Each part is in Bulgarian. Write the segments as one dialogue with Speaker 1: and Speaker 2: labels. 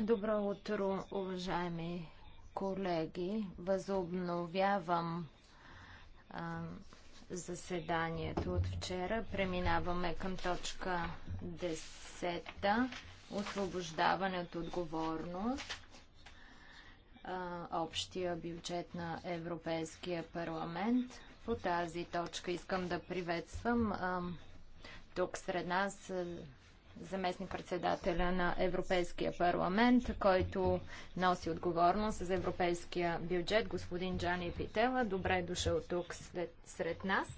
Speaker 1: Добро утро, уважаеми колеги. Възобновявам заседанието от вчера. Преминаваме към точка 10. Освобождаване от отговорност. общия бюджет на Европейския парламент. По тази точка искам да приветствам тук сред нас заместник председателя на Европейския парламент, който носи отговорност за европейския бюджет, господин Джани Питела. Добре е дошъл тук след, сред нас.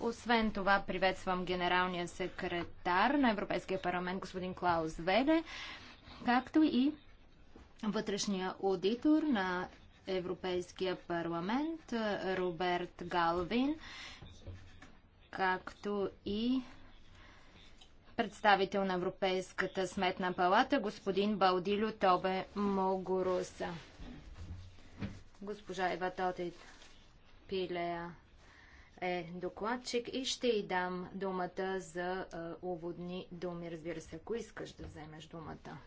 Speaker 1: Освен това, приветствам генералния секретар на Европейския парламент, господин Клаус Веле, както и вътрешния аудитор на Европейския парламент Роберт Галвин, както и представител на Европейската сметна палата, господин Балдилю Тобе Могоруса. Госпожа Ева Тотит Пилея е докладчик и ще й дам думата за уводни думи. Разбира се, ако искаш да вземеш думата.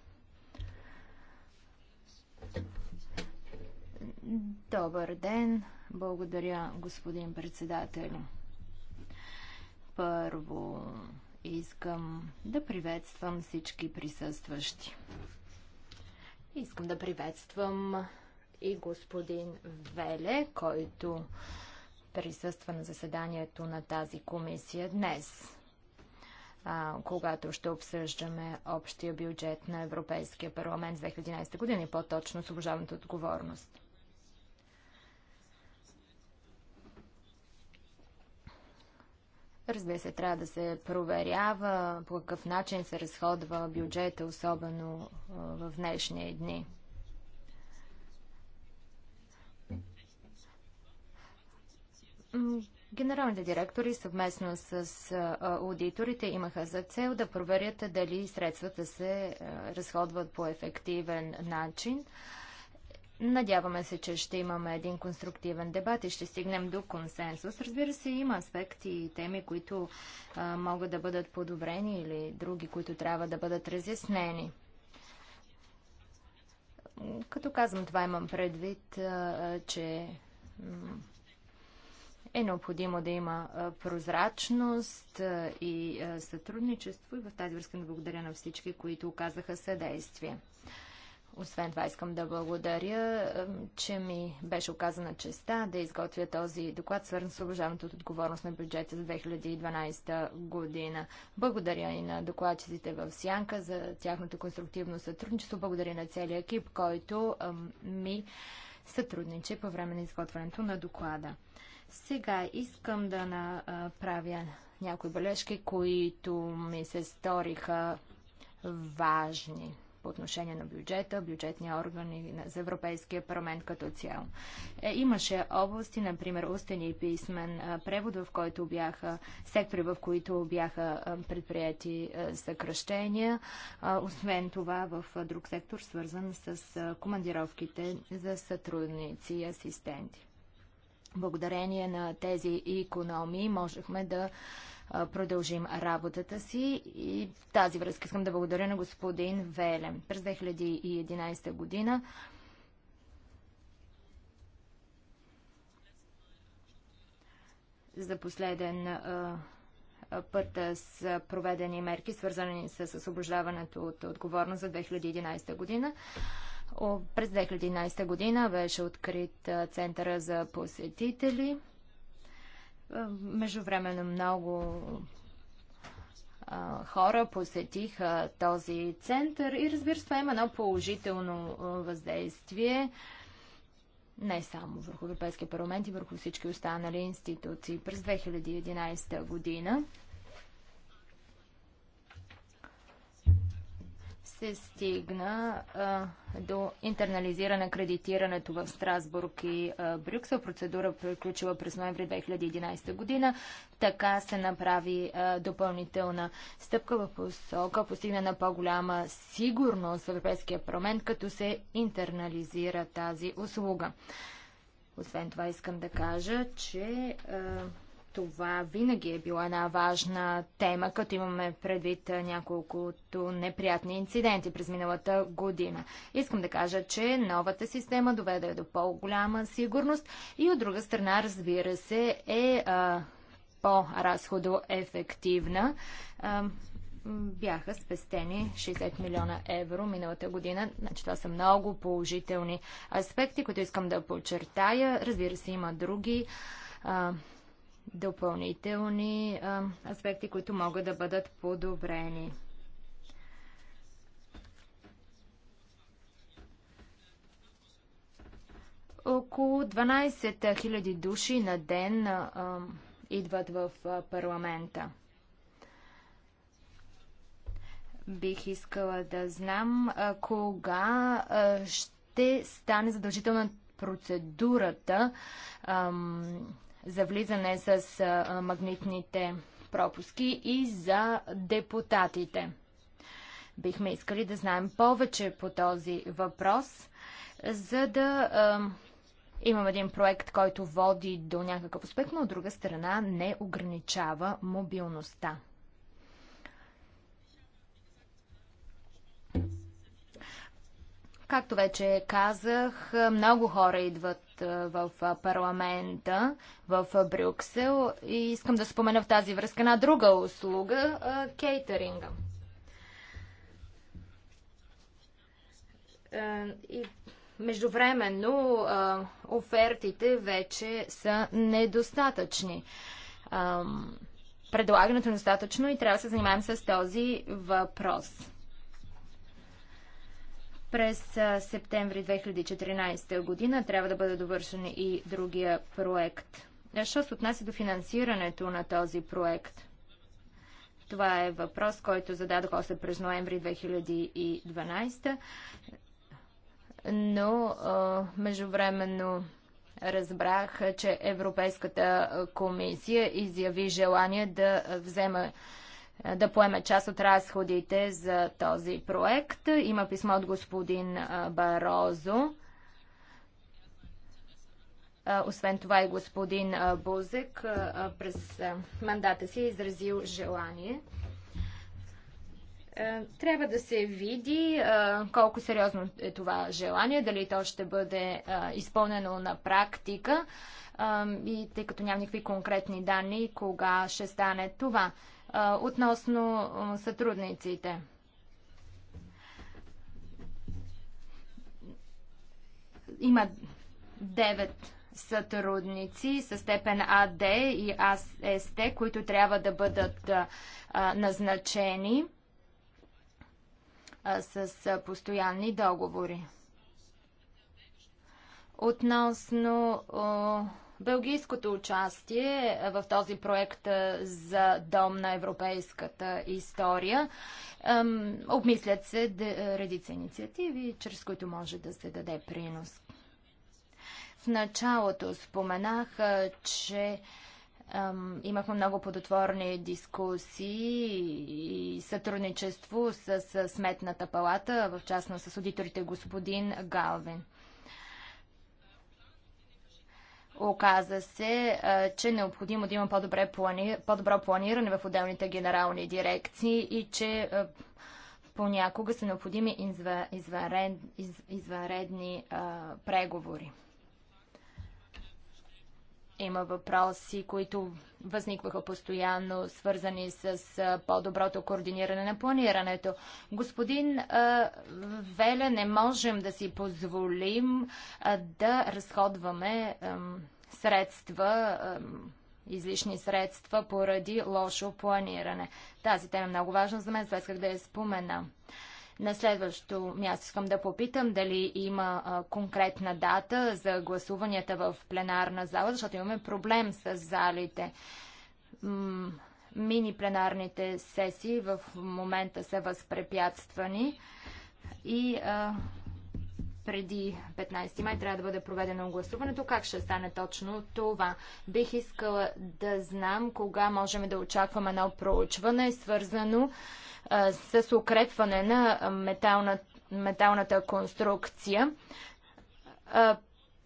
Speaker 1: Добър ден! Благодаря, господин председател. Първо, Искам да приветствам всички присъстващи. Искам да приветствам и господин Веле, който присъства на заседанието на тази комисия днес, когато ще обсъждаме общия бюджет на Европейския парламент 2011 година и по-точно освобождаването отговорност. Разбира се, трябва да се проверява по какъв начин се разходва бюджета, особено в днешни дни. Генералните директори съвместно с аудиторите имаха за цел да проверят дали средствата се разходват по ефективен начин. Надяваме се, че ще имаме един конструктивен дебат и ще стигнем до консенсус. Разбира се, има аспекти и теми, които а, могат да бъдат подобрени или други, които трябва да бъдат разяснени. Като казвам това, имам предвид, а, че е необходимо да има прозрачност и сътрудничество и в тази връзка да благодаря на всички, които оказаха съдействие. Освен това искам да благодаря, че ми беше оказана честа да изготвя този доклад, свързан с обожаването от отговорност на бюджета за 2012 година. Благодаря и на докладчиците в Сянка за тяхното конструктивно сътрудничество. Благодаря на целия екип, който ми сътрудничи по време на изготвянето на доклада. Сега искам да направя някои бележки, които ми се сториха важни по отношение на бюджета, бюджетния орган и за Европейския парламент като цяло. Е, имаше области, например устен и писмен превод, в който бяха сектори, в които бяха предприяти съкръщения. Освен това в друг сектор, свързан с командировките за сътрудници и асистенти. Благодарение на тези икономии можехме да продължим работата си и в тази връзка искам да благодаря на господин Велем. През 2011 година за последен път с проведени мерки, свързани с освобождаването от отговорност за 2011 година. През 2011 година беше открит Центъра за посетители. Е, междувременно много хора посетиха този център и разбира се, това има едно положително въздействие не само върху Европейския парламент и върху всички останали институции. През 2011 година се стигна а, до интернализиране кредитирането в Страсбург и а, Брюксел. Процедура приключила през ноември 2011 година. Така се направи а, допълнителна стъпка в посока, постигна на по-голяма сигурност в Европейския парламент, като се интернализира тази услуга. Освен това искам да кажа, че а, това винаги е била една важна тема, като имаме предвид няколкото неприятни инциденти през миналата година. Искам да кажа, че новата система доведе до по-голяма сигурност и от друга страна, разбира се, е по-разходоефективна. Бяха спестени 60 милиона евро миналата година. Значи, това са много положителни аспекти, които искам да подчертая. Разбира се, има други допълнителни а, аспекти, които могат да бъдат подобрени. Около 12 000 души на ден а, идват в парламента. Бих искала да знам а, кога а, ще стане задължителна процедурата А, за влизане с магнитните пропуски и за депутатите. Бихме искали да знаем повече по този въпрос, за да е, имам един проект, който води до някакъв успех, но от друга страна не ограничава мобилността. Както вече казах, много хора идват в парламента в Брюксел и искам да спомена в тази връзка една друга услуга – кейтеринга. И междувременно офертите вече са недостатъчни. Предлагането е достатъчно и трябва да се занимаем с този въпрос. През септември 2014 година трябва да бъде довършен и другия проект. Що се отнася до финансирането на този проект? Това е въпрос, който зададох още през ноември 2012, но междувременно разбрах, че Европейската комисия изяви желание да взема е, да поеме част от разходите за този проект. Има писмо от господин е, Барозо. Е, освен това и господин Бузек през мандата си е изразил желание. Трябва да се види колко сериозно е това желание, дали то ще бъде изпълнено на практика и тъй като няма никакви конкретни данни, кога ще стане това относно сътрудниците. Има девет сътрудници с степен АД и АСТ, е, които трябва да бъдат назначени с постоянни договори. Относно Белгийското участие в този проект за Дом на европейската история. Обмислят се редица инициативи, чрез които може да се даде принос. В началото споменах, че имахме много плодотворни дискусии и сътрудничество с Сметната палата, в частност с аудиторите господин Галвин. Оказа се, че е необходимо да има по-добре плани... по-добро планиране в отделните генерални дирекции и че понякога са необходими извънредни, извънредни а, преговори. Има въпроси, които възникваха постоянно, свързани с по-доброто координиране на планирането. Господин Веле, не можем да си позволим да разходваме средства, излишни средства поради лошо планиране. Тази тема е много важна за мен, исках да я спомена. На следващо място искам да попитам дали има а, конкретна дата за гласуванията в пленарна зала, защото имаме проблем с залите. М мини пленарните сесии в момента са възпрепятствани и а, преди 15 май трябва да бъде проведено гласуването. Как ще стане точно това? Бих искала да знам кога можем да очакваме едно проучване, свързано а, с укрепване на метална, металната конструкция. А,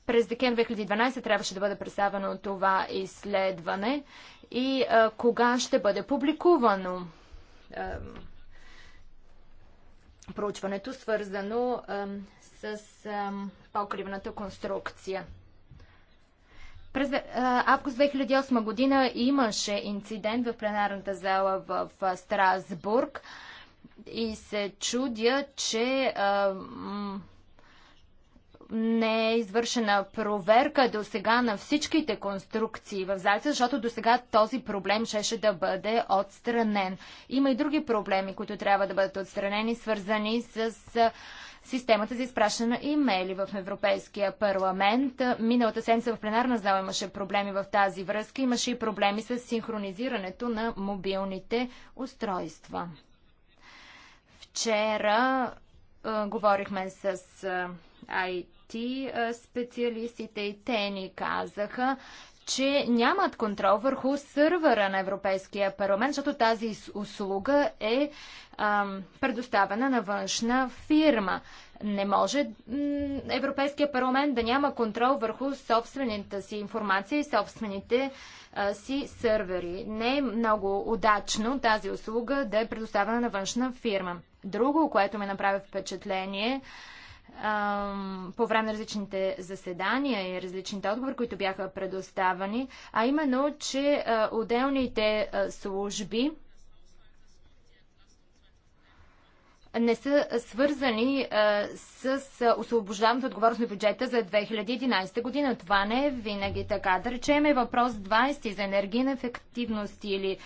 Speaker 1: през декември 2012 трябваше да бъде представено това изследване и а, кога ще бъде публикувано проучването, свързано с покривната конструкция. През август 2008 година имаше инцидент в пленарната зала в Страсбург и се чудя, че не е извършена проверка до сега на всичките конструкции в Зайца, защото до сега този проблем щеше да бъде отстранен. Има и други проблеми, които трябва да бъдат отстранени, свързани с системата за изпращане на имейли в Европейския парламент. Миналата седмица в пленарна зала имаше проблеми в тази връзка. Имаше и проблеми с синхронизирането на мобилните устройства. Вчера говорихме с IT щати специалистите и те ни казаха, че нямат контрол върху сървъра на Европейския парламент, защото тази услуга е ам, предоставена на външна фирма. Не може Европейския парламент да няма контрол върху собствената си информация и собствените а, си сървъри. Не е много удачно тази услуга да е предоставена на външна фирма. Друго, което ми направи впечатление, е, по време на различните заседания и различните отговори, които бяха предоставани, а именно, че отделните служби не са свързани с освобождаването отговорност на бюджета за 2011 година. Това не е винаги така. Да речем въпрос 20 за енергийна ефективност или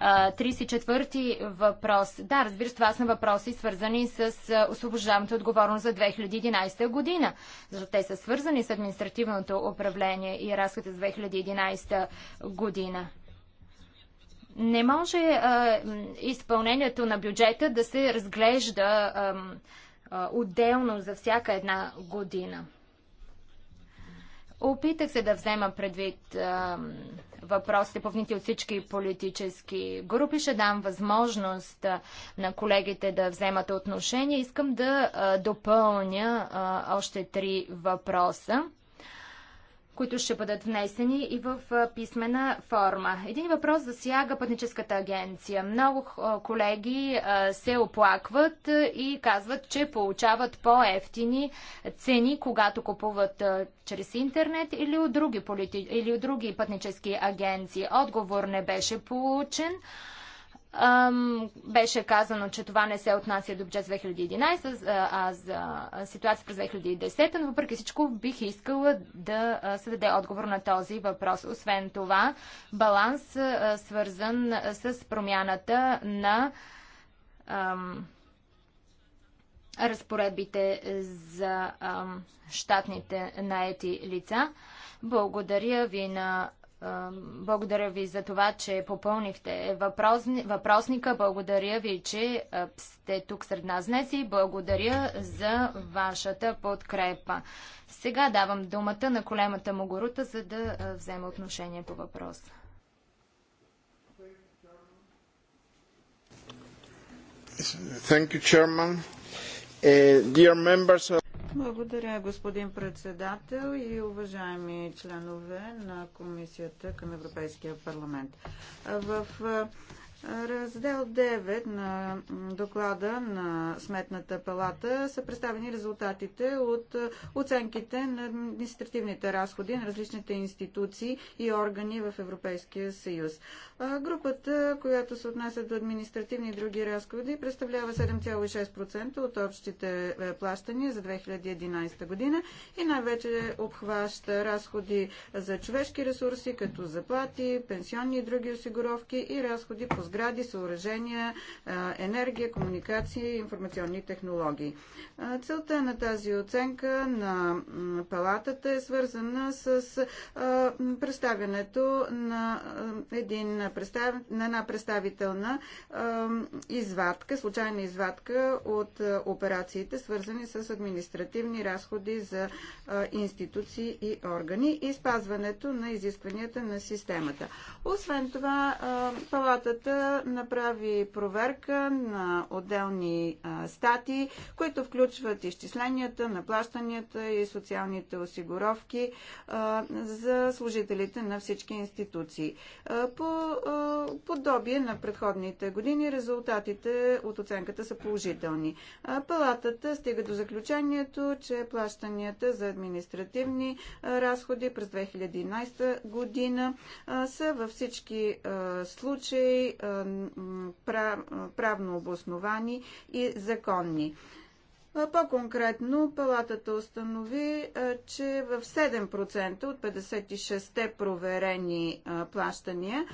Speaker 1: 34-ти въпрос. Да, разбира се, това са въпроси свързани с освобождаването отговорност за 2011 година, защото те са свързани с административното управление и разходите за 2011 година. Не може а, изпълнението на бюджета да се разглежда а, а, отделно за всяка една година. Опитах се да взема предвид въпросите, повнити от всички политически групи. Ще дам възможност на колегите да вземат отношение. Искам да допълня още три въпроса които ще бъдат внесени и в писмена форма. Един въпрос засяга пътническата агенция. Много колеги се оплакват и казват, че получават по-ефтини цени, когато купуват чрез интернет или от други, полити... или от други пътнически агенции. Отговор не беше получен беше казано, че това не се отнася до бюджет 2011, а за ситуация през 2010, но въпреки всичко бих искала да се даде отговор на този въпрос. Освен това, баланс свързан с промяната на ам, разпоредбите за ам, щатните наети лица. Благодаря ви на благодаря ви за това, че попълнихте въпросника. Благодаря ви, че сте тук сред нас днес и благодаря за вашата подкрепа. Сега давам думата на колемата Могорута, за да вземе отношение по въпроса.
Speaker 2: Thank you, Chairman. Uh, dear members of
Speaker 3: благодаря, господин председател и уважаеми членове на Комисията към Европейския парламент. В Раздел 9 на доклада на Сметната палата са представени резултатите от оценките на административните разходи на различните институции и органи в Европейския съюз. Групата, която се отнася до административни и други разходи, представлява 7,6% от общите е, плащания за 2011 година и най-вече обхваща разходи за човешки ресурси, като заплати, пенсионни и други осигуровки и разходи по сгради, съоръжения, енергия, комуникации и информационни технологии. Целта на тази оценка на палатата е свързана с представянето на, един на една представителна извадка, случайна извадка от операциите, свързани с административни разходи за институции и органи и спазването на изискванията на системата. Освен това, палатата направи проверка на отделни статии, които включват изчисленията на плащанията и социалните осигуровки за служителите на всички институции. По подобие на предходните години резултатите от оценката са положителни. Палатата стига до заключението, че плащанията за административни разходи през 2011 година са във всички случаи правно обосновани и законни. По-конкретно, палатата установи, че в 7% от 56-те проверени плащания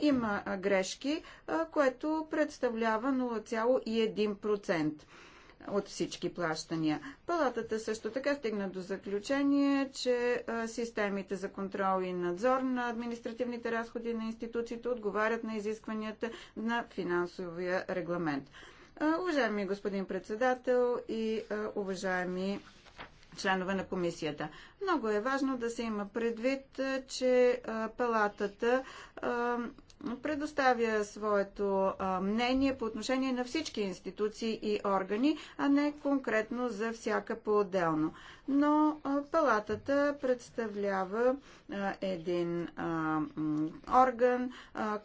Speaker 3: има грешки, което представлява 0,1% от всички плащания. Палатата също така стигна до заключение, че системите за контрол и надзор на административните разходи на институциите отговарят на изискванията на финансовия регламент. Уважаеми господин председател и уважаеми членове на комисията. Много е важно да се има предвид, че палатата предоставя своето мнение по отношение на всички институции и органи, а не конкретно за всяка по-отделно. Но палатата представлява един орган,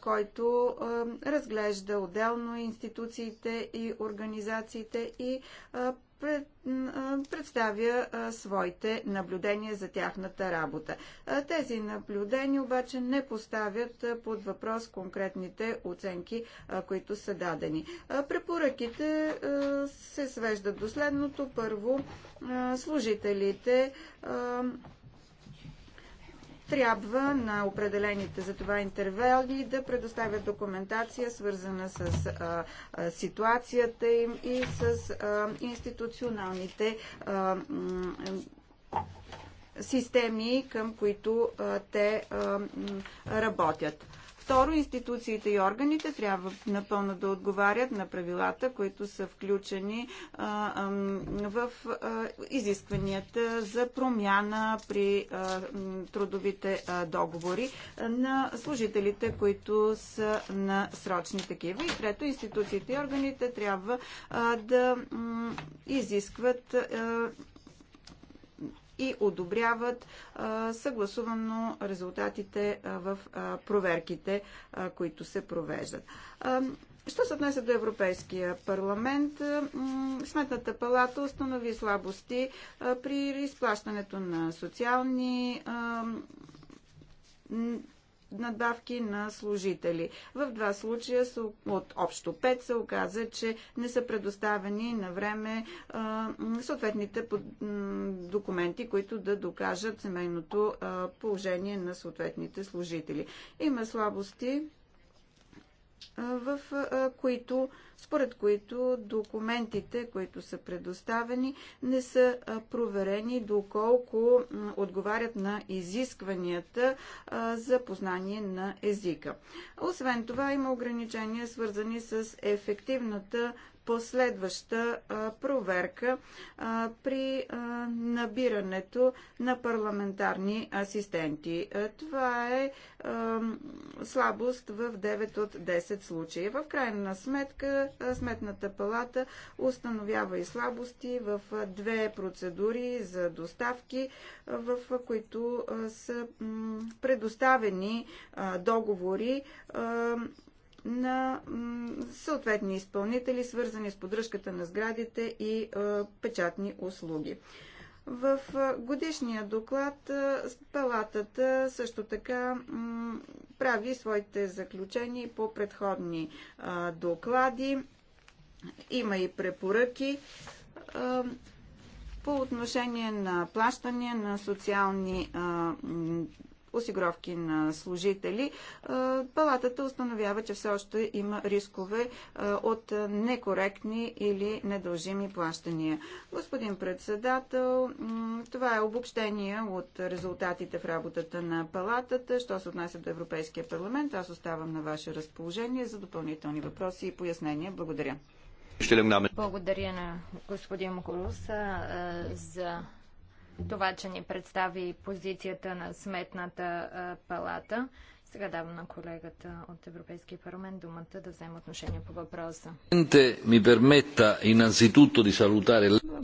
Speaker 3: който разглежда отделно институциите и организациите и представя своите наблюдения за тяхната работа. Тези наблюдения обаче не поставят под въпрос конкретните оценки, които са дадени. Препоръките се свеждат до следното. Първо, служителите трябва на определените за това интервали да предоставят документация, свързана с а, а, ситуацията им и с а, институционалните а, системи, към които а, те а, работят. Второ, институциите и органите трябва напълно да отговарят на правилата, които са включени в изискванията за промяна при трудовите договори на служителите, които са на срочни такива. И трето, институциите и органите трябва да изискват и одобряват съгласувано резултатите в проверките, които се провеждат. Що се отнесе до Европейския парламент, Сметната палата установи слабости при изплащането на социални надбавки на служители. В два случая от общо пет се оказа, че не са предоставени на време съответните документи, които да докажат семейното положение на съответните служители. Има слабости в които, според които документите, които са предоставени, не са проверени доколко отговарят на изискванията за познание на езика. Освен това има ограничения, свързани с ефективната последваща проверка при набирането на парламентарни асистенти. Това е слабост в 9 от 10 случаи. В крайна сметка Сметната палата установява и слабости в две процедури за доставки, в които са предоставени договори на съответни изпълнители, свързани с поддръжката на сградите и печатни услуги. В годишния доклад палатата също така прави своите заключения по предходни доклади. Има и препоръки по отношение на плащане на социални осигуровки на служители, палатата установява, че все още има рискове от некоректни или недължими плащания. Господин председател, това е обобщение от резултатите в работата на палатата. Що се отнася до Европейския парламент, аз оставам на ваше разположение за допълнителни въпроси и пояснения. Благодаря. Благодаря на господин Моколус
Speaker 1: за това, че ни представи позицията на Сметната палата. Сега давам на колегата от Европейския парламент думата да
Speaker 3: вземе отношение по въпроса.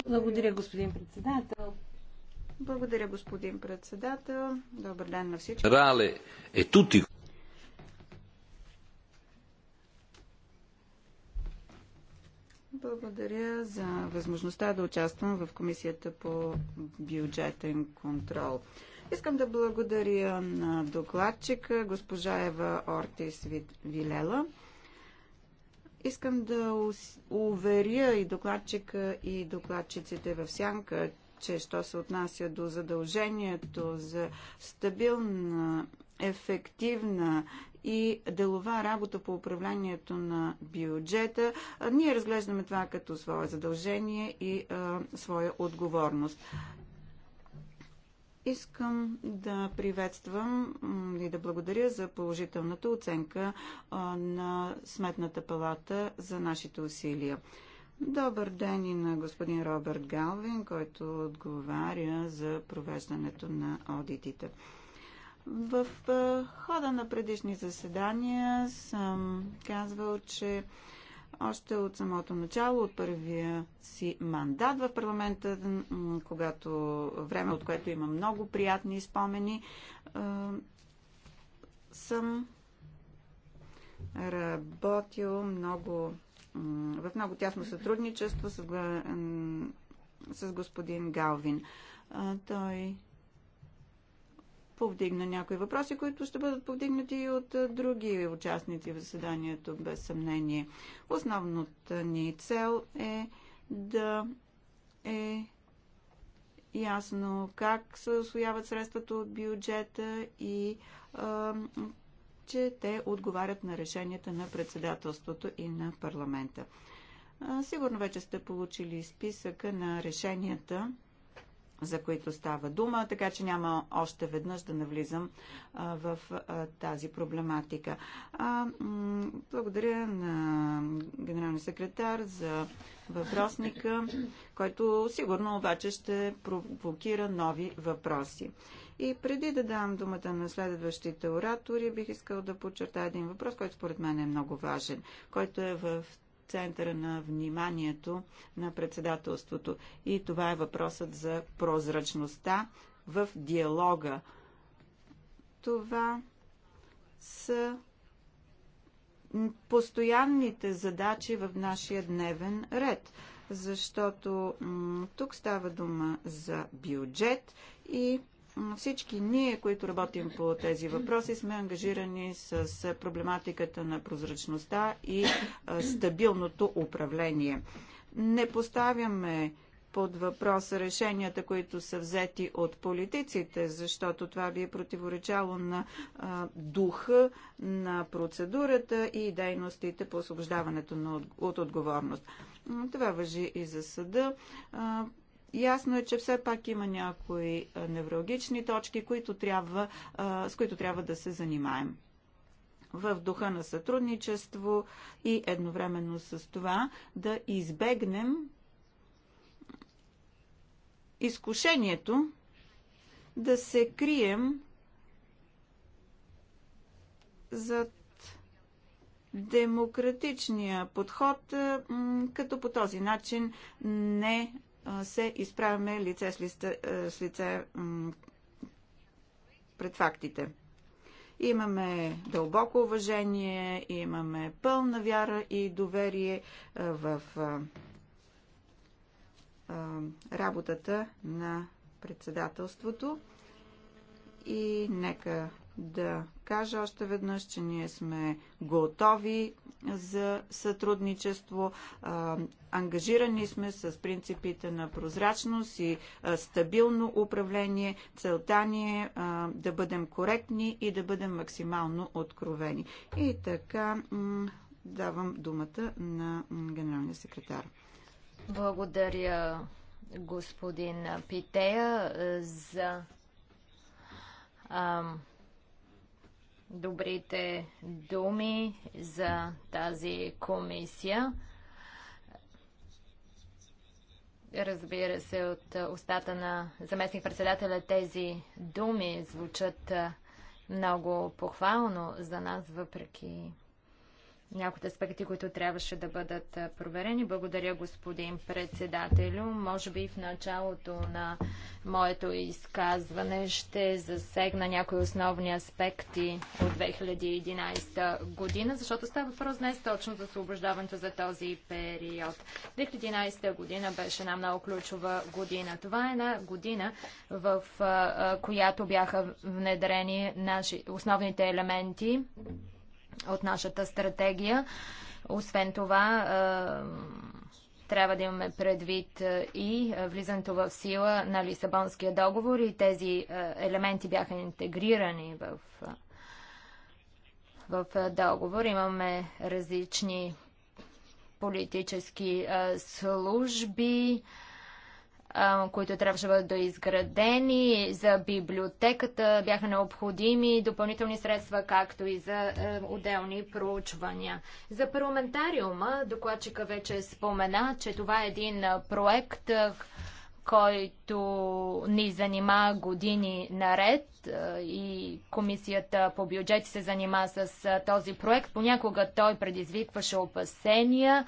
Speaker 3: Благодаря, господин председател. Благодаря, господин председател. Добър ден на всички.
Speaker 2: Рале е тути.
Speaker 3: благодаря за възможността да участвам в Комисията по бюджетен контрол. Искам да благодаря на докладчика, госпожа Ева Ортис Вилела. Искам да уверя и докладчика и докладчиците в сянка, че що се отнася до задължението за стабилна, ефективна и делова работа по управлението на бюджета. Ние разглеждаме това като свое задължение и а, своя отговорност. Искам да приветствам и да благодаря за положителната оценка на Сметната палата за нашите усилия. Добър ден и на господин Робърт Галвин, който отговаря за провеждането на аудитите. В хода на предишни заседания съм казвал, че още от самото начало, от първия си мандат в парламента, когато време, от което има много приятни спомени, съм работил много, в много тясно сътрудничество с, с господин Галвин. Той повдигна някои въпроси, които ще бъдат повдигнати и от други участници в заседанието, без съмнение. Основната ни цел е да е ясно как се освояват средствата от бюджета и а, че те отговарят на решенията на председателството и на парламента. А, сигурно вече сте получили списъка на решенията, за които става дума, така че няма още веднъж да навлизам в тази проблематика. благодаря на генералния секретар за въпросника, който сигурно обаче ще провокира нови въпроси. И преди да дам думата на следващите оратори, бих искал да подчертая един въпрос, който според мен е много важен, който е в центъра на вниманието на председателството. И това е въпросът за прозрачността в диалога. Това са постоянните задачи в нашия дневен ред, защото тук става дума за бюджет и всички ние, които работим по тези въпроси, сме ангажирани с проблематиката на прозрачността и стабилното управление. Не поставяме под въпрос решенията, които са взети от политиците, защото това би противоречало на а, духа на процедурата и дейностите по освобождаването на, от, от отговорност. Това въжи и за съда. А, Ясно е, че все пак има някои неврологични точки, които трябва, с които трябва да се занимаем в духа на сътрудничество и едновременно с това да избегнем изкушението да се крием зад демократичния подход, като по този начин не се изправяме лице с, листа, с лице пред фактите. Имаме дълбоко уважение, имаме пълна вяра и доверие в работата на председателството и нека да кажа още веднъж, че ние сме готови за сътрудничество. Ангажирани сме с принципите на прозрачност и стабилно управление. Целта ни е да бъдем коректни и да бъдем максимално откровени. И така давам думата на генералния секретар.
Speaker 1: Благодаря, господин Питея, за добрите думи за тази комисия. Разбира се, от устата на заместник-председателя тези думи звучат много похвално за нас, въпреки някои от аспекти, които трябваше да бъдат проверени. Благодаря, господин председателю. Може би в началото на моето изказване ще засегна някои основни аспекти от 2011 година, защото става въпрос днес точно за освобождаването за този период. 2011 година беше една много ключова година. Това е една година, в която бяха внедрени наши основните елементи от нашата стратегия. Освен това, трябва да имаме предвид и влизането в сила на Лисабонския договор и тези елементи бяха интегрирани в, в договор. Имаме различни политически служби, които трябваше да бъдат доизградени. За библиотеката бяха необходими допълнителни средства, както и за е, отделни проучвания. За парламентариума докладчика вече спомена, че това е един проект, е, който ни занима години наред е, и комисията по бюджети се занима с този проект. Понякога той предизвикваше опасения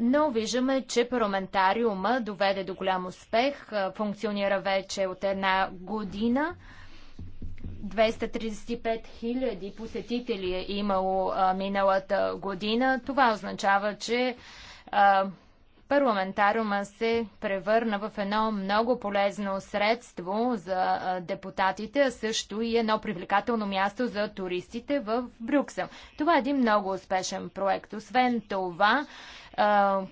Speaker 1: но виждаме, че парламентариума доведе до голям успех, функционира вече от една година. 235 000 посетители е имало миналата година. Това означава, че Парламентарума се превърна в едно много полезно средство за депутатите, а също и едно привлекателно място за туристите в Брюксел. Това е един много успешен проект. Освен това,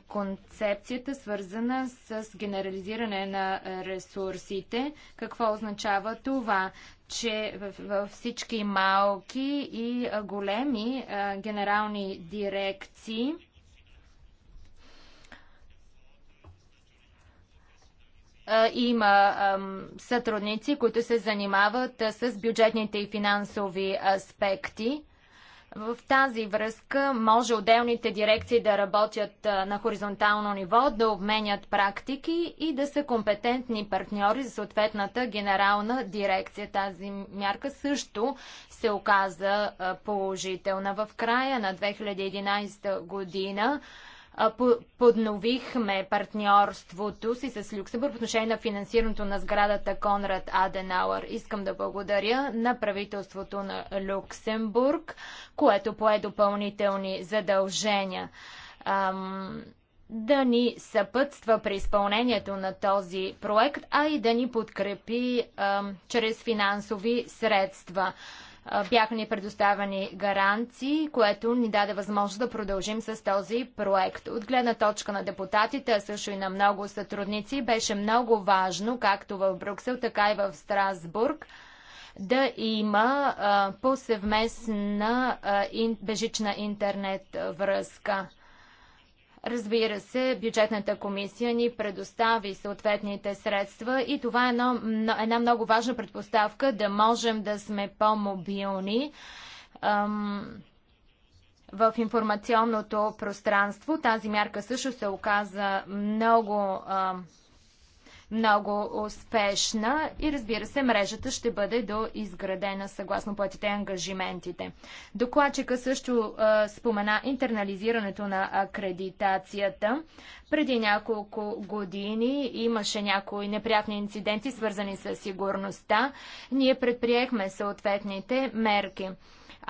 Speaker 1: концепцията, свързана с генерализиране на ресурсите. Какво означава това? че във всички малки и големи генерални дирекции има сътрудници, които се занимават с бюджетните и финансови аспекти. В тази връзка може отделните дирекции да работят на хоризонтално ниво, да обменят практики и да са компетентни партньори за съответната генерална дирекция. Тази мярка също се оказа положителна. В края на 2011 година подновихме партньорството си с Люксембург в отношение на финансирането на сградата Конрад Аденауър. Искам да благодаря на правителството на Люксембург, което пое допълнителни задължения да ни съпътства при изпълнението на този проект, а и да ни подкрепи чрез финансови средства бяха ни предоставени гаранции, което ни даде възможност да продължим с този проект. От гледна точка на депутатите, а също и на много сътрудници, беше много важно, както в Брюксел, така и в Страсбург, да има а, повсевместна а, ин, бежична интернет връзка. Разбира се, бюджетната комисия ни предостави съответните средства и това е едно, една много важна предпоставка да можем да сме по-мобилни в информационното пространство. Тази мярка също се оказа много ам, много успешна и разбира се, мрежата ще бъде доизградена съгласно платите ангажиментите. Докладчика също а, спомена интернализирането на акредитацията. Преди няколко години имаше някои неприятни инциденти, свързани с сигурността. Ние предприехме съответните мерки.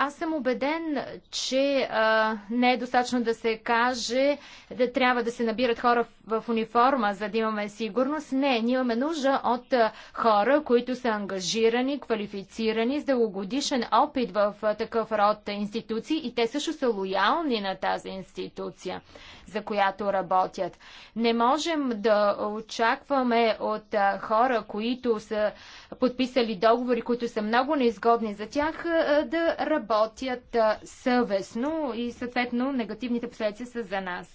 Speaker 1: Аз съм убеден, че а, не е достатъчно да се каже да трябва да се набират хора в, в униформа, за да имаме сигурност. Не, ние имаме нужда от а, хора, които са ангажирани, квалифицирани, с дългогодишен опит в а, такъв род институции и те също са лоялни на тази институция, за която работят. Не можем да очакваме от а, хора, които са подписали договори, които са много неизгодни за тях, а, да работят работят съвестно и съответно негативните последици са за нас.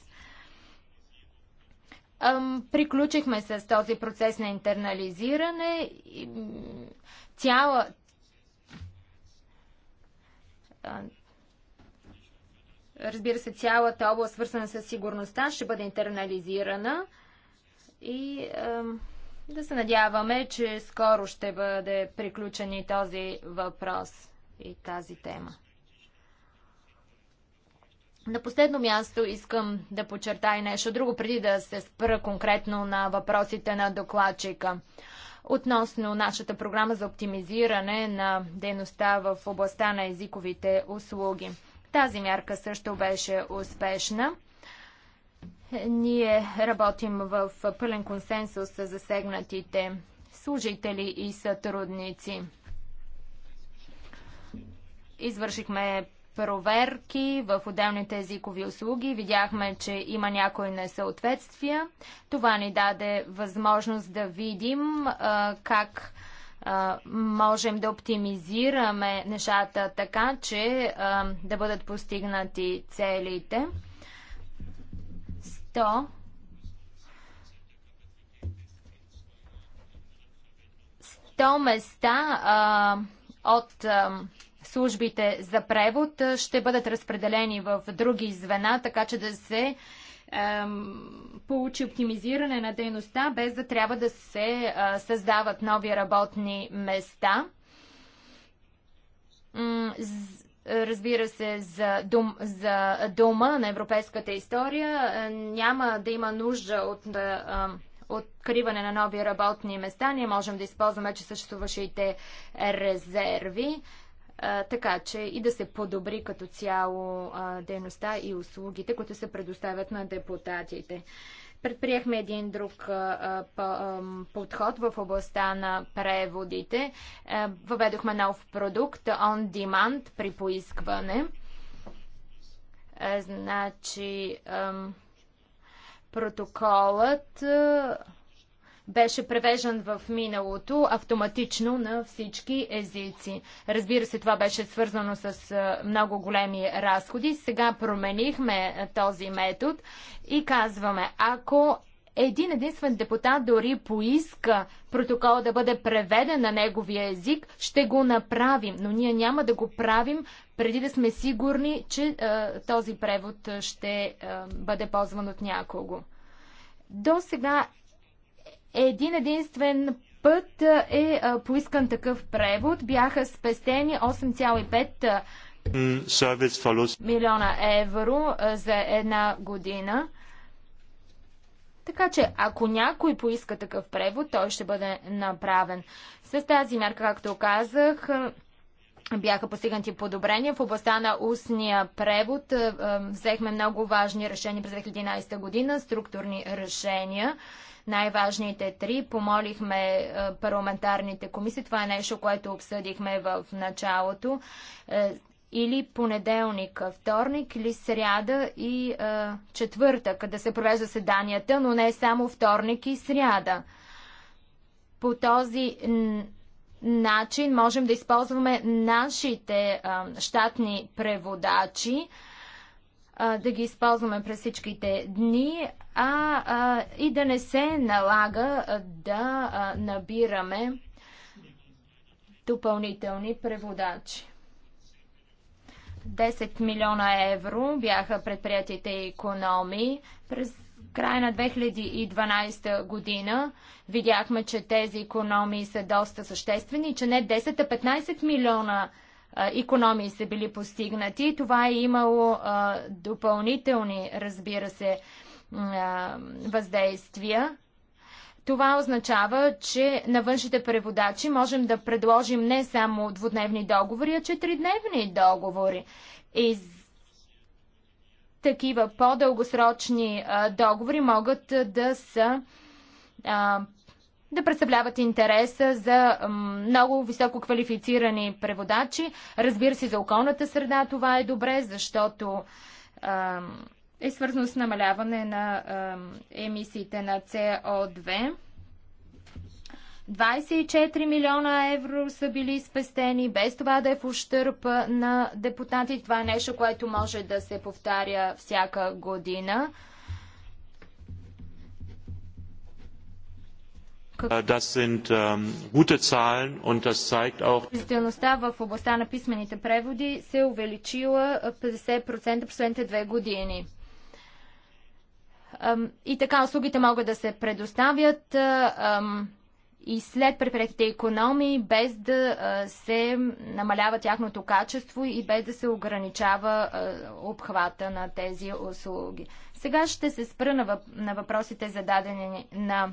Speaker 1: Приключихме с този процес на интернализиране. Цяла, разбира се, цялата област, свързана с сигурността, ще бъде интернализирана и да се надяваме, че скоро ще бъде приключен и този въпрос и тази тема. На последно място искам да подчертая нещо друго, преди да се спра конкретно на въпросите на докладчика. Относно нашата програма за оптимизиране на дейността в областта на езиковите услуги. Тази мярка също беше успешна. Ние работим в пълен консенсус с засегнатите служители и сътрудници. Извършихме проверки в отделните езикови услуги. Видяхме, че има някои несъответствия. Това ни даде възможност да видим а, как а, можем да оптимизираме нещата така, че а, да бъдат постигнати целите. 100 100 места а, от а, службите за превод ще бъдат разпределени в други звена, така че да се получи оптимизиране на дейността, без да трябва да се създават нови работни места. Разбира се, за, дум, за дума на европейската история няма да има нужда от откриване на нови работни места. Ние можем да използваме, че съществуващите резерви така че и да се подобри като цяло дейността и услугите, които се предоставят на депутатите. Предприехме един друг подход в областта на преводите. Въведохме нов продукт On Demand при поискване. Значи протоколът беше превеждан в миналото автоматично на всички езици. Разбира се, това беше свързано с много големи разходи. Сега променихме този метод и казваме, ако един единствен депутат дори поиска протокол да бъде преведен на неговия език, ще го направим, но ние няма да го правим преди да сме сигурни, че е, този превод ще е, бъде ползван от някого. До сега един единствен път е, е поискан такъв превод. Бяха спестени 8,5 е, милиона евро е, за една година. Така че, ако някой поиска такъв превод, той ще бъде направен. С тази мярка, както казах, бяха постигнати подобрения в областта на устния превод. Взехме много важни решения през 2011 година, структурни решения най-важните три. Помолихме е, парламентарните комисии. Това е нещо, което обсъдихме в началото. Е, или понеделник, вторник, или сряда и е, четвъртък да се провежда седанията, но не само вторник и сряда. По този начин можем да използваме нашите а, щатни преводачи, а, да ги използваме през всичките дни, а, а и да не се налага а, да а, набираме допълнителни преводачи. 10 милиона евро бяха предприятите економии. През края на 2012 година видяхме, че тези економии са доста съществени, че не 10, 15 милиона евро економии са били постигнати. Това е имало допълнителни, разбира се, въздействия. Това означава, че на външните преводачи можем да предложим не само двудневни договори, а четиридневни договори. И такива по-дългосрочни договори могат да са да представляват интереса за много високо квалифицирани преводачи. Разбира се, за околната среда това е добре, защото е свързано с намаляване на емисиите на CO2. 24 милиона евро са били спестени, без това да е в ущърп на депутати. Това е нещо, което може да се повтаря всяка година.
Speaker 2: Действителността
Speaker 1: äh, ähm, в областта на писмените преводи се е увеличила 50% последните две години. И така услугите могат да се предоставят и след препаратите економии, без да се намалява тяхното качество и без да се ограничава обхвата на тези услуги. Сега ще се спра на въпросите зададени на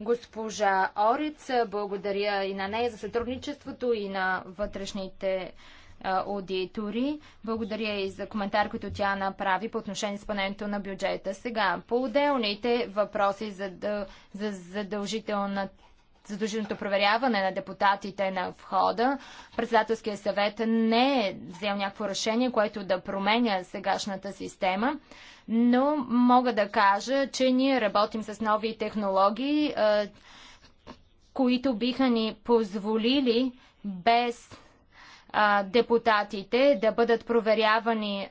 Speaker 1: госпожа Ориц, Благодаря и на нея за сътрудничеството и на вътрешните аудитори. Благодаря и за коментар, който тя направи по отношение с пането на бюджета. Сега, по отделните въпроси за, за задължителната задължителното проверяване на депутатите на входа. Председателския съвет не е взел някакво решение, което да променя сегашната система но мога да кажа, че ние работим с нови технологии, които биха ни позволили без депутатите да бъдат проверявани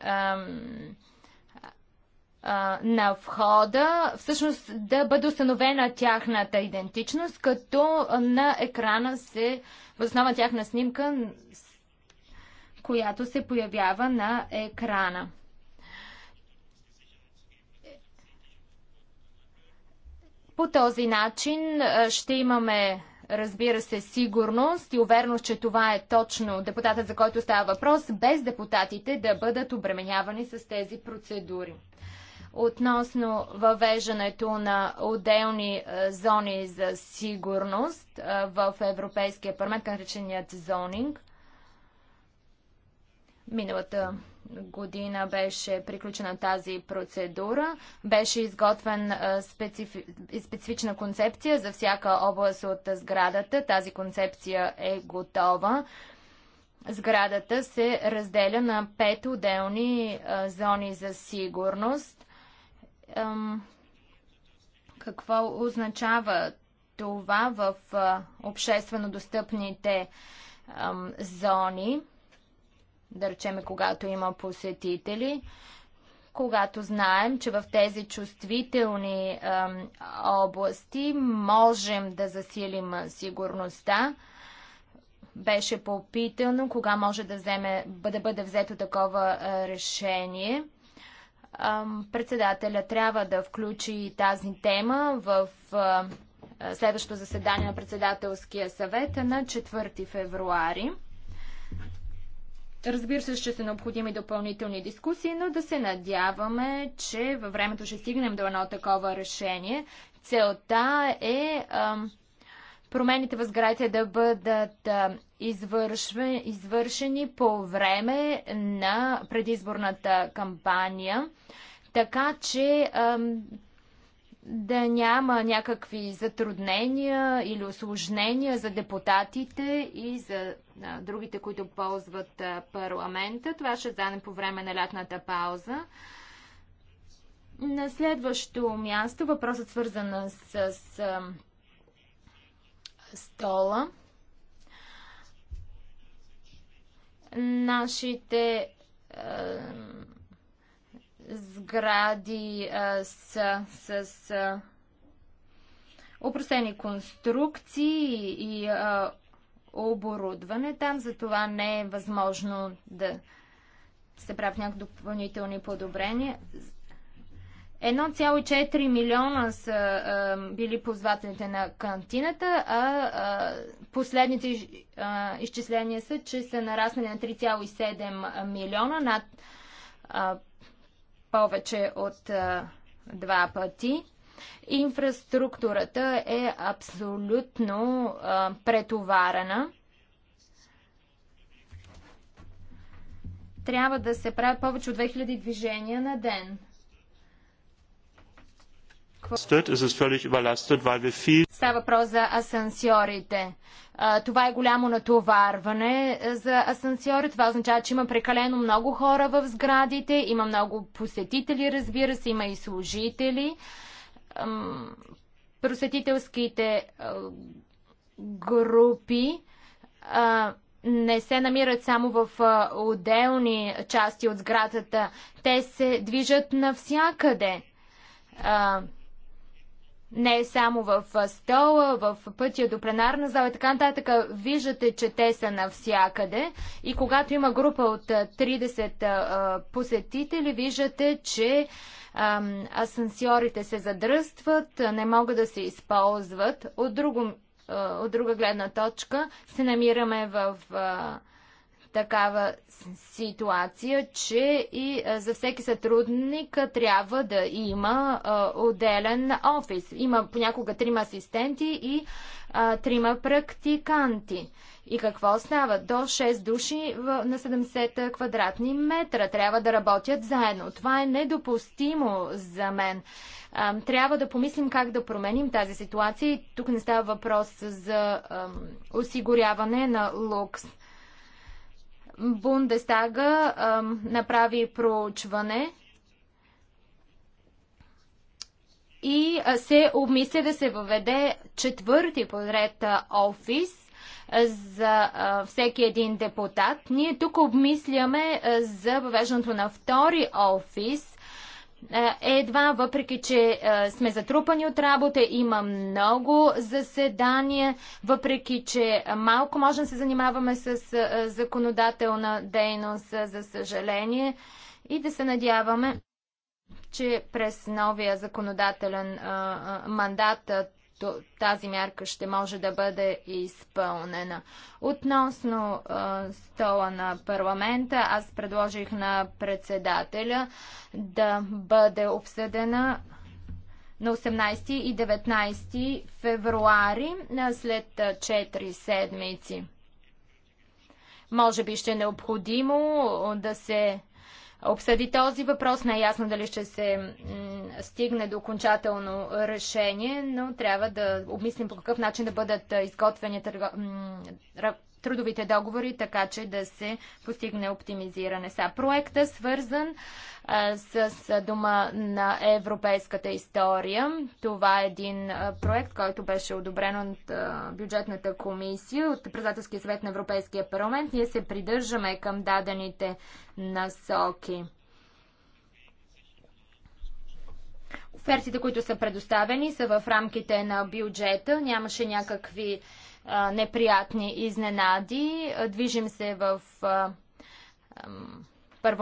Speaker 1: на входа, всъщност да бъде установена тяхната идентичност, като на екрана се, основа тяхна снимка, която се появява на екрана. По този начин ще имаме разбира се, сигурност и увереност, че това е точно депутатът, за който става въпрос, без депутатите да бъдат обременявани с тези процедури. Относно въвеждането на отделни зони за сигурност в Европейския парламент, нареченият зонинг, миналата година беше приключена тази процедура. Беше изготвен специфи... специфична концепция за всяка област от сградата. Тази концепция е готова. Сградата се разделя на пет отделни зони за сигурност. Какво означава това в обществено достъпните зони? да речеме, когато има посетители, когато знаем, че в тези чувствителни е, области можем да засилим сигурността. Беше попитано кога може да, вземе, да бъде взето такова е, решение. Е, председателя трябва да включи тази тема в е, следващото заседание на председателския съвет на 4 февруари. Разбира се, ще са необходими допълнителни дискусии, но да се надяваме, че във времето ще стигнем до едно такова решение. Целта е ам, промените в сградите да бъдат извършвани, извършени по време на предизборната кампания, така че ам, да няма някакви затруднения или осложнения за депутатите и за а, другите, които ползват а, парламента. Това ще стане по време на лятната пауза. На следващо място въпросът свързан с, с а, стола. Нашите сгради а, с, с а, упростени конструкции и а, оборудване там, това не е възможно да се правят някакви допълнителни подобрения. 1,4 милиона са а, били ползвателите на кантината, а, а последните а, изчисления са, че са нараснали на 3,7 милиона над а, повече от два пъти. Инфраструктурата е абсолютно претоварена. Трябва да се правят повече от 2000 движения на ден.
Speaker 3: Става
Speaker 1: въпрос за асансьорите. Това е голямо натоварване е, за асансьори. Това означава, че има прекалено много хора в сградите, има много посетители, разбира се, има и служители. Просетителските групи не се намират само в отделни части от сградата. Те се движат навсякъде не е само в стола, в пътя до пленарна зала и така нататък. Виждате, че те са навсякъде. И когато има група от 30 посетители, виждате, че асансьорите се задръстват, не могат да се използват. От, друго, от друга гледна точка се намираме в такава ситуация, че и за всеки сътрудник трябва да има отделен офис. Има понякога трима асистенти и трима практиканти. И какво става? До 6 души на 70 квадратни метра трябва да работят заедно. Това е недопустимо за мен. трябва да помислим как да променим тази ситуация. И тук не става въпрос за осигуряване на лукс Бундестага направи проучване и се обмисля да се въведе четвърти подред офис за всеки един депутат. Ние тук обмисляме за въвеждането на втори офис е, едва, въпреки че е, сме затрупани от работа, има много заседания, въпреки че малко можем да се занимаваме с е, законодателна дейност, за съжаление, и да се надяваме, че през новия законодателен мандат тази мярка ще може да бъде изпълнена. Относно а, стола на парламента, аз предложих на председателя да бъде обсъдена на 18 и 19 февруари след 4 седмици. Може би ще е необходимо да се обсъди този въпрос. Не е ясно дали ще се стигне до окончателно решение, но трябва да обмислим по какъв начин да бъдат изготвени трудовите договори, така че да се постигне оптимизиране. Са проекта свързан а, с Дома на европейската история. Това е един а, проект, който беше одобрен от а, бюджетната комисия, от Председателския съвет на Европейския парламент. Ние се придържаме към дадените насоки. Офертите, които са предоставени, са в рамките на бюджета. Нямаше някакви неприятни изненади. Движим се в, в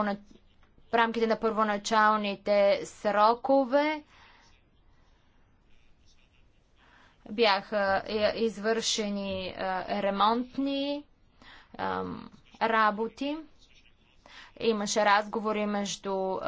Speaker 1: рамките на първоначалните срокове. Бяха е, извършени ремонтни работи. Имаше разговори между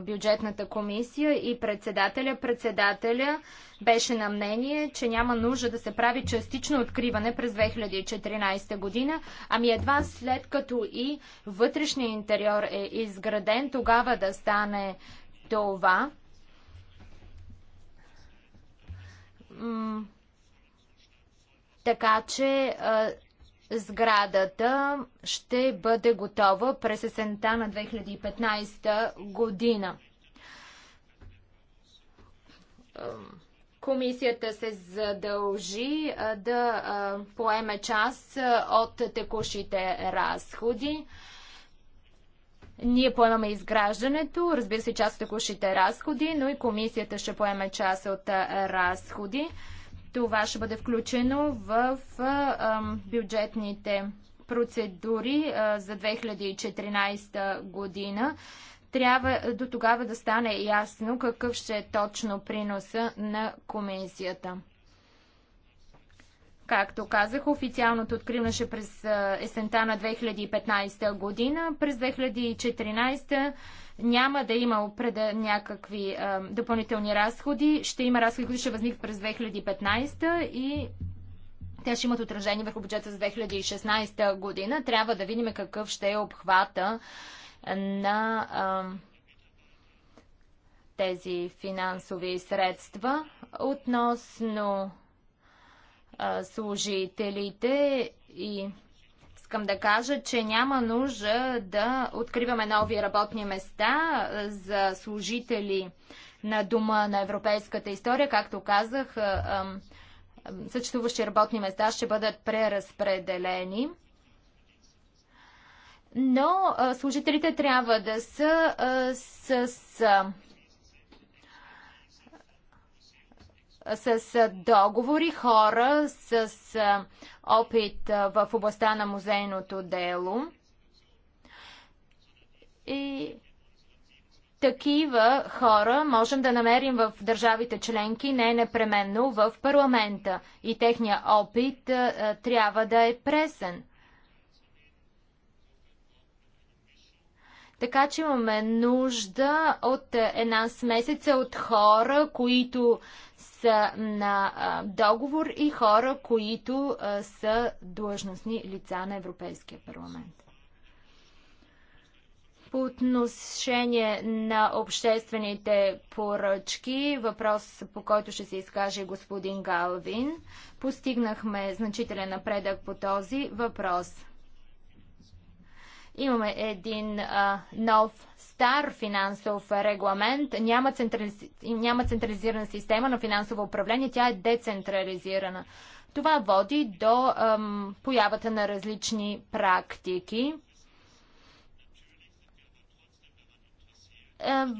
Speaker 1: бюджетната комисия и председателя. Председателя беше на мнение, че няма нужда да се прави частично откриване през 2014 година, ами едва след като и вътрешния интериор е изграден, тогава да стане това. М така че Сградата ще бъде готова през есента на 2015 година. Комисията се задължи да поеме част от текущите разходи. Ние поемаме изграждането, разбира се, част от текущите разходи, но и комисията ще поеме част от разходи. Това ще бъде включено в бюджетните процедури за 2014 година. Трябва до тогава да стане ясно какъв ще е точно приноса на комисията. Както казах, официалното откриваше през есента на 2015 година. През 2014 няма да има преда някакви а, допълнителни разходи. Ще има разходи, които ще възникнат през 2015 и те ще имат отражение върху бюджета за 2016 година. Трябва да видим какъв ще е обхвата на а, тези финансови средства. Относно а, служителите и Искам да кажа, че няма нужда да откриваме нови работни места за служители на Дума на европейската история. Както казах, съществуващи работни места ще бъдат преразпределени. Но служителите трябва да са с, с с договори, хора с опит в областта на музейното дело. И такива хора можем да намерим в държавите членки, не непременно в парламента. И техния опит трябва да е пресен. Така че имаме нужда от една смесеца от хора, които на договор и хора, които са длъжностни лица на Европейския парламент. По отношение на обществените поръчки, въпрос по който ще се изкаже господин Галвин, постигнахме значителен напредък по този въпрос. Имаме един а, нов стар финансов регламент. Няма, централиз... няма централизирана система на финансово управление, тя е децентрализирана. Това води до ам, появата на различни практики.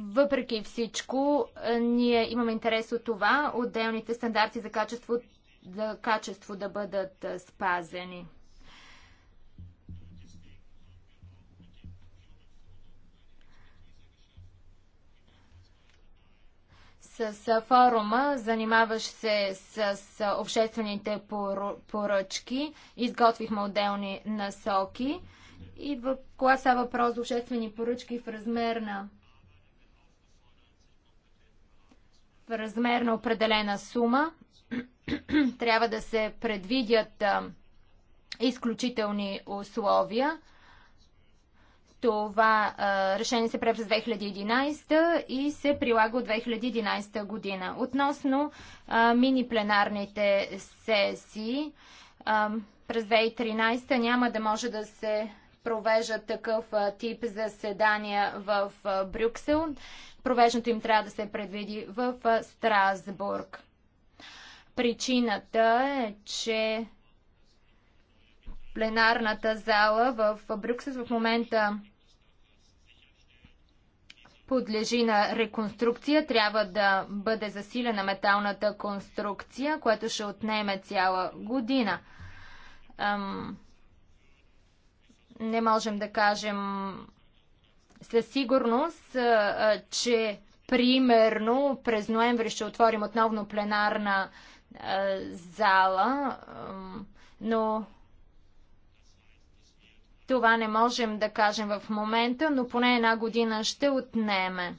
Speaker 1: Въпреки всичко, ние имаме интерес от това отделните стандарти за качество, за качество да бъдат спазени. с форума, занимаващ се с обществените поръчки. Изготвихме отделни насоки. И в, кога са въпрос за обществени поръчки в размер на в размер на определена сума, трябва да се предвидят изключителни условия. Това а, решение се прави през 2011 и се прилага от 2011 година. Относно а, мини-пленарните сесии, а, през 2013 няма да може да се провежда такъв тип заседания в Брюксел. Провеждането им трябва да се предвиди в Страсбург. Причината е, че пленарната зала в Брюксел в момента подлежи на реконструкция. Трябва да бъде засилена металната конструкция, което ще отнеме цяла година. Ам, не можем да кажем със сигурност, а, че примерно през ноември ще отворим отново пленарна а, зала, а, но това не можем да кажем в момента, но поне една година ще отнеме.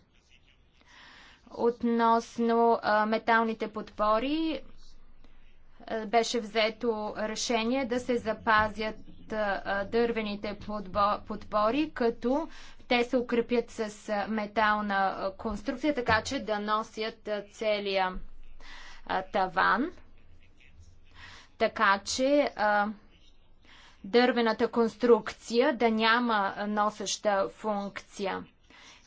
Speaker 1: Относно а, металните подпори, а, беше взето решение да се запазят а, дървените подпори, като те се укрепят с метална конструкция, така че да носят целия таван. Така че дървената конструкция да няма носеща функция.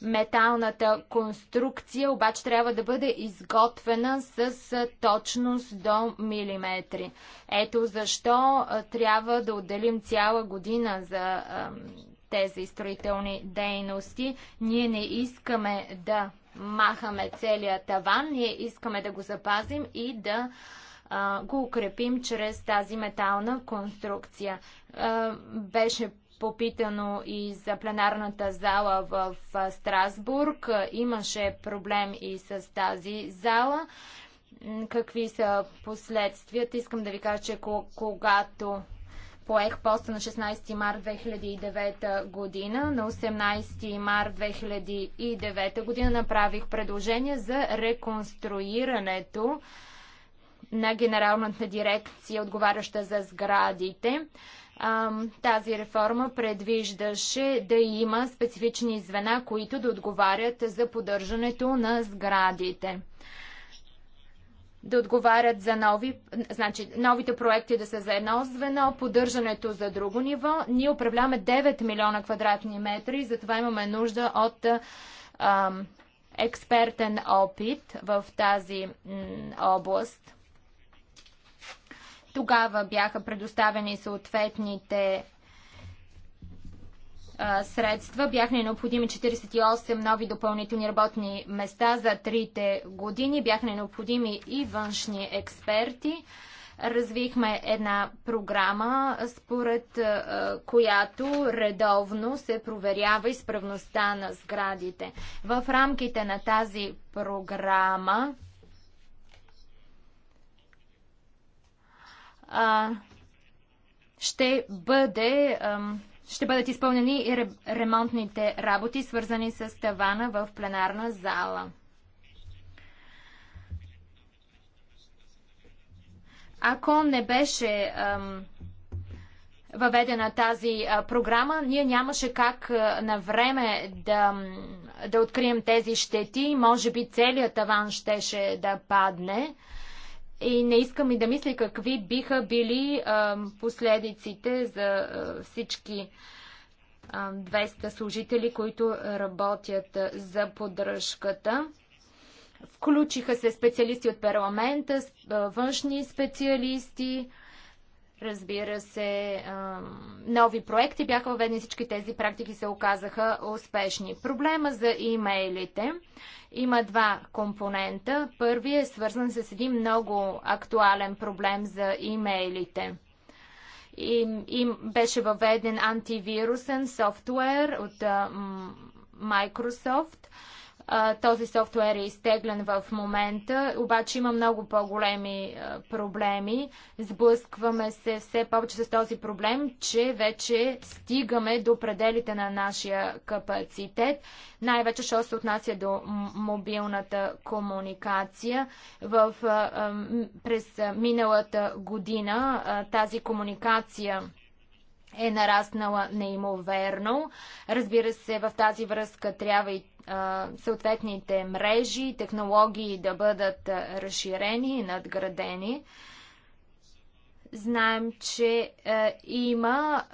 Speaker 1: Металната конструкция обаче трябва да бъде изготвена с точност до милиметри. Ето защо трябва да отделим цяла година за тези строителни дейности. Ние не искаме да махаме целия таван, ние искаме да го запазим и да а, го укрепим чрез тази метална конструкция. А, беше попитано и за пленарната зала в Страсбург. Имаше проблем и с тази зала. Какви са последствията? Искам да ви кажа, че когато поех поста на 16 март 2009 година. На 18 март 2009 година направих предложение за реконструирането на Генералната дирекция, отговаряща за сградите. Тази реформа предвиждаше да има специфични звена, които да отговарят за поддържането на сградите. Да отговарят за нови, значи новите проекти да са за едно звено, поддържането за друго ниво. Ние управляваме 9 милиона квадратни метри, затова имаме нужда от ам, експертен опит в тази област. Тогава бяха предоставени съответните средства. Бяха ни необходими 48 нови допълнителни работни места за трите години. Бяха ни необходими и външни експерти. Развихме една програма, според която редовно се проверява изправността на сградите. В рамките на тази програма а, ще, бъде, а, ще бъдат изпълнени и ремонтните работи, свързани с тавана в пленарна зала. Ако не беше въведена тази а, програма, ние нямаше как а, на време да, да открием тези щети. Може би целият таван щеше да падне. А, и не искам и да мисля какви биха били а, последиците за а, всички а, 200 служители, които работят за поддръжката. Включиха се специалисти от парламента, външни специалисти, разбира се, нови проекти бяха въведени, всички тези практики се оказаха успешни. Проблема за имейлите. Има два компонента. Първият е свързан с един много актуален проблем за имейлите. И, им беше въведен антивирусен софтуер от Microsoft – този софтуер е изтеглен в момента, обаче има много по-големи проблеми. Сблъскваме се все повече с този проблем, че вече стигаме до пределите на нашия капацитет, най-вече, що се отнася до мобилната комуникация. В, през миналата година тази комуникация е нараснала неимоверно. Разбира се, в тази връзка трябва и съответните мрежи, технологии да бъдат разширени и надградени. Знаем, че е, има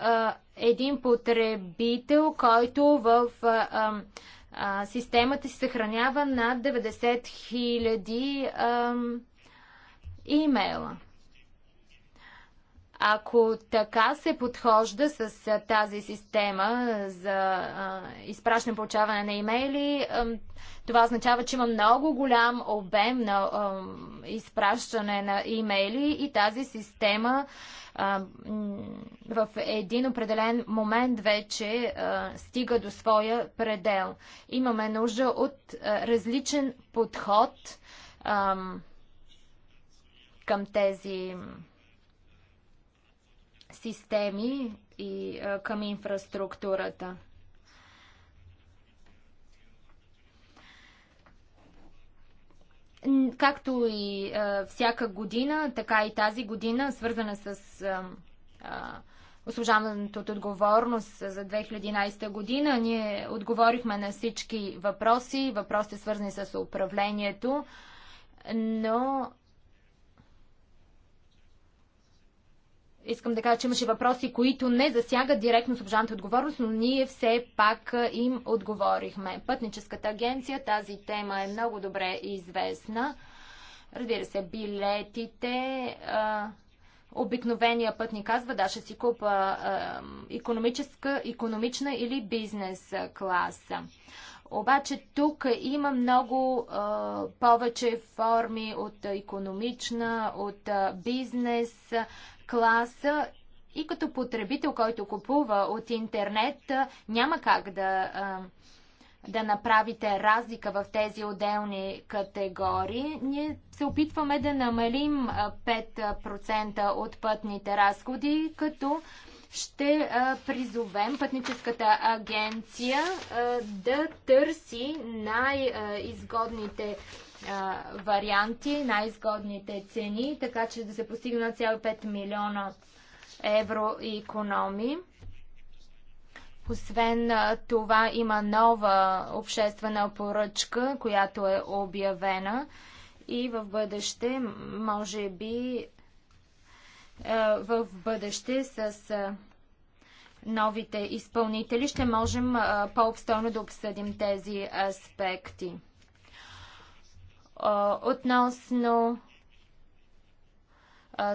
Speaker 1: е, един потребител, който в е, е, системата си съхранява над 90 000 е, имейла. Ако така се подхожда с тази система за изпращане получаване на имейли, това означава, че има много голям обем на изпращане на имейли и тази система в един определен момент вече стига до своя предел. Имаме нужда от различен подход към тези системи и към инфраструктурата. Както и а, всяка година, така и тази година, свързана с ослужаването от отговорност за 2011 година, ние отговорихме на всички въпроси, въпросите свързани с управлението, но искам да кажа, че имаше въпроси, които не засягат директно събжаната отговорност, но ние все пак им отговорихме. Пътническата агенция, тази тема е много добре известна. Разбира се, билетите, а, обикновения път ни казва, да, ще си купа а, економическа, економична или бизнес класа. Обаче тук има много а, повече форми от економична, от а, бизнес класа и като потребител, който купува от интернет, а, няма как да, а, да направите разлика в тези отделни категории. Ние се опитваме да намалим 5% от пътните разходи, като а, ще призовем пътническата агенция да търси най-изгодните варианти, най-изгодните цени, така че да се постигне 5 милиона евро и економи. Освен това има нова обществена поръчка, която е обявена и в бъдеще може би е, в бъдеще с е, новите изпълнители ще можем е, по-обстойно да обсъдим тези аспекти. Относно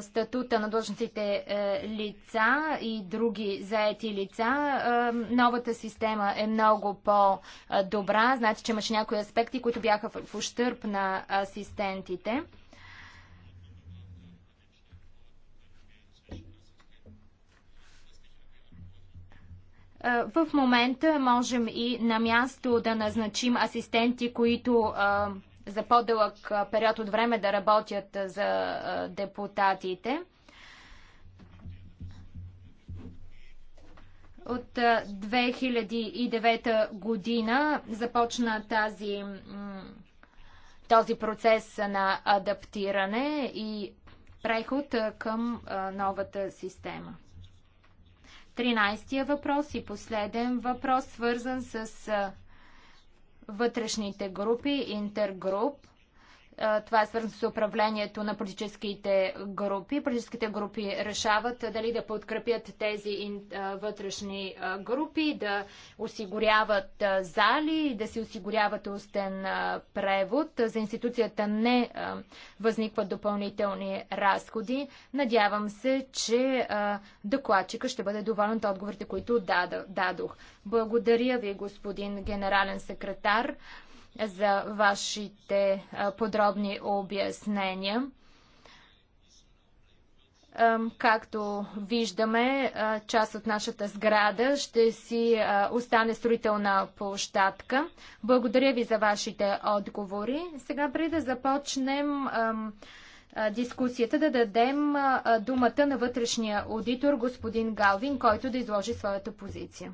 Speaker 1: статута на длъжностите лица и други заети лица. Новата система е много по-добра. Значи, че имаше някои аспекти, които бяха в ущърп на асистентите. Е, в момента можем и на място да назначим асистенти, които е, за по-дълъг е, период от време да работят за депутатите. От 2009 година започна тази, този процес на адаптиране и преход към новата система. Тринайстия въпрос и последен въпрос, свързан с вътрешните групи, интергруп – това е свързано с управлението на политическите групи. Политическите групи решават дали да подкрепят тези вътрешни групи, да осигуряват зали, да си осигуряват устен превод. За институцията не възникват допълнителни разходи. Надявам се, че докладчика ще бъде доволен от отговорите, които дадох. Благодаря ви, господин генерален секретар за вашите подробни обяснения. Както виждаме, част от нашата сграда ще си остане строителна площадка. Благодаря ви за вашите отговори. Сега преди да започнем дискусията, да дадем думата на вътрешния аудитор господин Галвин,
Speaker 3: който да изложи своята позиция.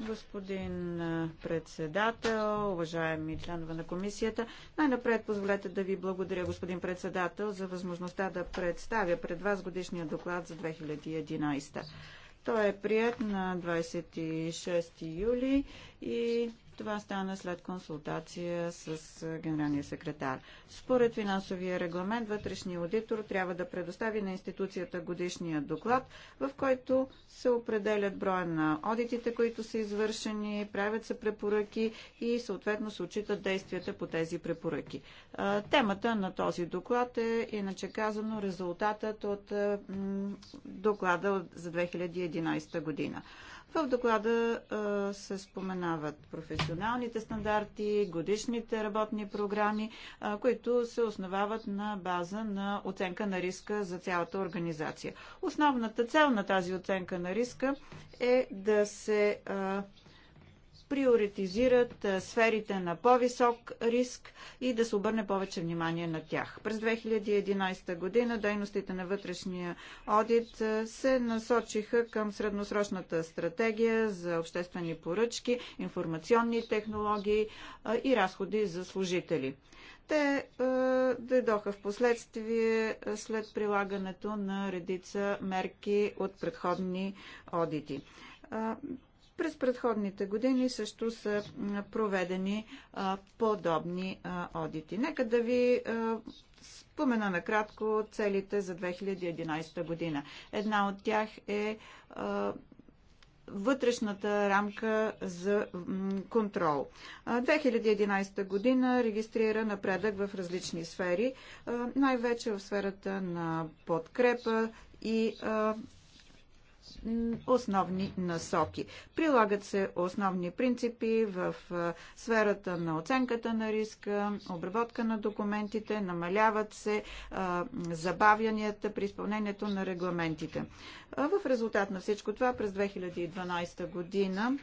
Speaker 3: Господин председател, уважаеми членове на комисията, най-напред позволете да ви благодаря, господин председател, за възможността да представя пред вас годишния доклад за 2011. Той е прият на 26 юли и това стана след консултация с генералния секретар. Според финансовия регламент, вътрешния аудитор трябва да предостави на институцията годишния доклад, в който се определят броя на одитите, които са извършени, правят се препоръки и съответно се отчитат действията по тези препоръки. Темата на този доклад е, иначе казано, резултатът от доклада за 2011 година. В доклада а, се споменават професионалните стандарти, годишните работни програми, а, които се основават на база на оценка на риска за цялата организация. Основната цел на тази оценка на риска е да се а, приоритизират сферите на по-висок риск и да се обърне повече внимание на тях. През 2011 година дейностите на вътрешния одит се насочиха към средносрочната стратегия за обществени поръчки, информационни технологии и разходи за служители. Те е, дойдоха в последствие след прилагането на редица мерки от предходни одити през предходните години също са проведени подобни одити. Нека да ви спомена накратко целите за 2011 година. Една от тях е вътрешната рамка за контрол. 2011 година регистрира напредък в различни сфери, най-вече в сферата на подкрепа и основни насоки. Прилагат се основни принципи в сферата на оценката на риска, обработка на документите, намаляват се забавянията при изпълнението на регламентите. В резултат на всичко това през 2012 година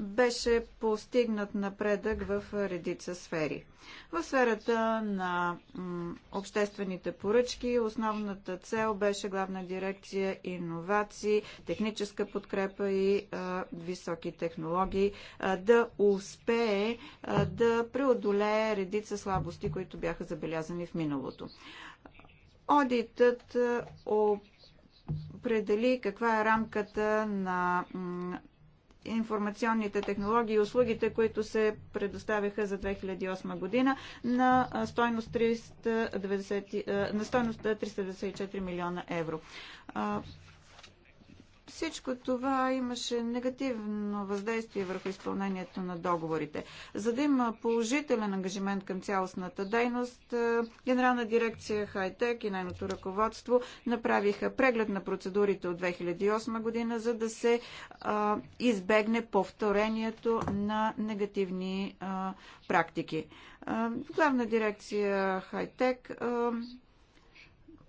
Speaker 3: беше постигнат напредък в редица сфери. В сферата на обществените поръчки основната цел беше главна дирекция иновации, техническа подкрепа и а, високи технологии а, да успее а, да преодолее редица слабости, които бяха забелязани в миналото. Одитът определи каква е рамката на информационните технологии и услугите, които се предоставяха за 2008 година на стойност, 390, на стойност 394 милиона евро. Всичко това имаше негативно въздействие върху изпълнението на договорите. За да има положителен ангажимент към цялостната дейност, е, Генерална дирекция Хайтек и нейното ръководство направиха преглед на процедурите от 2008 година, за да се а, е, избегне повторението на негативни а, е, практики. А, главна дирекция Хайтек а,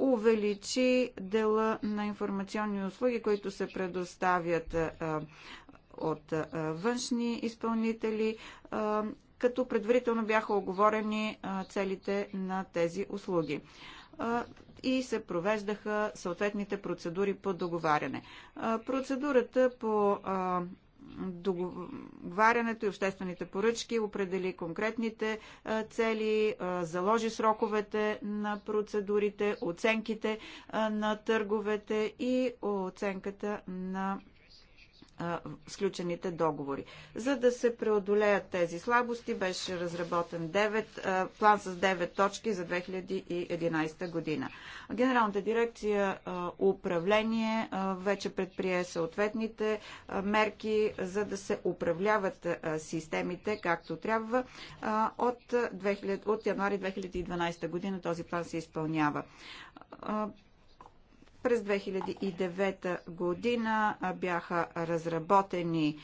Speaker 3: увеличи дела на информационни услуги, които се предоставят от външни изпълнители, като предварително бяха оговорени целите на тези услуги и се провеждаха съответните процедури по договаряне. Процедурата по договарянето и обществените поръчки, определи конкретните цели, заложи сроковете на процедурите, оценките на търговете и оценката на сключените договори. За да се преодолеят тези слабости, беше разработен 9, план с 9 точки за 2011 година. Генералната дирекция управление вече предприе съответните мерки, за да се управляват системите както трябва. от, 2000, от януари 2012 година този план се изпълнява. През 2009 година бяха разработени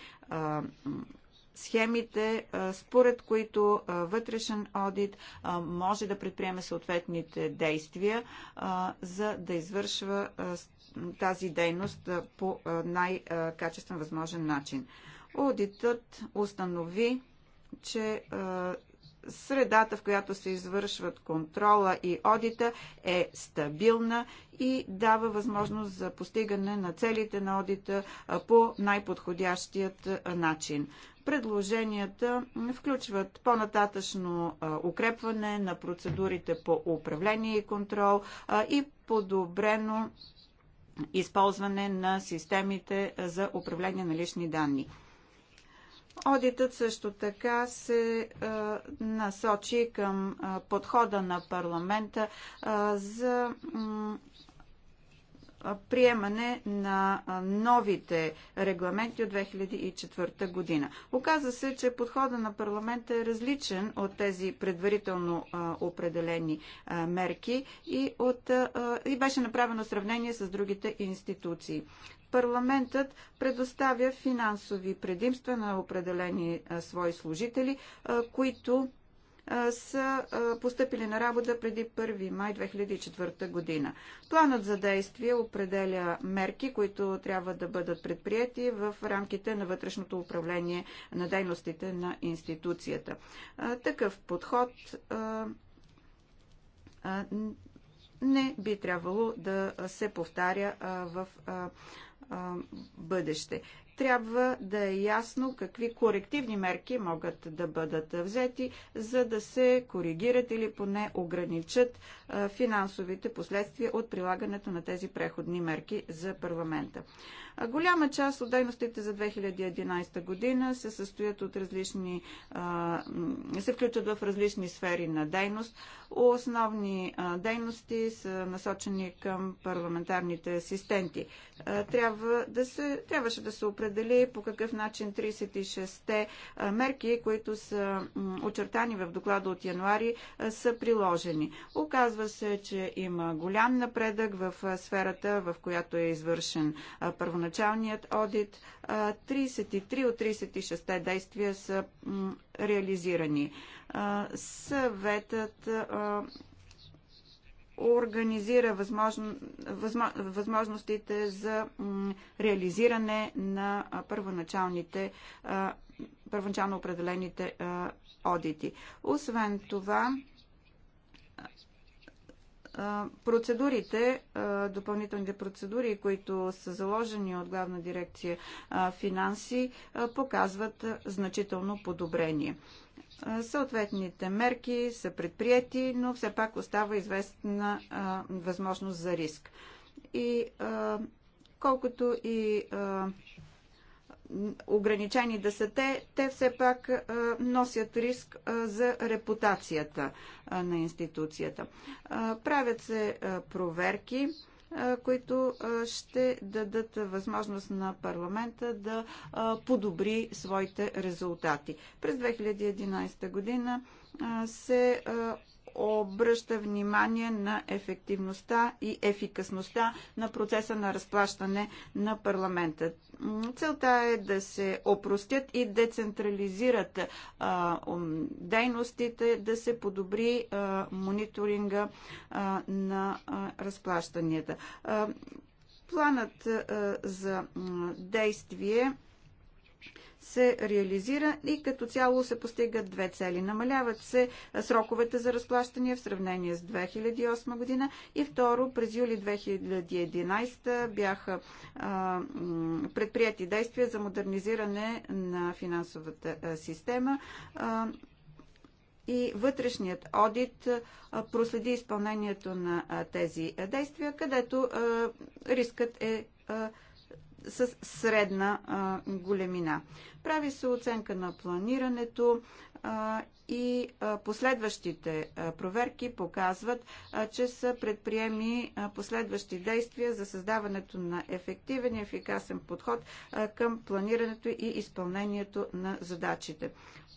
Speaker 3: схемите, според които вътрешен одит може да предприеме съответните действия, за да извършва тази дейност по най-качествен възможен начин. Аудитът установи, че средата, в която се извършват контрола и одита, е стабилна и дава възможност за постигане на целите на одита по най-подходящият начин. Предложенията включват по-нататъчно укрепване на процедурите по управление и контрол и подобрено използване на системите за управление на лични данни. Одитът също така се насочи към подхода на парламента за приемане на новите регламенти от 2004 година. Оказа се, че подхода на парламента е различен от тези предварително определени мерки и, от, и беше направено сравнение с другите институции парламентът предоставя финансови предимства на определени свои служители, които са поступили на работа преди 1 май 2004 година. Планът за действие определя мерки, които трябва да бъдат предприяти в рамките на вътрешното управление на дейностите на институцията. Такъв подход не би трябвало да се повтаря в а, бъдеще. Трябва да е ясно какви корективни мерки могат да бъдат взети, за да се коригират или поне ограничат а, финансовите последствия от прилагането на тези преходни мерки за парламента. Голяма част от дейностите за 2011 година се състоят от различни, се включат в различни сфери на дейност. Основни дейности са насочени към парламентарните асистенти. Трябва да се, трябваше да се определи по какъв начин 36-те мерки, които са очертани в доклада от януари, са приложени. Оказва се, че има голям напредък в сферата, в която е извършен първоначален първоначалният одит. 33 от 36 действия са реализирани. Съветът организира възможно, възможно, възможностите за реализиране на първоначалните първоначално определените одити. Освен това, Процедурите, допълнителните процедури, които са заложени от главна дирекция финанси, показват значително подобрение. Съответните мерки са предприяти, но все пак остава известна възможност за риск. И колкото и ограничени да са те, те все пак носят риск за репутацията на институцията. Правят се проверки които ще дадат възможност на парламента да подобри своите резултати. През 2011 година се обръща внимание на ефективността и ефикасността на процеса на разплащане на парламента. Целта е да се опростят и децентрализират дейностите, да се подобри мониторинга на разплащанията. планът за действие се реализира и като цяло се постигат две цели. Намаляват се сроковете за разплащане в сравнение с 2008 година и второ, през юли 2011 бяха а, предприяти действия за модернизиране на финансовата система. А, и вътрешният одит проследи изпълнението на тези действия, където рискът е с средна а, големина. Прави се оценка на планирането а, и а, последващите а, проверки показват, а, че са предприеми а, последващи действия за създаването на ефективен и ефикасен подход а, към планирането и изпълнението на задачите.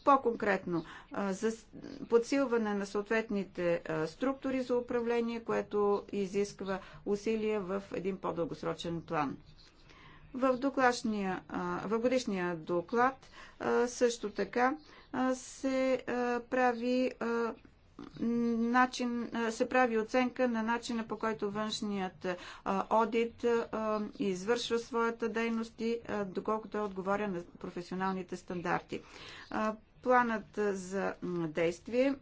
Speaker 3: По-конкретно, за подсилване на съответните структури за управление, което изисква усилия в един по-дългосрочен план. В, в годишния доклад също така се прави начин, се прави оценка на начина по който външният одит извършва своята дейност и доколкото е отговоря на професионалните стандарти. Планът за действие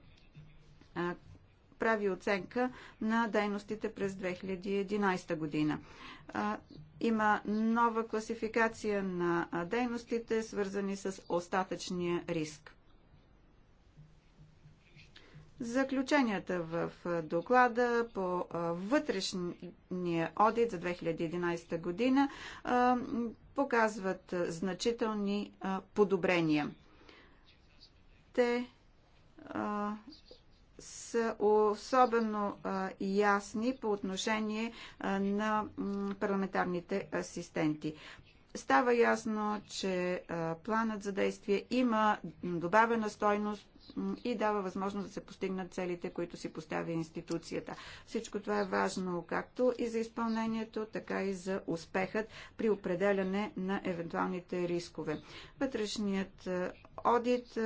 Speaker 3: прави оценка на дейностите през 2011 година. Има нова класификация на дейностите, свързани с остатъчния риск. Заключенията в доклада по вътрешния одит за 2011 година показват значителни подобрения. Те са особено ясни по отношение на парламентарните асистенти. Става ясно, че планът за действие има добавена стойност и дава възможност да се постигнат целите, които си поставя институцията. Всичко това е важно както и за изпълнението, така и за успехът при определяне на евентуалните рискове. Вътрешният одит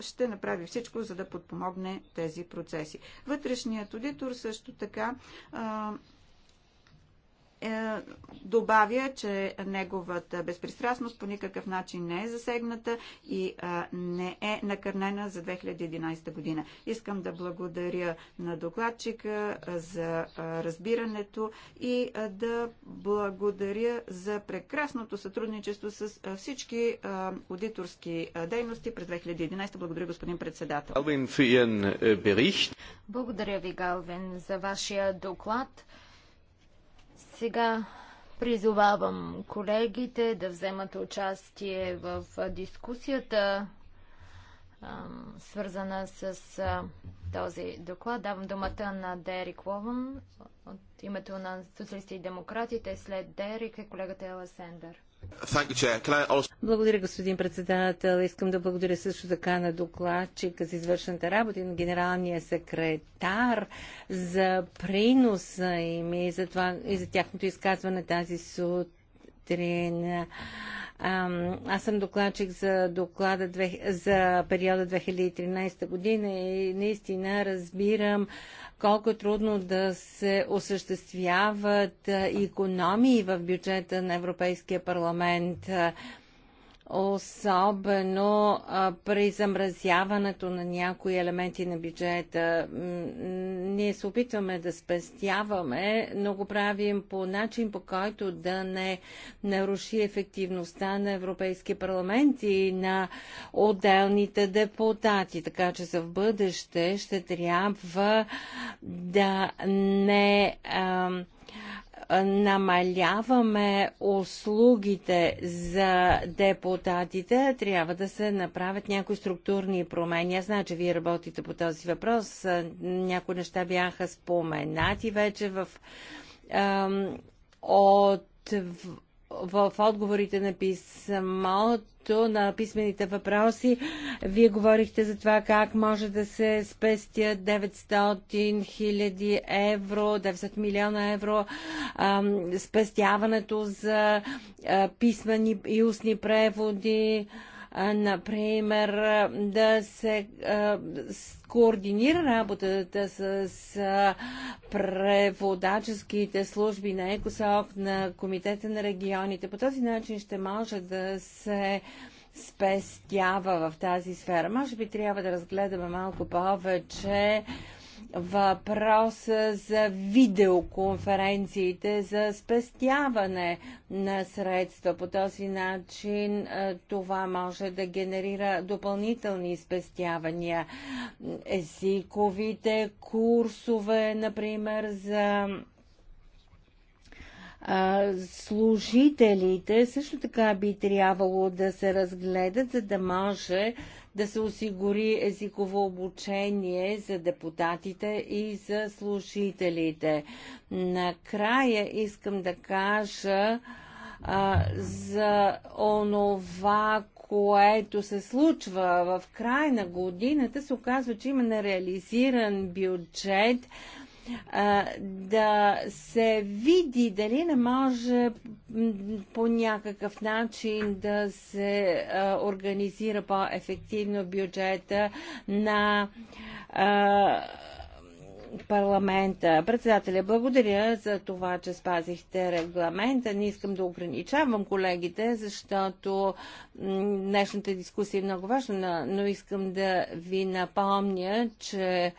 Speaker 3: ще направи всичко, за да подпомогне тези процеси. Вътрешният аудитор също така е, добавя, че неговата безпристрастност по никакъв начин не е засегната и не е накърнена за 2011 година. Искам да благодаря на докладчика за разбирането и да благодаря за прекрасното сътрудничество с всички аудиторски дейности през 2011. Благодаря, господин председател. Е, благодаря ви, Галвин,
Speaker 1: за вашия доклад. Сега призовавам колегите да вземат участие в дискусията, свързана с този доклад. Давам думата на Дерик Ловън от името на социалисти и демократите. След Дерик е колегата Ела Сендър.
Speaker 2: Благодаря, господин председател. Искам да благодаря също така на докладчика за извършената работа и на генералния секретар за приноса им и за, това, и за тяхното изказване тази сутрин. Аз съм докладчик за доклада за периода 2013 година и наистина разбирам колко е трудно да се осъществяват економии в бюджета на Европейския парламент особено а, при замразяването на някои елементи на бюджета. Ние се опитваме да спестяваме, но го правим по начин, по който да не наруши ефективността на Европейски парламент и на отделните депутати. Така че за в бъдеще ще трябва да не. А, намаляваме услугите за депутатите, трябва да се направят някои структурни промени. Аз знам, че вие работите по този въпрос. Някои неща бяха споменати вече в, от в отговорите на писмото, на писмените въпроси, вие говорихте за това как може да се спестят 900 хиляди евро, 900 милиона евро, спестяването за писмени и устни преводи например, да се координира работата с преводаческите служби на ЕКОСОК, на Комитета на регионите. По този начин ще може да се спестява в тази сфера. Може би трябва да разгледаме малко повече въпроса за видеоконференциите, за спестяване на средства. По този начин е, това може да генерира допълнителни спестявания. Езиковите курсове, например, за е, служителите също така би трябвало да се разгледат, за да може да се осигури езиково обучение за депутатите и за служителите. Накрая искам да кажа а, за онова, което се случва в край на годината, се оказва, че има нереализиран бюджет да се види дали не може по някакъв начин да се организира по-ефективно бюджета на парламента. Председателя, благодаря за това, че спазихте регламента. Не искам да ограничавам колегите, защото днешната дискусия е много важна, но искам да ви напомня, че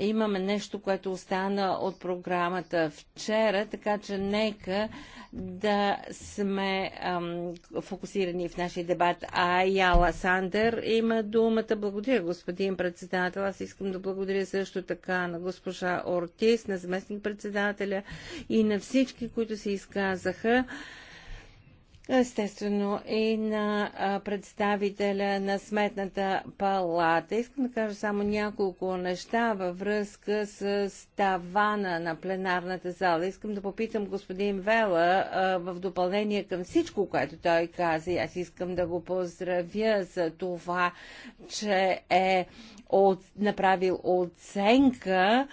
Speaker 2: имаме нещо, което остана от програмата вчера, така че нека да сме ам, фокусирани в нашия дебат. А Яла Сандер има думата. Благодаря, господин председател. Аз искам да благодаря също така на госпожа Ортис, на заместник председателя и на всички, които се изказаха естествено и на представителя на Сметната палата. Искам да кажа само няколко неща във връзка с тавана на пленарната зала. Искам да попитам господин Вела в допълнение към всичко, което той каза. Аз искам да го поздравя за това, че е от, направил оценка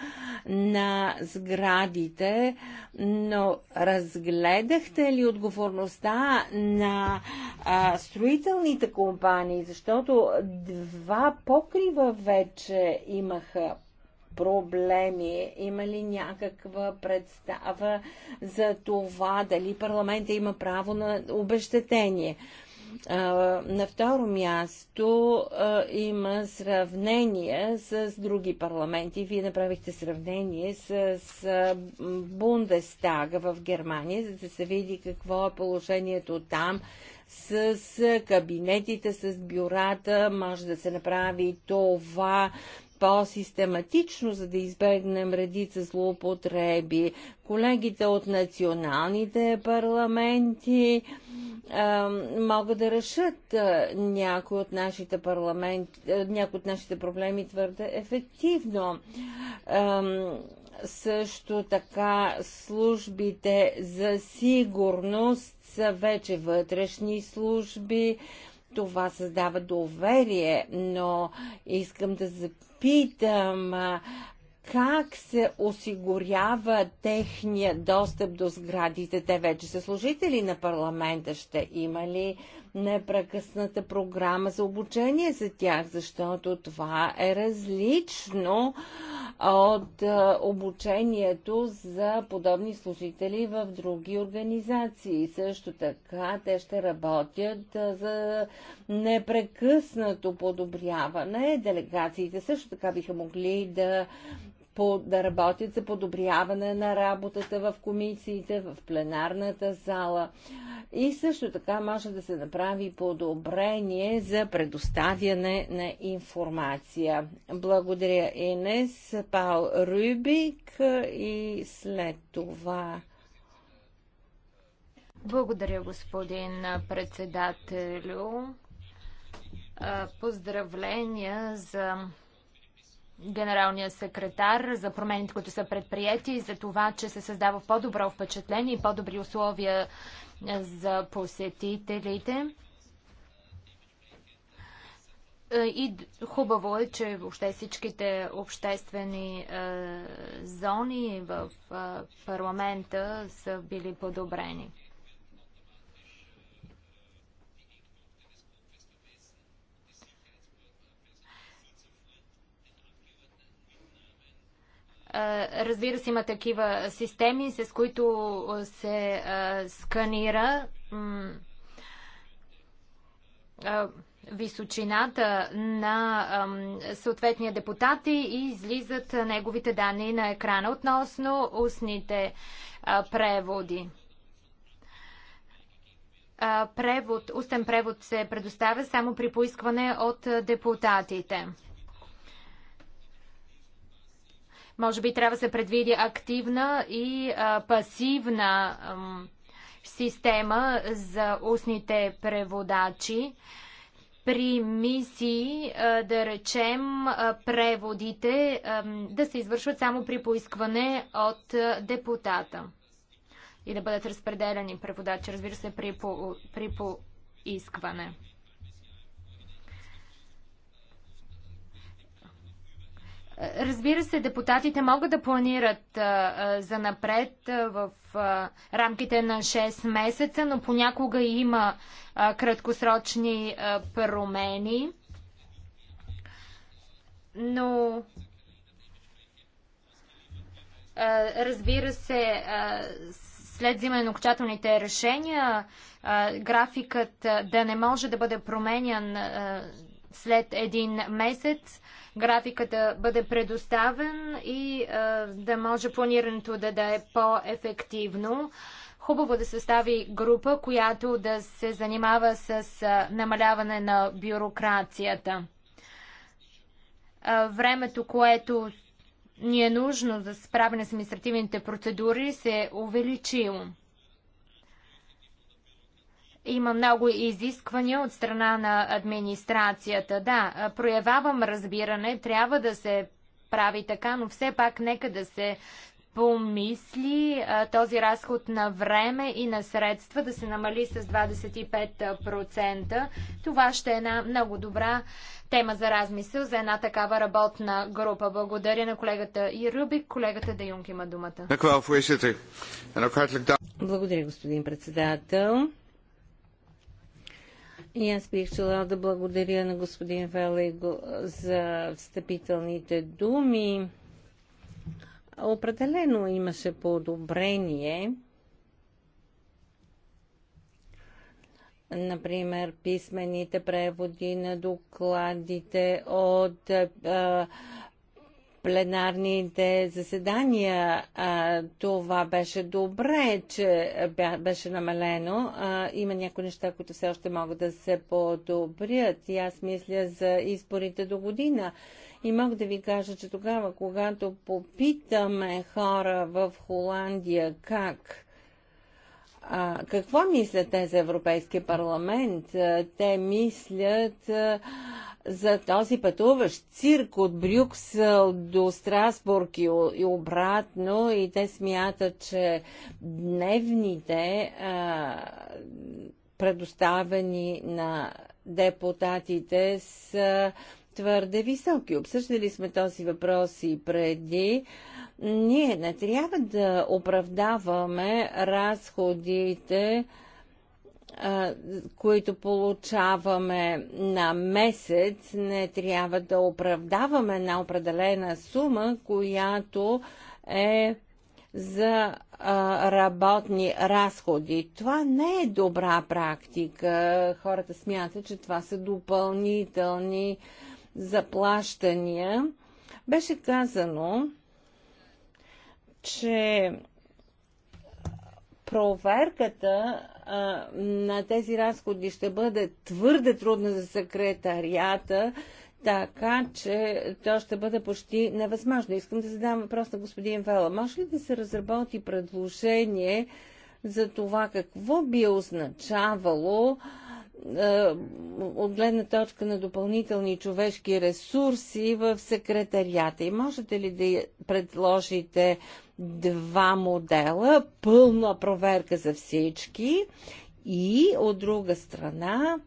Speaker 2: на сградите, но разгледахте ли отговорността на а, строителните компании, защото два покрива вече имаха проблеми? Има ли някаква представа за това дали парламента има право на обещетение? На второ място има сравнение с други парламенти. Вие направихте сравнение с Бундестага в Германия, за да се види какво е положението там с кабинетите, с бюрата. Може да се направи това по-систематично, за да избегнем редица злоупотреби. Колегите от националните парламенти а, могат да решат някои от нашите парламенти, някои от нашите проблеми твърде ефективно. А, също така службите за сигурност са вече вътрешни служби. Това създава доверие, но искам да запитам питам как се осигурява техния достъп до сградите? Те вече са служители на парламента. Ще има ли непрекъсната програма за обучение за тях? Защото това е различно от обучението за подобни служители в други организации. Също така те ще работят за непрекъснато подобряване. Делегациите също така биха могли да по, да работят за подобряване на работата в комисиите, в пленарната зала. И също така може да се направи подобрение за предоставяне на информация. Благодаря Инес, Пал Рубик и след това. Благодаря,
Speaker 1: господин председателю. Поздравления за генералния секретар за промените, които са предприяти и за това, че се създава по-добро впечатление и по-добри условия е, за посетителите. Е, и хубаво е, че въобще всичките обществени е, зони в е, парламента са били подобрени. Разбира се, има такива системи, с които се сканира височината на съответния депутат и излизат неговите данни на екрана относно устните преводи. Превод, устен превод се предоставя само при поискване от депутатите. Може би трябва да се предвиди активна и а, пасивна ам, система за устните преводачи. При мисии, а, да речем, а, преводите ам, да се извършват само при поискване от а, депутата и да бъдат разпределени преводачи, разбира се, при, по, при поискване. Разбира се, депутатите могат да планират за напред в рамките на 6 месеца, но понякога има краткосрочни промени. Но разбира се, след взимане на окончателните решения, графикът да не може да бъде променян след един месец графика да бъде предоставен и да може планирането да, да е по-ефективно. Хубаво да се стави група, която да се занимава с намаляване на бюрокрацията. Времето, което ни е нужно за справяне с административните процедури, се е увеличило. Има много изисквания от страна на администрацията. Да, проявявам разбиране, трябва да се прави така, но все пак нека да се помисли а, този разход на време и на средства да се намали с 25%. Това ще е една много добра тема за размисъл за една такава работна група. Благодаря на колегата Ирубик, Колегата Де
Speaker 2: има думата. Благодаря, господин председател. И аз бих желала да благодаря на господин Велего за встъпителните думи. Определено имаше подобрение. Например, писмените преводи на докладите от а, пленарните заседания. А, това беше добре, че беше намалено. А, има някои неща, които все още могат да се подобрят. И аз мисля за изборите до година. И мога да ви кажа, че тогава, когато попитаме хора в Холандия как а, какво мислят те за Европейския парламент? Те мислят а, за този пътуващ цирк от Брюксел до Страсбург и, и обратно и те смятат, че дневните а, предоставени на депутатите са твърде високи. Обсъждали сме този въпрос и преди. Ние не трябва да оправдаваме разходите а, които получаваме на месец, не трябва да оправдаваме на определена сума, която е за работни разходи. Това не е добра практика. Хората смятат, че това са допълнителни заплащания. Беше казано, че проверката на тези разходи ще бъде твърде трудна за секретарията, така че то ще бъде почти невъзможно. Искам да задам въпрос на господин Вела. Може ли да се разработи предложение за това какво би означавало а, е, от гледна точка на допълнителни човешки ресурси в секретарията. И можете ли да предложите два модела, пълна проверка за всички и от друга страна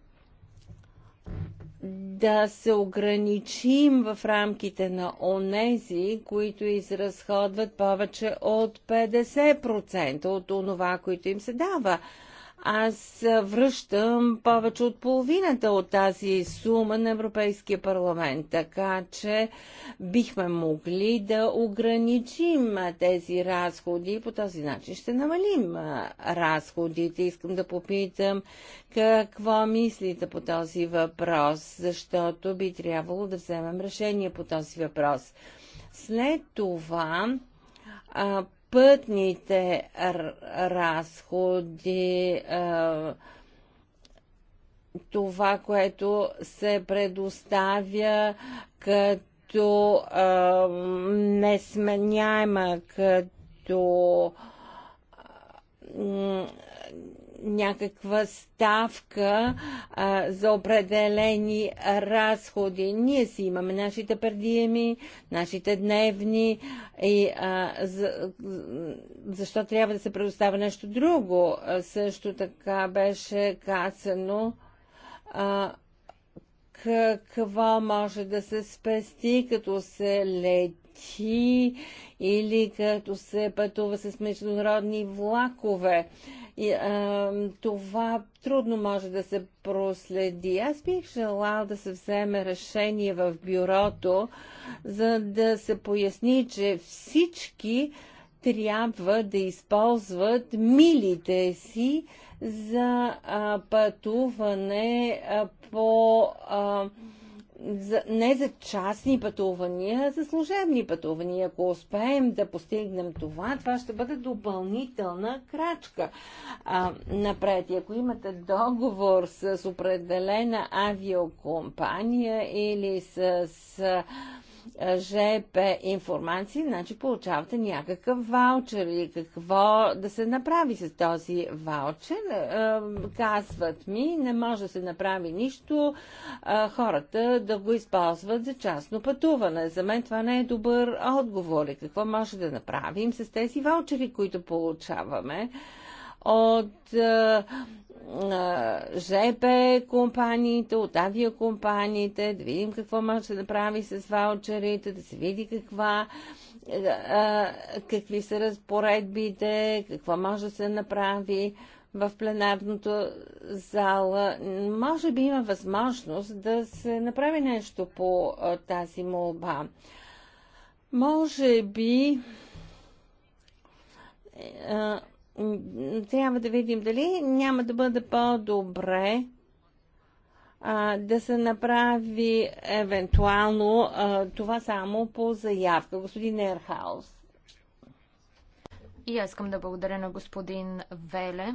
Speaker 2: да се ограничим в рамките на онези, които изразходват повече от 50% от онова, което им се дава аз връщам повече от половината от тази сума на Европейския парламент, така че бихме могли да ограничим тези разходи и по този начин ще намалим разходите. Искам да попитам какво мислите по този въпрос, защото би трябвало да вземем решение по този въпрос. След това пътните разходи, това, което се предоставя като несменяема, като някаква ставка а, за определени разходи. Ние си имаме нашите предиеми, нашите дневни и а, за, защо трябва да се предоставя нещо друго? А, също така беше казано а, какво може да се спести, като се лети или като се пътува с международни влакове. А, и, а, това трудно може да се проследи. Аз бих желал да се вземе решение в бюрото, за да се поясни, че всички трябва да използват милите си за а, пътуване а, по. А, за, не за частни пътувания, а за служебни пътувания. Ако успеем да постигнем това, това ще бъде допълнителна крачка а, напред. И ако имате договор с определена авиокомпания или с. А, ЖП е информации, значи получавате някакъв ваучер или какво да се направи с този ваучер. Е, казват ми, не може да се направи нищо, е, хората да го използват за частно пътуване. За мен това не е добър отговор. И какво може да направим с тези ваучери, които получаваме? от ЖП компаниите, от авиакомпаниите, да видим какво може да се направи с ваучерите, да се види каква какви са разпоредбите, какво може да се направи в пленарното зала. Може би има възможност да се направи нещо по тази молба. Може би е, трябва да видим дали няма да бъде по-добре да се направи евентуално а, това само по заявка. Господин Ерхаус.
Speaker 1: И аз искам да благодаря на господин Веле.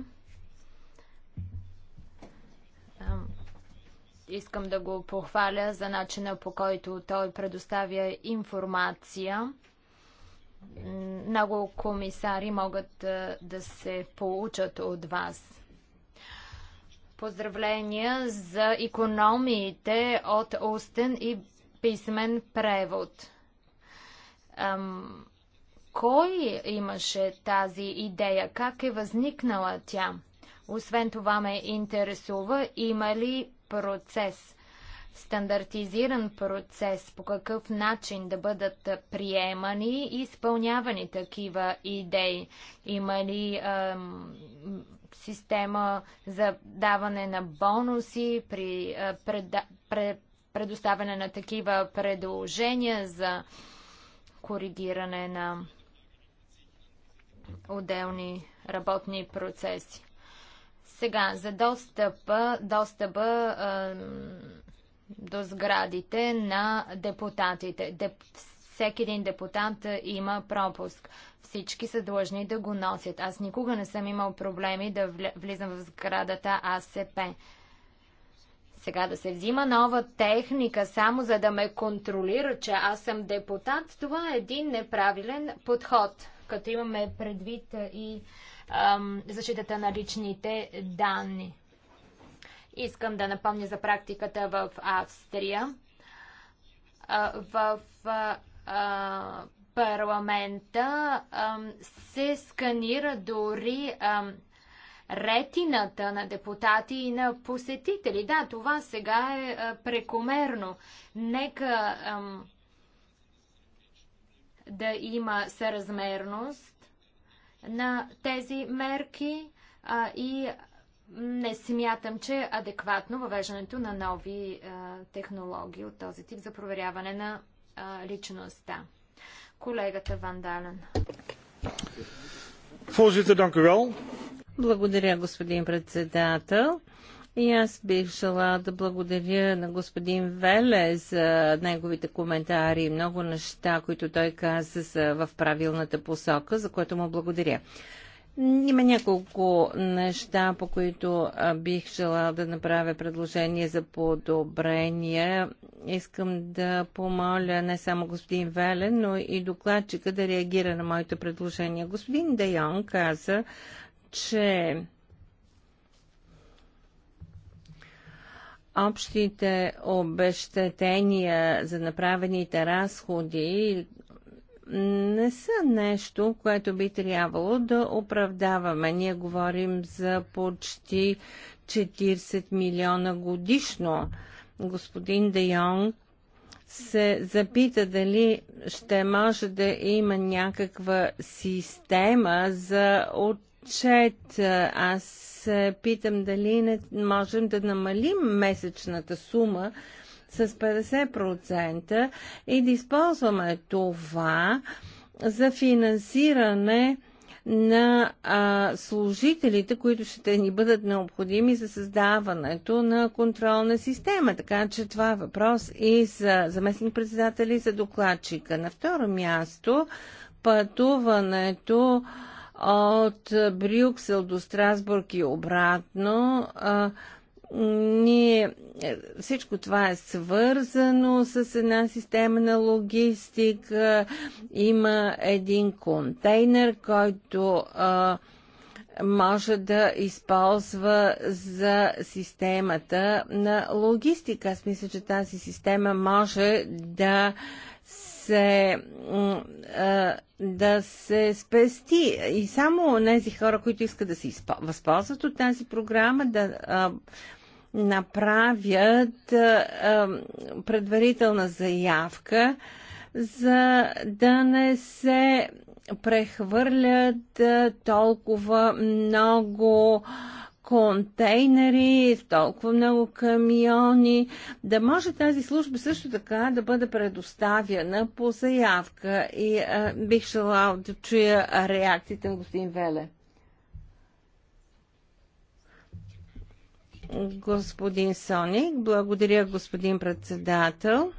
Speaker 1: Искам да го похваля за начина по който той предоставя информация много комисари могат да се получат от вас. Поздравления за економиите от устен и писмен превод. Ам, кой имаше тази идея? Как е възникнала тя? Освен това ме интересува, има ли процес? стандартизиран процес, по какъв начин да бъдат приемани и изпълнявани такива идеи. Има ли а, система за даване на бонуси при а, преда, пред, предоставяне на такива предложения за коригиране на отделни работни процеси. Сега, за достъпа, достъпа до сградите на депутатите. Деп... Всеки един депутат има пропуск. Всички са длъжни да го носят. Аз никога не съм имал проблеми да влизам в сградата АСП. Сега да се взима нова техника, само за да ме контролира, че аз съм депутат, това е един неправилен подход, като имаме предвид и ам, защитата на личните данни. Искам да напомня за практиката в Австрия. В парламента се сканира дори ретината на депутати и на посетители. Да, това сега е прекомерно. Нека да има съразмерност на тези мерки а, и не смятам, че е адекватно въвеждането на нови а, е, технологии от този тип за проверяване на а, е, личността. Колегата Вандален.
Speaker 2: Благодаря, господин председател. И аз бих желала да благодаря на господин Веле за неговите коментари. и Много неща, които той каза са в правилната посока, за което му благодаря. Има няколко неща, по които бих желал да направя предложение за подобрение. Искам да помоля не само господин Велен, но и докладчика да реагира на моите предложения. Господин Дайон каза, че общите обещетения за направените разходи не са нещо, което би трябвало да оправдаваме. Ние говорим за почти 40 милиона годишно. Господин Де Йонг се запита дали ще може да има някаква система за отчет. Аз питам дали не можем да намалим месечната сума, с 50% и да използваме това за финансиране на а, служителите, които ще ни бъдат необходими за създаването на контролна система. Така че това е въпрос и за заместник председатели и за докладчика. На второ място пътуването от Брюксел до Страсбург и обратно. А, ние, е, всичко това е свързано с една система на логистика. Има един контейнер, който а, може да използва за системата на логистика. Аз мисля, че тази система може да се, да се спести. И само тези хора, които искат да се възползват от тази програма, да направят предварителна заявка, за да не се прехвърлят толкова много контейнери, толкова много камиони, да може тази служба също така да бъде предоставяна по заявка. И а, бих желал да чуя реакциите на господин Веле. Господин Соник, благодаря, господин председател.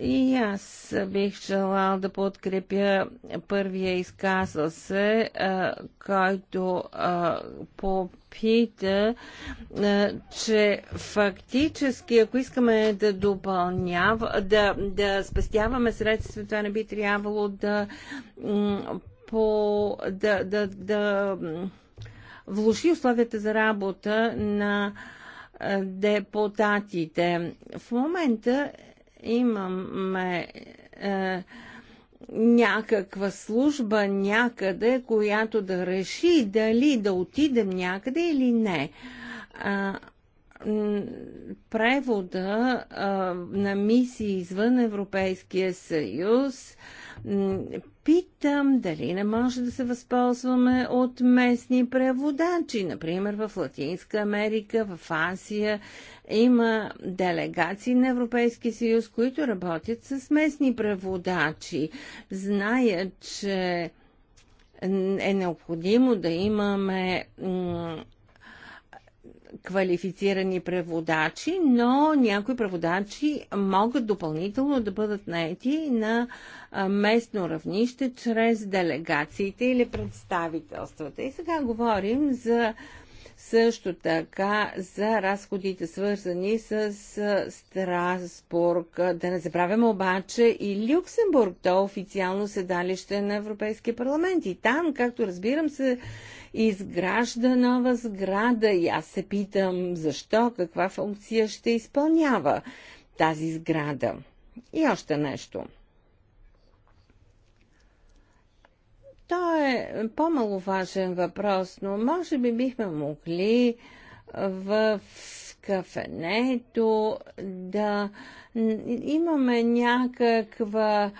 Speaker 2: И аз бих желал да подкрепя първия изказал се, който попита, че фактически, ако искаме да допълнява, да, да спестяваме средства, това не би трябвало да по, да, да, да влуши условията за работа на депутатите. В момента имаме е, някаква служба някъде, която да реши дали да отидем някъде или не. превода а, на мисии извън Европейския съюз Питам дали не може да се възползваме от местни преводачи. Например, в Латинска Америка, в Азия има делегации на Европейския съюз, които работят с местни преводачи. Зная, че е необходимо да имаме квалифицирани преводачи, но някои преводачи могат допълнително да бъдат наети на местно равнище чрез делегациите или представителствата. И сега говорим за също така за разходите свързани с Страсбург. Да не забравяме обаче и Люксембург, то официално седалище на Европейския парламент. И там, както разбирам, се изгражда нова сграда и аз се питам защо, каква функция ще изпълнява тази сграда. И още нещо. То е по-маловажен въпрос, но може би бихме могли в кафенето, е да имаме някаква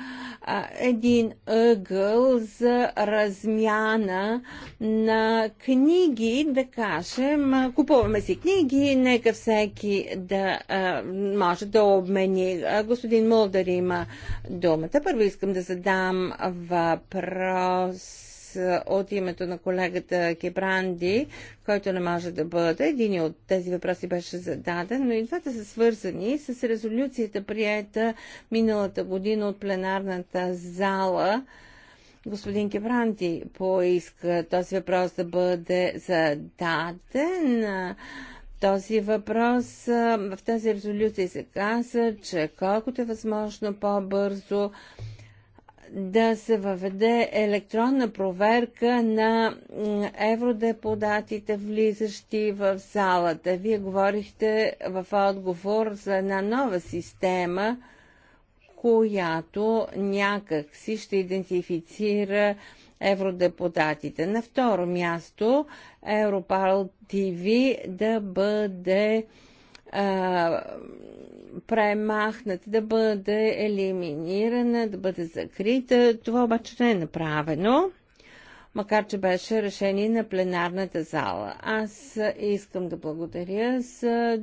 Speaker 2: а, един ъгъл за размяна на книги, да кажем, купуваме си книги, нека всеки да а, може да обмени. господин Молдър има думата. Първо искам да задам въпрос е, от името на колегата Кебранди, който не може да бъде. Един от тези въпроси беше зададен, но и двата са свързани с резолюцията, приета миналата година от пленарната зала. Господин Кебранди поиска този въпрос да бъде зададен. Този въпрос е, в тази резолюция се каза, че колкото е възможно по-бързо да се въведе електронна проверка на евродепутатите, влизащи в залата. Вие говорихте в отговор за една нова система, която някак си ще идентифицира евродепутатите. На второ място Европарл ТВ да бъде а, премахната, да бъде елиминирана, да бъде закрита. Това обаче не е направено, макар че беше решение на пленарната зала. Аз искам да благодаря за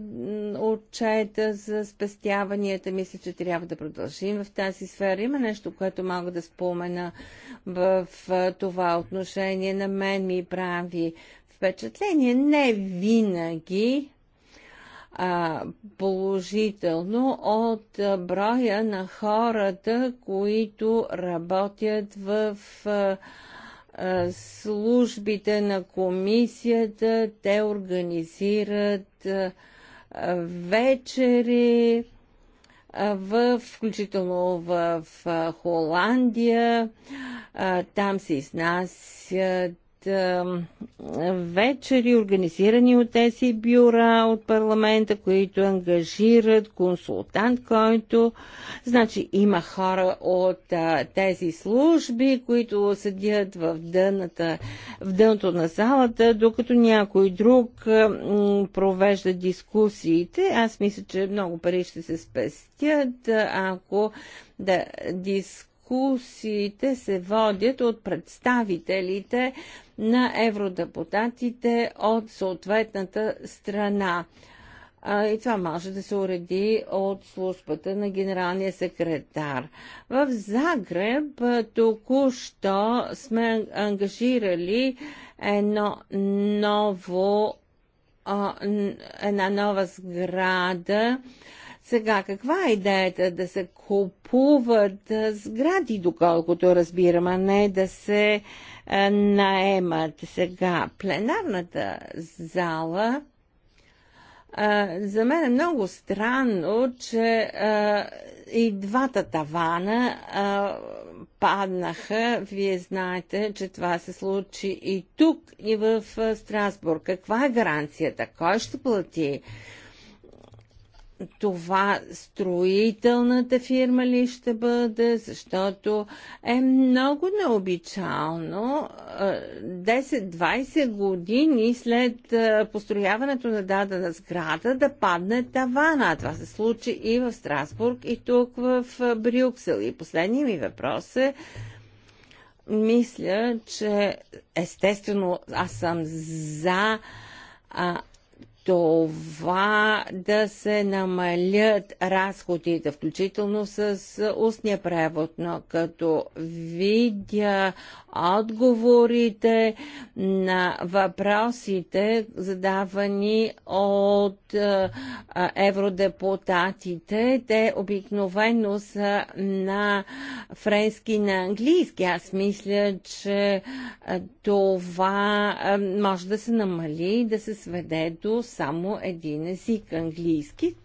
Speaker 2: отчета за спестяванията. Мисля, че трябва да продължим в тази сфера. Има нещо, което мога да спомена в това отношение. На мен ми прави впечатление. Не винаги а, положително от броя на хората, които работят в а, службите на комисията. Те организират а, вечери, в, включително в Холандия. Там се изнасят е, вечери, организирани от тези бюра от парламента, които ангажират консултант, който... Значи има хора от а, е, тези служби, които седят в, дъната, в дъното на залата, докато някой друг а, е, м, провежда дискусиите. Аз мисля, че много пари ще се спестят, ако да дискусиите дискусиите се водят от представителите на евродепутатите от съответната страна. И това може да се уреди от службата на генералния секретар. В Загреб току-що сме ангажирали едно ново, една нова сграда сега, каква е идеята да се купуват сгради, доколкото разбирам, а не да се наемат? Сега, пленарната зала за мен е много странно, че а, и двата тавана а, паднаха. Вие знаете, че това се случи и тук, и в Страсбург. Каква е гаранцията? Кой ще плати? това строителната фирма ли ще бъде, защото е много необичално 10-20 години след построяването на дадена сграда да падне тавана. Това се случи и в Страсбург, и тук в Брюксел. И последният ми въпрос е, мисля, че естествено аз съм за това да се намалят разходите, включително с устния превод, но като видя отговорите на въпросите, задавани от евродепутатите, те обикновено са на френски и на английски. Аз мисля, че това може да се намали и да се сведе до само един език английски.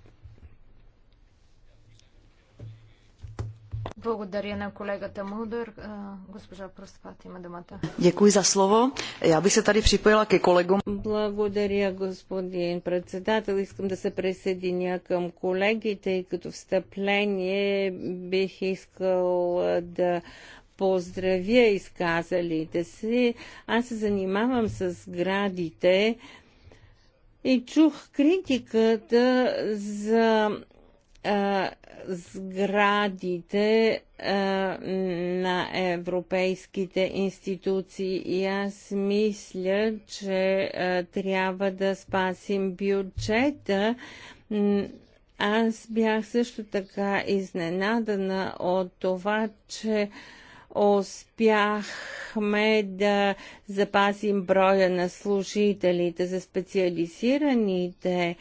Speaker 1: Благодаря на колегата
Speaker 2: Мудър. Госпожа Проспат има думата.
Speaker 3: Дякую за слово. Я бих се тари припояла ке колегам.
Speaker 2: Благодаря, господин председател. Искам да се присъединя към колегите и като встъпление бих искал да поздравя изказалите си. Аз се занимавам с градите и чух критиката за а, сградите а, на европейските институции и аз мисля, че а, трябва да спасим бюджета. Аз бях също така изненадана от това, че а, успяхме да запазим броя на служителите за специализираните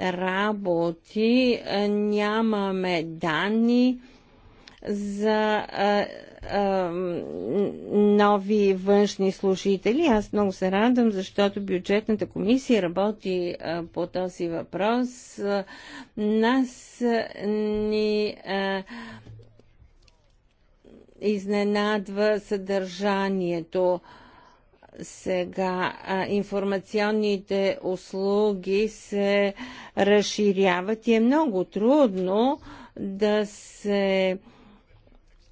Speaker 2: работи. Е, нямаме данни за а, е, а, е, нови външни служители. Аз много се радвам, защото бюджетната комисия работи а, по този въпрос. А, нас а, ни а, изненадва съдържанието. Сега а, информационните услуги се разширяват и е много трудно да се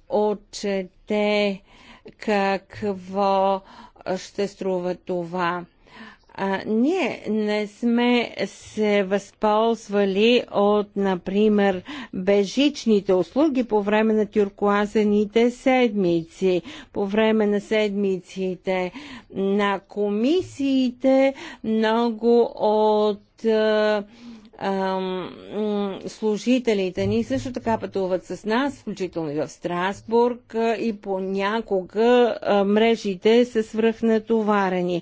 Speaker 2: отчете какво ще струва това. А, ние не сме се възползвали от, например, бежичните услуги по време на тюркуазените седмици, по време на седмиците на комисиите, много от а, служителите ни също така пътуват с нас, включително и в Страсбург и понякога мрежите са свръхнатоварени.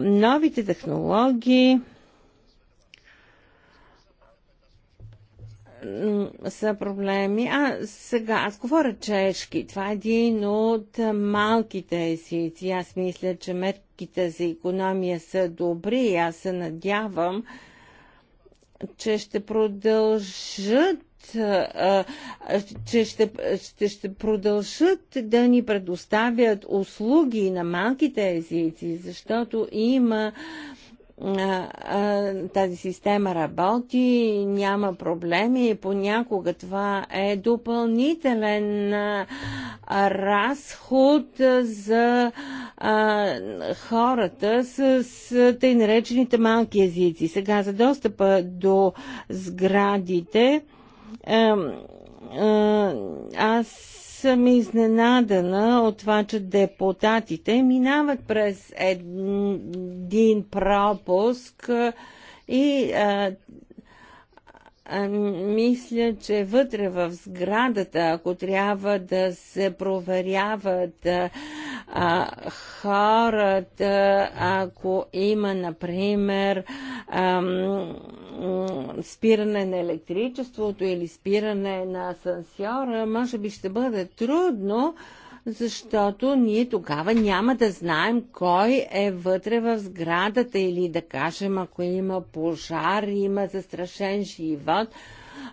Speaker 2: Новите технологии са проблеми. А, сега, аз говоря чешки. Това е един от малките езици. Аз мисля, че мерките за економия са добри. Аз се надявам, че ще продължат че ще, ще, ще продължат да ни предоставят услуги на малките езици, защото има а, тази система работи, няма проблеми и понякога това е допълнителен разход за хората с тъй наречените малки езици. Сега за достъпа до сградите аз съм изненадана от това, че депутатите минават през един пропуск и а, а, мисля, че вътре в сградата, ако трябва да се проверяват а, хората, ако има, например, а, спиране на електричеството или спиране на асансьора, може би ще бъде трудно, а, защото ние тогава няма да знаем кой е вътре в сградата или да кажем, ако има пожар, има застрашен живот.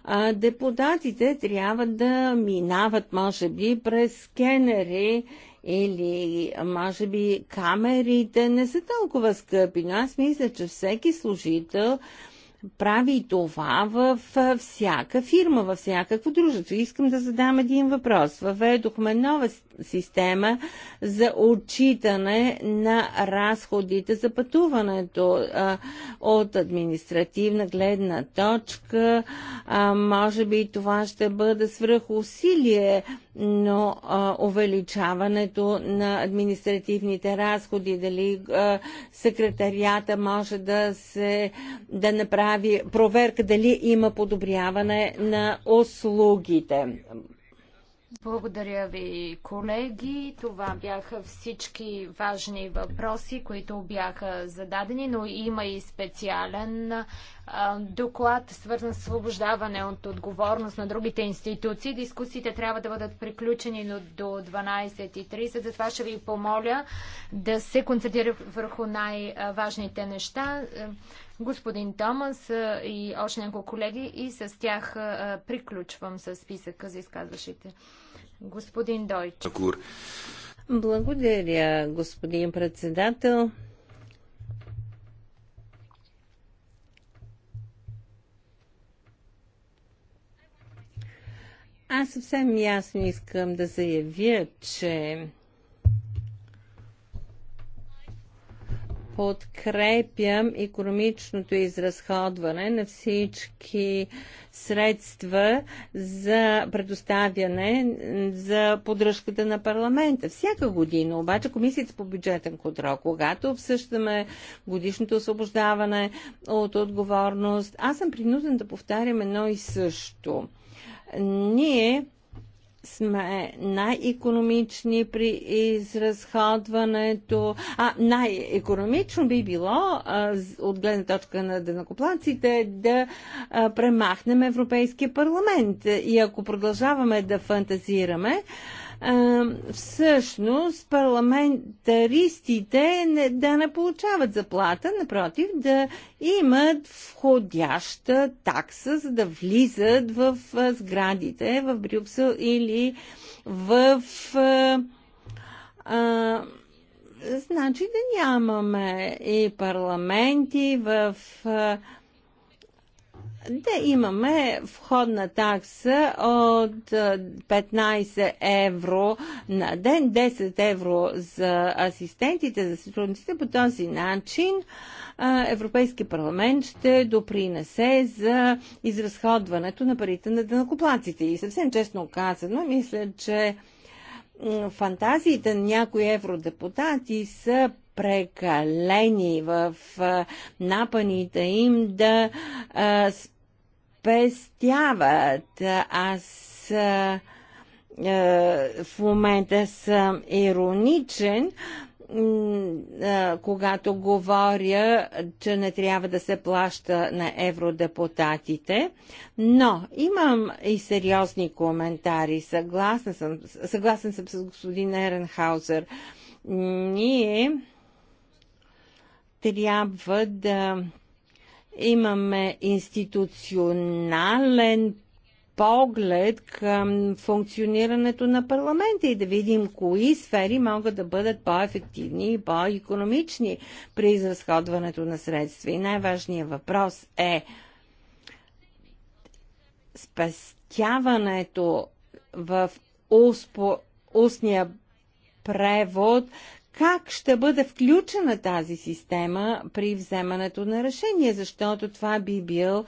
Speaker 2: А, депутатите трябва да минават, може би, през скенери или може би камерите не са толкова скъпи, но аз мисля, че всеки служител прави това в всяка фирма, във всякакво дружество. Искам да задам един въпрос. Въведохме нова система за отчитане на разходите за пътуването от административна гледна точка. Може би това ще бъде усилие, но увеличаването на административните разходи, дали секретарията може да се да направи проверка дали има подобряване на услугите.
Speaker 1: Благодаря ви, колеги. Това бяха всички важни въпроси, които бяха зададени, но има и специален доклад, свързан с освобождаване от отговорност на другите институции. Дискусиите трябва да бъдат приключени до 12.30, затова ще ви помоля да се концентрира върху най-важните неща. Господин Томас и още няколко колеги и с тях приключвам с списъка за изказващите. Господин Дойч.
Speaker 2: Благодаря, господин председател. Аз съвсем ясно искам да заявя, че подкрепям економичното изразходване на всички средства за предоставяне за поддръжката на парламента. Всяка година, обаче, Комисията по бюджетен контрол, когато обсъждаме годишното освобождаване от отговорност, аз съм принуден да повтарям едно и също. Ние сме най-економични при изразходването. А най-економично би било от гледна точка на денакоплаците да премахнем Европейския парламент. И ако продължаваме да фантазираме, всъщност парламентаристите не, да не получават заплата, напротив, да имат входяща такса, за да влизат в сградите в Брюксел или в. А, а, значи да нямаме и парламенти в. А, да имаме входна такса от 15 евро на ден, 10 евро за асистентите, за сътрудниците. По този начин Европейски парламент ще допринесе за изразходването на парите на дънакоплаците. И съвсем честно казано, мисля, че фантазиите на някои евродепутати са прекалени в напаните им да а, спестяват. Аз а, в момента съм ироничен, когато говоря, че не трябва да се плаща на евродепутатите, но имам и сериозни коментари. Съгласен съм, съгласен съм с господин Еренхаузер. Ние трябва да имаме институционален поглед към функционирането на парламента и да видим кои сфери могат да бъдат по-ефективни и по-економични при изразходването на средства. И най-важният въпрос е спестяването в успо, устния превод как ще бъде включена тази система при вземането на решение, защото това би бил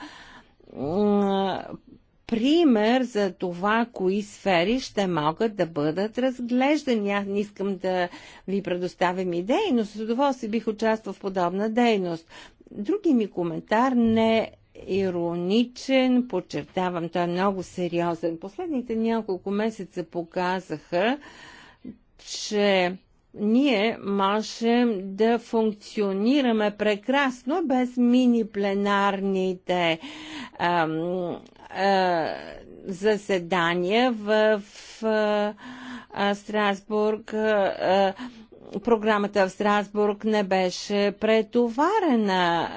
Speaker 2: пример за това, кои сфери ще могат да бъдат разглеждани. Аз не искам да ви предоставям идеи, но с удоволствие бих участвал в подобна дейност. Други ми коментар не е ироничен, подчертавам, той е много сериозен. Последните няколко месеца показаха, че ние можем да функционираме прекрасно без мини-пленарните заседания в а, а, Страсбург. А, програмата в Страсбург не беше претоварена.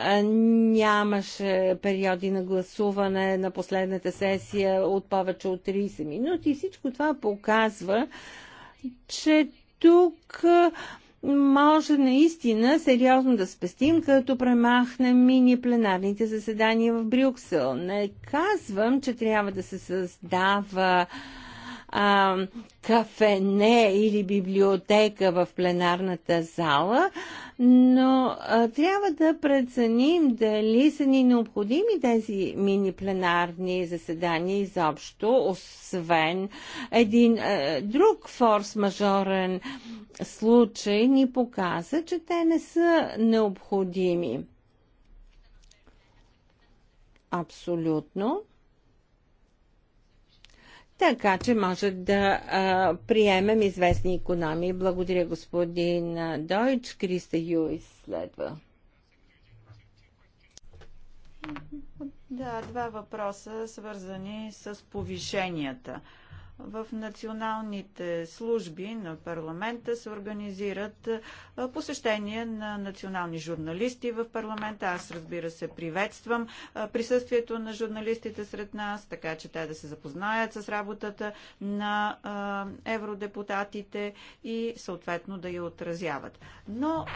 Speaker 2: Нямаше периоди на гласуване на последната сесия от повече от 30 минути. Всичко това показва, че тук може наистина сериозно да спестим, като премахнем мини пленарните заседания в Брюксел. Не казвам, че трябва да се създава а, кафене или библиотека в пленарната зала, но а, трябва да преценим дали са ни необходими тези мини пленарни заседания изобщо, освен един а, друг форс-мажорен случай ни показа, че те не са необходими. Абсолютно така че може да а, приемем известни економии. Благодаря господин Дойч. Криста Юис следва.
Speaker 3: Да, два въпроса, свързани с повишенията в националните служби на парламента се организират посещения на национални журналисти в парламента. Аз, разбира се, приветствам присъствието на журналистите сред нас, така че те да се запознаят с работата на евродепутатите и съответно да я отразяват. Но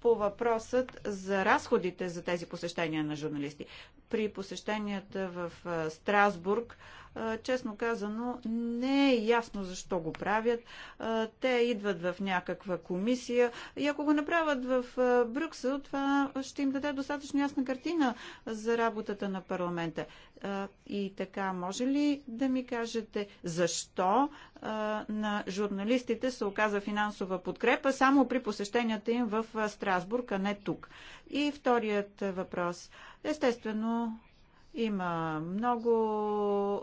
Speaker 3: по въпросът за разходите за тези посещения на журналисти. При посещенията в Страсбург честно казано, не е ясно защо го правят. Те идват в някаква комисия и ако го направят в Брюксел, това ще им даде достатъчно ясна картина за работата на парламента. И така, може ли да ми кажете защо на журналистите се оказа финансова подкрепа само при посещенията им в Страсбург, а не тук? И вторият въпрос. Естествено, има много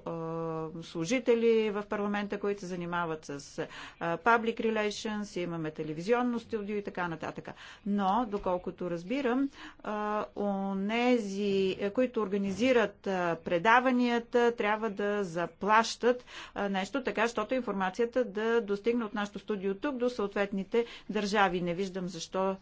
Speaker 3: а, служители в парламента, които се занимават с а, public relations, имаме телевизионно студио и така нататък. Но, доколкото разбирам, е, онези, които организират а, предаванията, трябва да заплащат а, нещо така, защото информацията да достигне от нашото студио тук до съответните държави. Не виждам защо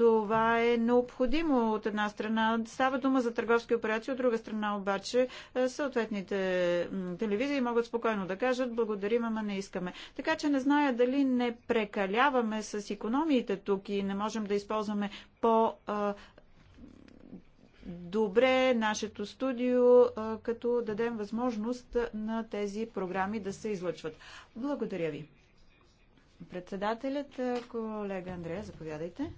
Speaker 3: това е необходимо от една страна. Става дума за търговски операции, от друга страна обаче е, съответните телевизии могат спокойно да кажат благодарим, ама не искаме. Така че не зная дали не прекаляваме с економиите тук и не можем да използваме по добре нашето студио, като дадем възможност на тези програми да се излъчват. Благодаря ви. Председателят, колега Андрея, заповядайте.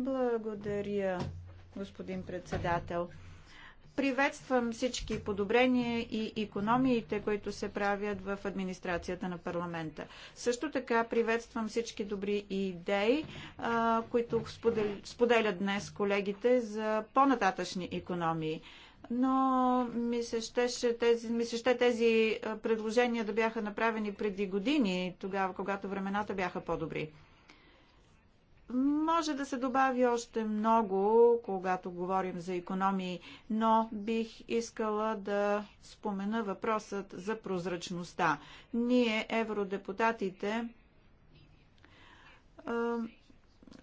Speaker 3: Благодаря, господин председател. Приветствам всички подобрения и економиите, които се правят в администрацията на парламента. Също така приветствам всички добри идеи, които споделят днес колегите за по-нататъчни економии но ми се, щеше тези, ми се ще тези предложения да бяха направени преди години, тогава, когато времената бяха по-добри. Може да се добави още много, когато говорим за економии, но бих искала да спомена въпросът за прозрачността. Ние, евродепутатите,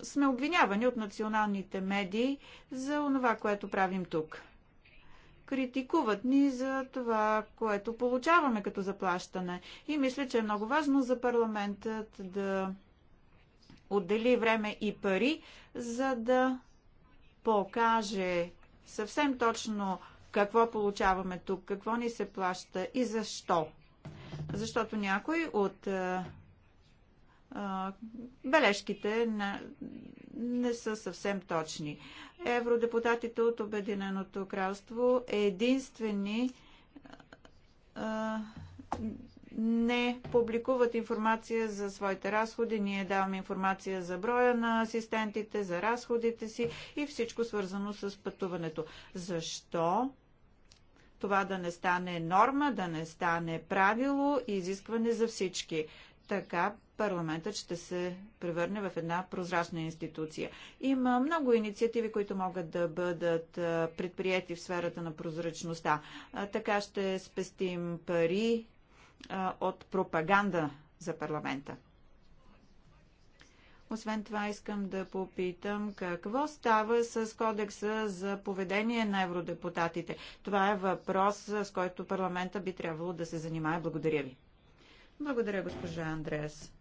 Speaker 3: сме обвинявани от националните медии за онова, което правим тук. Критикуват ни за това, което получаваме като заплащане. И мисля, че е много важно за парламентът да отдели време и пари, за да покаже съвсем точно какво получаваме тук, какво ни се плаща и защо. Защото някой от а, е, е, бележките на, не са съвсем точни. Евродепутатите от Обединеното кралство единствени е, не публикуват информация за своите разходи. Ние даваме информация за броя на асистентите, за разходите си и всичко свързано с пътуването. Защо? Това да не стане норма, да не стане правило и изискване за всички. Така парламентът ще се превърне в една прозрачна институция. Има много инициативи, които могат да бъдат предприяти в сферата на прозрачността. Така ще спестим пари, а, от пропаганда за парламента. Освен това искам да попитам какво става с кодекса за поведение на евродепутатите. Това е въпрос, с който парламента би трябвало да се занимае. Благодаря ви. Благодаря, госпожа Андреас.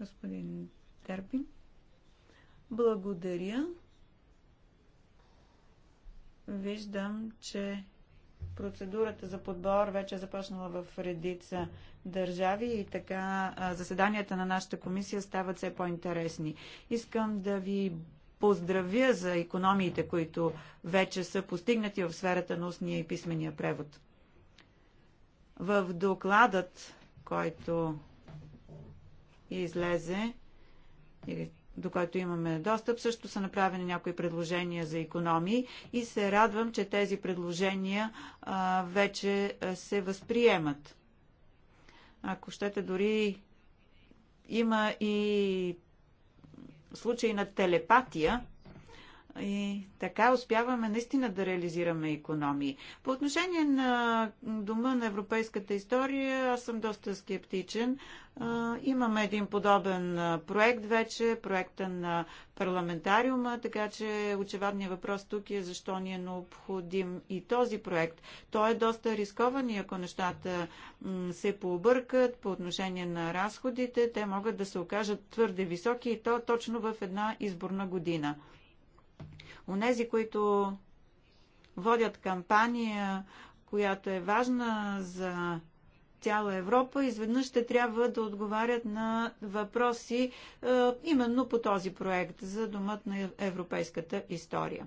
Speaker 3: Господин Дербин. Благодаря. Виждам, че Процедурата за подбор вече е започнала в редица държави и така заседанията на нашата комисия стават все по-интересни. Искам да ви поздравя за економиите, които вече са постигнати в сферата на устния и писмения превод. В докладът, който излезе, или до който имаме достъп, също са направени някои предложения за економии и се радвам, че тези предложения а, вече се възприемат. Ако щете, дори има и случаи на телепатия, и така успяваме наистина да реализираме економии. По отношение на Дома на европейската история, аз съм доста скептичен. Имаме един подобен проект вече, проекта на парламентариума, така че очевадният въпрос тук е защо ни е необходим и този проект. Той е доста рискован и ако нещата се пообъркат по отношение на разходите, те могат да се окажат твърде високи и то точно в една изборна година. Онези, които водят кампания, която е важна за цяла Европа, изведнъж ще трябва да отговарят на въпроси е, именно по този проект за Домът на европейската история.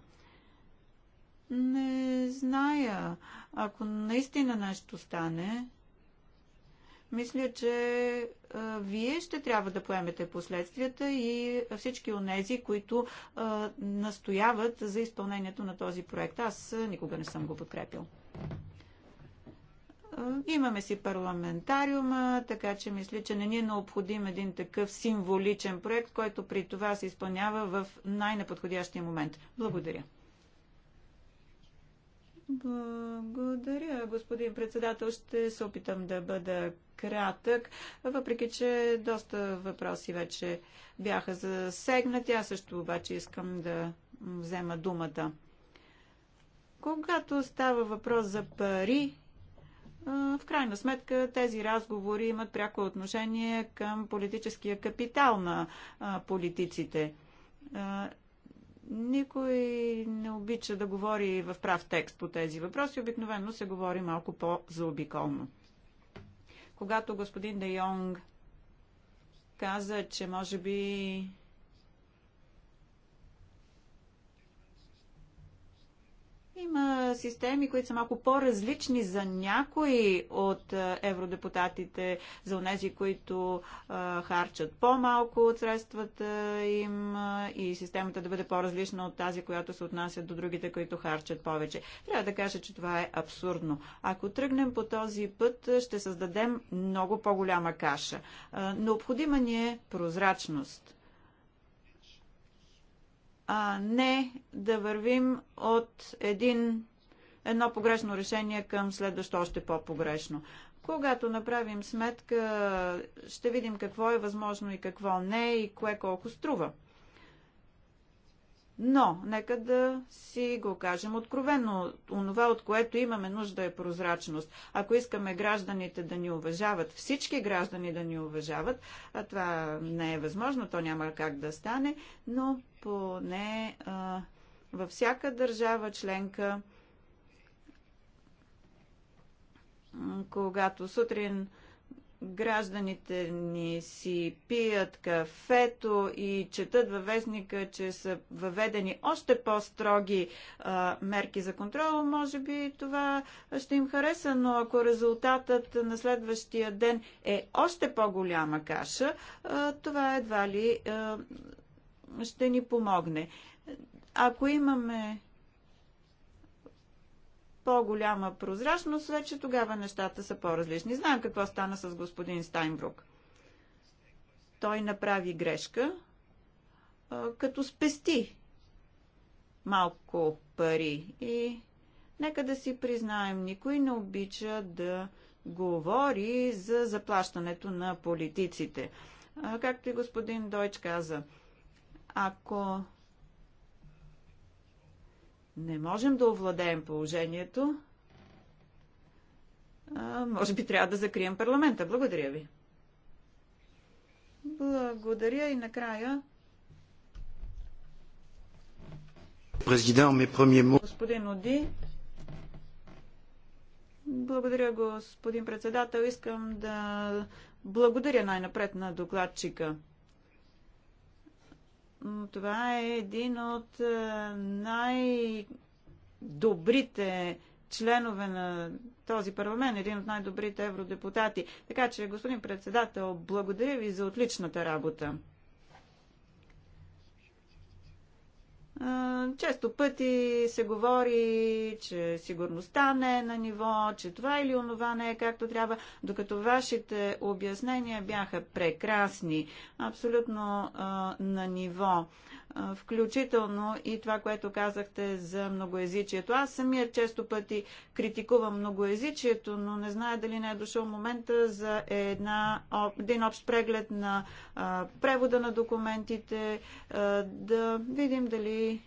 Speaker 3: Не зная. Ако наистина нещо стане, мисля, че вие ще трябва да поемете последствията и всички онези, които настояват за изпълнението на този проект. Аз никога не съм го подкрепил. Имаме си парламентариума, така че мисля, че не ни е необходим един такъв символичен проект, който при това се изпълнява в най-неподходящия момент. Благодаря. Благодаря, господин председател. Ще се опитам да бъда кратък, въпреки че доста въпроси вече бяха засегнати. Аз също обаче искам да взема думата. Когато става въпрос за пари, в крайна сметка тези разговори имат пряко отношение към политическия капитал на политиците. Никой не обича да говори в прав текст по тези въпроси. Обикновено се говори малко по-заобиколно. Когато господин Де Йонг каза, че може би Има системи, които са малко по-различни за някои от е, евродепутатите, за тези, които а, е, харчат по-малко от средствата им е, и системата да бъде по-различна от тази, която се отнася до другите, които харчат повече. Трябва да кажа, че това е абсурдно. Ако тръгнем по този път, ще създадем много по-голяма каша. Необходима ни е прозрачност а не да вървим от един, едно погрешно решение към следващо още по-погрешно. Когато направим сметка, ще видим какво е възможно и какво не и кое колко струва. Но, нека да си го кажем откровенно. Онова, от което имаме нужда е прозрачност. Ако искаме гражданите да ни уважават, всички граждани да ни уважават, а това не е възможно, то няма как да стане, но поне а, във всяка държава членка, когато сутрин гражданите ни си пият кафето и четат във вестника, че са въведени още по-строги мерки за контрол, може би това ще им хареса, но ако резултатът на следващия ден е още по-голяма каша, а, това едва ли а, ще ни помогне. Ако имаме по-голяма прозрачност, вече тогава нещата са по-различни. Знаем какво стана с господин Стайнбрук. Той направи грешка, като спести малко пари. И нека да си признаем, никой не обича да говори за заплащането на политиците. Както и господин Дойч каза, ако не можем да овладеем положението, а, може би трябва да закрием парламента. Благодаря ви. Благодаря и накрая. Господин Оди, благодаря господин председател. Искам да благодаря най-напред на докладчика това е един от е, най-добрите членове на този парламент, един от най-добрите евродепутати. Така че, господин председател, благодаря ви за отличната работа. Често пъти се говори, че сигурността не е на ниво, че това или онова не е както трябва, докато вашите обяснения бяха прекрасни, абсолютно на ниво включително и това, което казахте за многоязичието. Аз самия често пъти критикувам многоязичието, но не зная дали не е дошъл момента за една, един общ преглед на а, превода на документите, а, да видим дали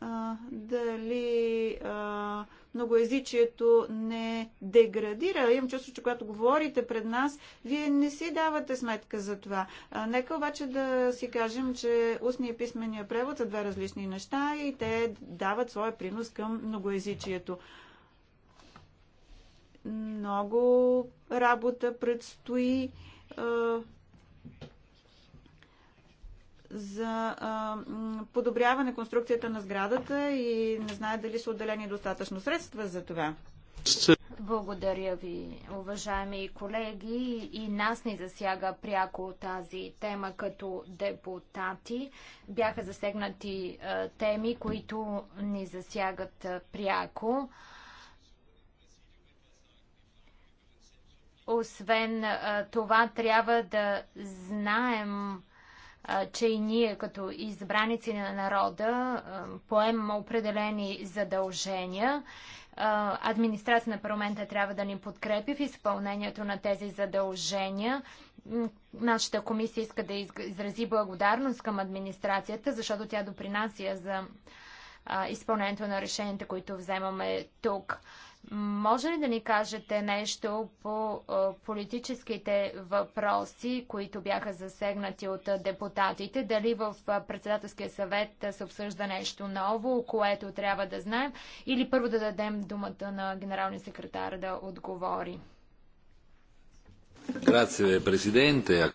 Speaker 3: а, дали а, многоязичието не деградира. Имам чувство, че когато говорите пред нас, вие не си давате сметка за това. А, нека обаче да си кажем, че устния и писмения превод са две различни неща и те дават своя принос към многоязичието много работа предстои за а, подобряване конструкцията на сградата и не знае дали са отделени достатъчно средства за това. Благодаря ви, уважаеми колеги.
Speaker 1: И нас ни засяга пряко тази тема като депутати. Бяха засегнати а, теми, които ни засягат а, пряко. Освен а, това, трябва да знаем че и ние като избраници на народа поемаме определени задължения. Администрация на парламента трябва да ни подкрепи в изпълнението на тези задължения. Нашата комисия иска да изрази благодарност към администрацията, защото тя допринася за изпълнението на решенията, които вземаме тук. Може ли да ни кажете нещо по политическите въпроси, които бяха засегнати от депутатите? Дали в председателския съвет се обсъжда нещо ново, което трябва да знаем? Или първо да дадем думата на генералния секретар да отговори?
Speaker 2: президенте.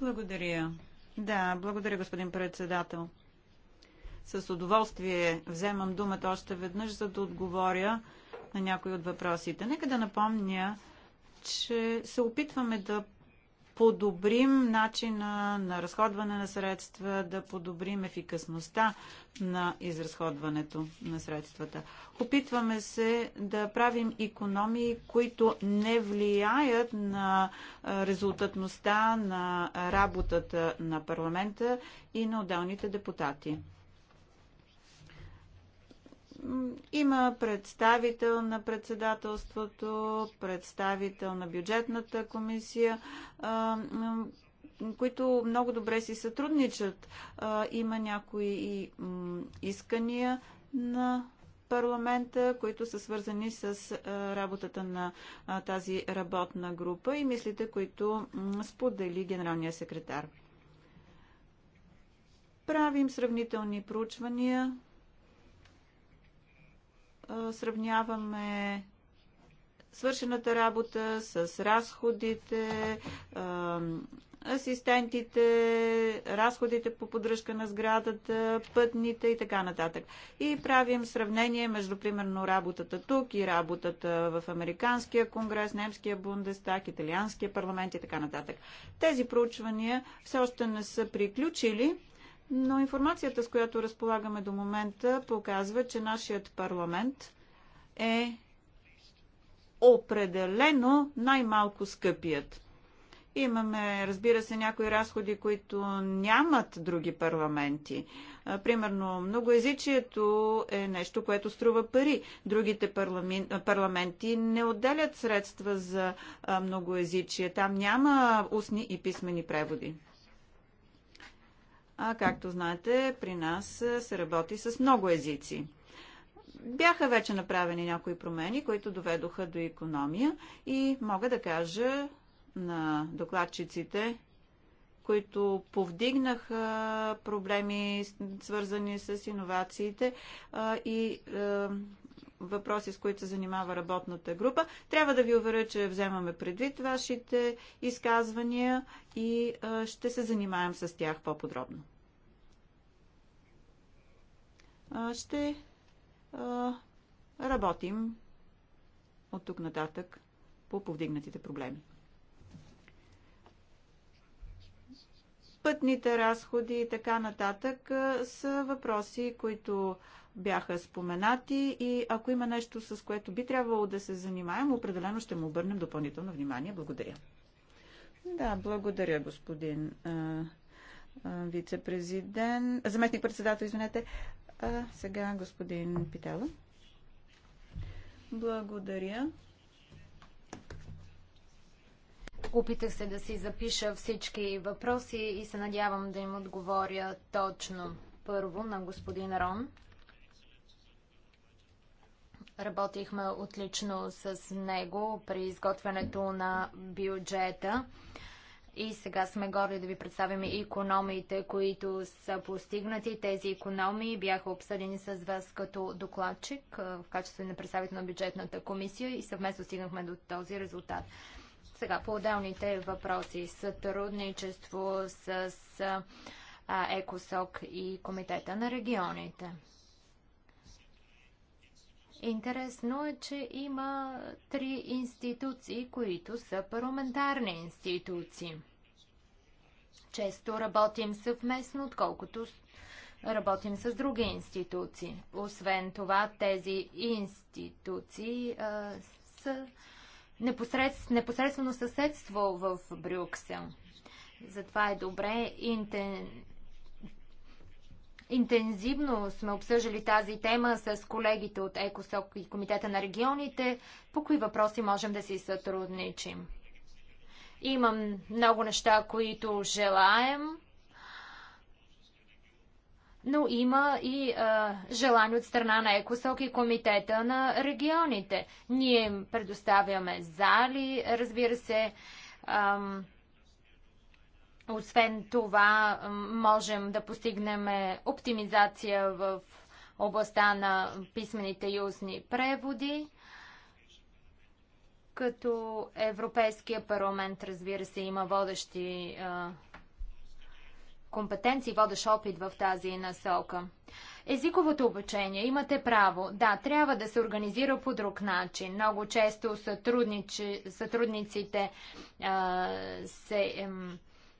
Speaker 3: Благодаря. Да, благодаря, господин председател. С удоволствие вземам думата още веднъж, за да отговоря на някои от въпросите. Нека да напомня, че се опитваме да подобрим начина на разходване на средства, да подобрим ефикасността на изразходването на средствата. Опитваме се да правим економии, които не влияят на резултатността на работата на парламента и на отделните депутати. Има представител на председателството, представител на бюджетната комисия, които много добре си сътрудничат. Има някои искания на парламента, които са свързани с работата на тази работна група и мислите, които сподели генералния секретар. Правим сравнителни проучвания сравняваме свършената работа с разходите, асистентите, разходите по поддръжка на сградата, пътните и така нататък. И правим сравнение между, примерно, работата тук и работата в Американския конгрес, Немския бундестаг, Италианския парламент и така нататък. Тези проучвания все още не са приключили, но информацията, с която разполагаме до момента, показва, че нашият парламент е определено най-малко скъпият. Имаме, разбира се, някои разходи, които нямат други парламенти. Примерно, многоязичието е нещо, което струва пари. Другите парламенти не отделят средства за многоязичие. Там няма устни и писмени преводи. А както знаете, при нас се работи с много езици. Бяха вече направени някои промени, които доведоха до економия и мога да кажа на докладчиците, които повдигнаха проблеми, свързани с иновациите и въпроси, с които се занимава работната група. Трябва да ви уверя, че вземаме предвид вашите изказвания и ще се занимаем с тях по-подробно. Ще работим от тук нататък по повдигнатите проблеми. пътните разходи и така нататък са въпроси, които бяха споменати и ако има нещо, с което би трябвало да се занимаем, определено ще му обърнем допълнително внимание. Благодаря. Да, благодаря, господин вице-президент, заместник-председател, извинете. А, сега господин Питела. Благодаря. Опитах
Speaker 1: се да си запиша всички въпроси и се надявам да им отговоря точно. Първо на господин Рон. Работихме отлично с него при изготвянето на бюджета. И сега сме горди да ви представим и економиите, които са постигнати. Тези економии бяха обсъдени с вас като докладчик в качество на представител на бюджетната комисия и съвместно стигнахме до този резултат. Сега по отделните въпроси. Сътрудничество с ЕКОСОК и Комитета на регионите. Интересно е, че има три институции, които са парламентарни институции. Често работим съвместно, отколкото работим с други институции. Освен това, тези институции а, са непосредствено съседство в Брюксел. Затова е добре интен... Интензивно сме обсъждали тази тема с колегите от ЕКОСОК и Комитета на регионите, по кои въпроси можем да си сътрудничим. Имам много неща, които желаем но има и а, желание от страна на ЕКОСОК и комитета на регионите. Ние им предоставяме зали, разбира се, ам, освен това можем да постигнем оптимизация в областта на писмените и устни преводи като Европейския парламент, разбира се, има водещи а, компетенции, водещ опит в тази насока. Езиковото обучение, имате право, да, трябва да се организира по друг начин. Много често сътрудници, сътрудниците а, се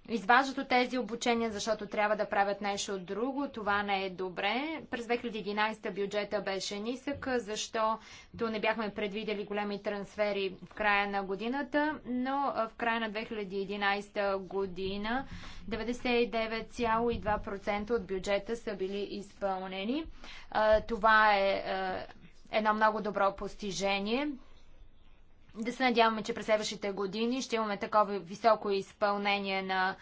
Speaker 1: изваждат от тези обучения, защото трябва да правят нещо друго. Това не е добре. През 2011 бюджета беше нисък, защото не бяхме предвидели големи трансфери в края на годината, но в края на 2011 година 99,2% от бюджета са били изпълнени. Това е едно много добро постижение. Да се надяваме, че през следващите години ще имаме такова високо изпълнение на,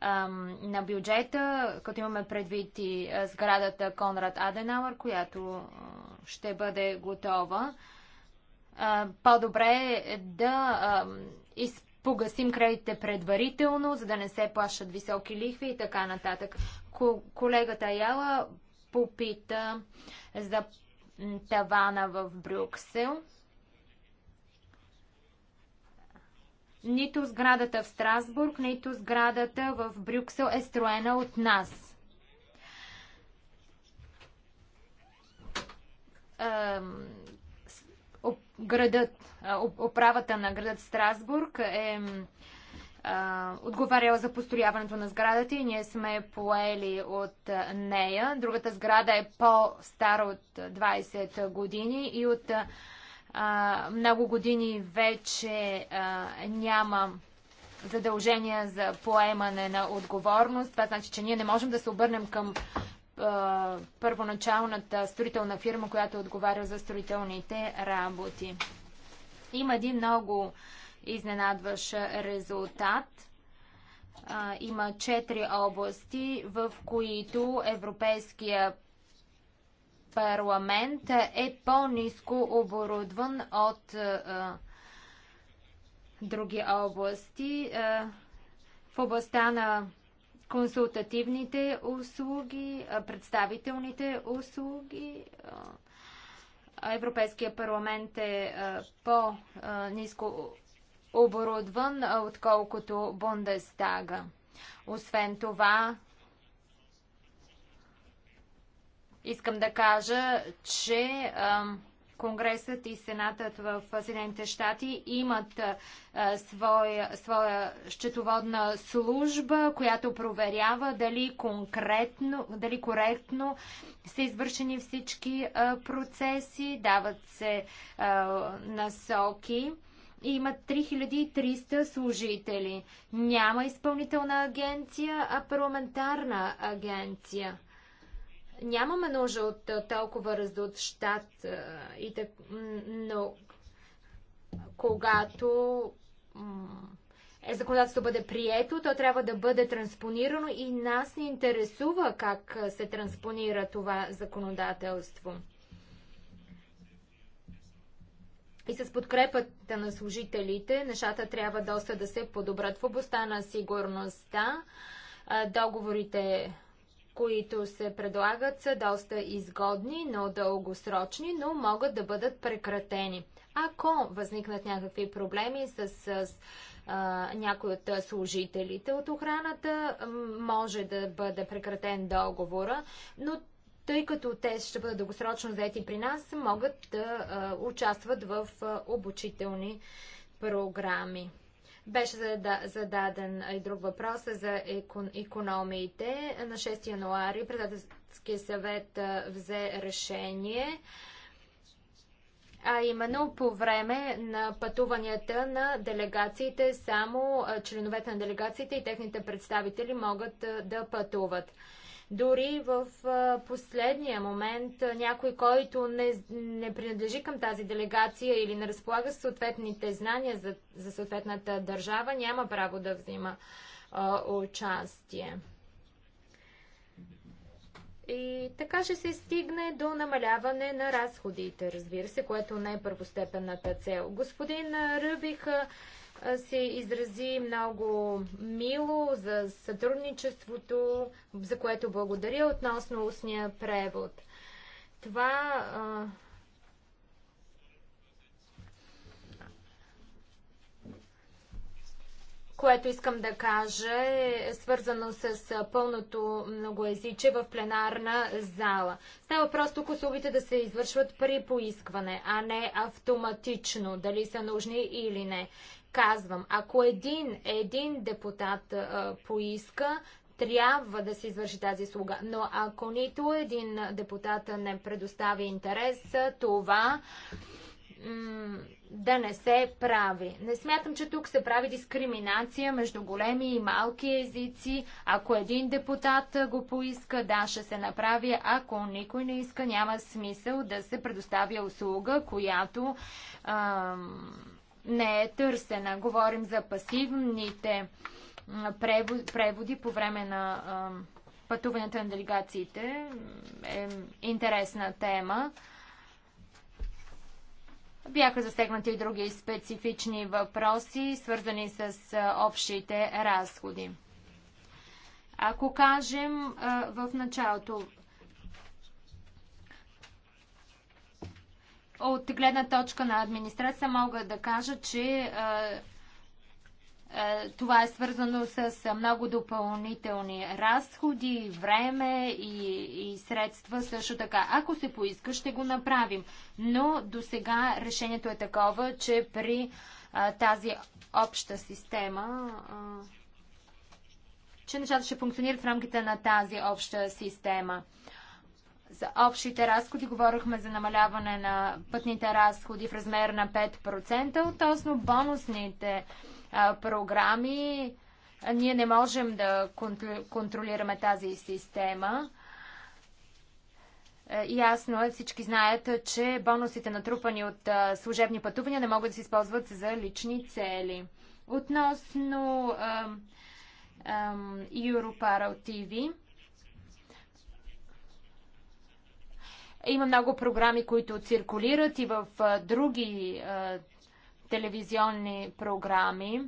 Speaker 1: ам, на бюджета, като имаме предвид и сградата Конрад Аденауър, която ще бъде готова. По-добре е да ам, погасим кредитите предварително, за да не се плащат високи лихви и така нататък. Колегата Яла попита за тавана в Брюксел. Нито сградата в Страсбург, нито сградата в Брюксел е строена от нас. Градът, управата на градът Страсбург е отговаряла за построяването на сградата и ние сме поели от нея. Другата сграда е по-стара от 20 години и от много години вече а, няма задължения за поемане на отговорност. Това значи, че ние не можем да се обърнем към а, първоначалната строителна фирма, която отговаря за строителните работи. Има един много изненадващ резултат. А, има четири области, в които Европейския парламент е по-низко оборудван от а, е, е, други области. А, е, в областта на консултативните услуги, а, представителните услуги, Европейския парламент е по-низко оборудван, отколкото Бундестага. Освен това, Искам да кажа, че Конгресът и Сенатът в Съединените щати имат своя, своя счетоводна служба, която проверява дали, конкретно, дали коректно са извършени всички процеси, дават се насоки. И имат 3300 служители. Няма изпълнителна агенция, а парламентарна агенция нямаме нужда от толкова раздут щат, и так, но когато е законодателство бъде прието, то трябва да бъде транспонирано и нас ни интересува как се транспонира това законодателство. И с подкрепата на служителите, нещата трябва доста да се подобрат в областта на сигурността. Договорите които се предлагат, са доста изгодни, но дългосрочни, но могат да бъдат прекратени. Ако възникнат някакви проблеми с, с а, някой от служителите от охраната, може да бъде прекратен договора, но тъй като те ще бъдат дългосрочно заети при нас, могат да а, участват в а, обучителни програми. Беше зададен и друг въпрос за економиите. На 6 януари председателския съвет взе решение а именно по време на пътуванията на делегациите, само членовете на делегациите и техните представители могат да пътуват. Дори в последния момент някой, който не, не принадлежи към тази делегация или не разполага с съответните знания за, за съответната държава, няма право да взима а, участие. И така ще се стигне до намаляване на разходите, разбира се, което не е първостепенната цел. Господин Ръбих се изрази много мило за сътрудничеството, за което благодаря относно устния превод. Това което искам да кажа е свързано с пълното многоязиче в пленарна зала. Става просто косовите да се извършват при поискване, а не автоматично, дали са нужни или не казвам, ако един, един депутат а, поиска, трябва да се извърши тази слуга. Но ако нито един депутат не предостави интерес, това да не се прави. Не смятам, че тук се прави дискриминация между големи и малки езици. Ако един депутат го поиска, да, ще се направи. Ако никой не иска, няма смисъл да се предоставя услуга, която А- не е търсена. Говорим за пасивните преводи по време на пътуването на делегациите. Е интересна тема. Бяха засегнати и други специфични въпроси, свързани с общите разходи. Ако кажем в началото От гледна точка на администрация мога да кажа, че е, е, това е свързано с много допълнителни разходи, време и, и средства също така. Ако се поиска, ще го направим. Но до сега решението е такова, че при а, е, тази обща система, а, че нещата ще функционират в рамките на тази обща система. А, за общите разходи говорихме за намаляване на пътните разходи в размер на 5%. Относно бонусните а, програми, а, ние не можем да контролираме тази система. Е, ясно е, всички знаят, че бонусите натрупани от служебни пътувания не могат да се използват за лични цели. Относно ам, ам, Europarl TV, Има много програми, които циркулират и в а, други а, телевизионни програми.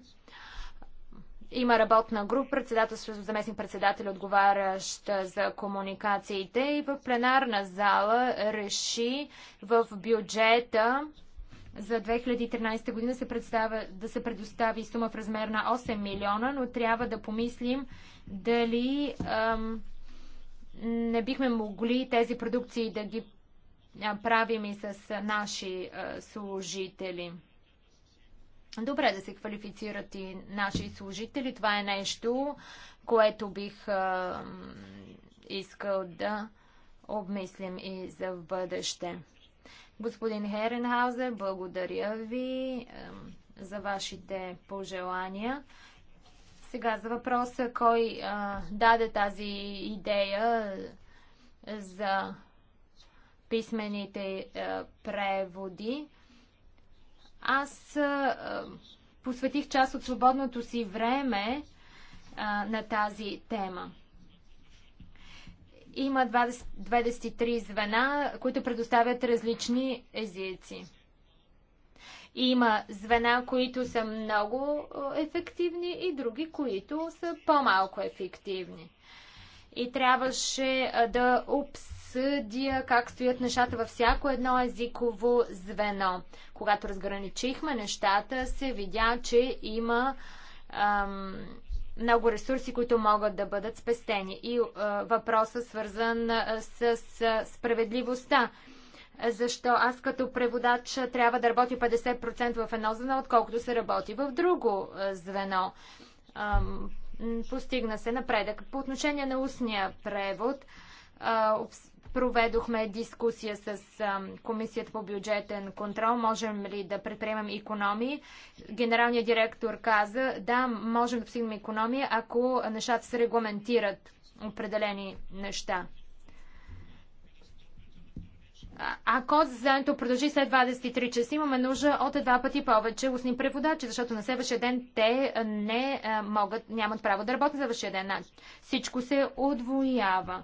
Speaker 1: Има работна група, председател, заместник председател, отговарящ за комуникациите и в пленарна зала реши в бюджета за 2013 година се представя, да се предостави сума в размер на 8 милиона, но трябва да помислим дали ам, не бихме могли тези продукции да ги правим и с наши служители. Добре да се квалифицират и наши служители. Това е нещо, което бих искал да обмислим и за в бъдеще. Господин Херенхаузер, благодаря ви за вашите пожелания. Сега за въпроса кой а, даде тази идея за писмените а, преводи. Аз а, посветих част от свободното си време а, на тази тема. Има 20, 23 звена, които предоставят различни езици. Има звена, които са много е, ефективни и други, които са по-малко ефективни. И трябваше да обсъдя как стоят нещата във всяко едно езиково звено. Когато разграничихме нещата, се видя, че има ам, много ресурси, които могат да бъдат спестени. И въпросът свързан с, с справедливостта защо аз като преводач трябва да работя 50% в едно звено, отколкото се работи в друго звено. Постигна се напредък. По отношение на устния превод, проведохме дискусия с Комисията по бюджетен контрол. Можем ли да предприемем економии? Генералният директор каза, да, можем да постигнем економия, ако нещата се регламентират определени неща ако заседанието продължи след 23 часа, имаме нужда от два пъти повече устни преводачи, защото на следващия ден те не могат, нямат право да работят за следващия ден. Всичко се отвоява.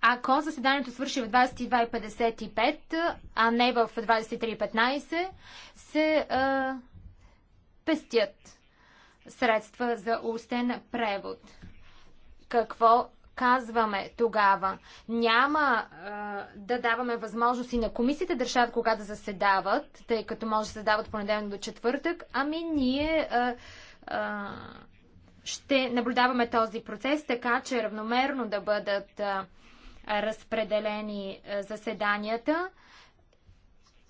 Speaker 1: Ако заседанието свърши в 22.55, а не в 23.15, се а, пестят средства за устен превод. Какво казваме тогава? Няма е, да даваме възможност и на комисиите да решават кога да заседават, тъй като може да заседават понеделник до четвъртък, ами ние е, е, ще наблюдаваме този процес така, че равномерно да бъдат е, разпределени заседанията. Е,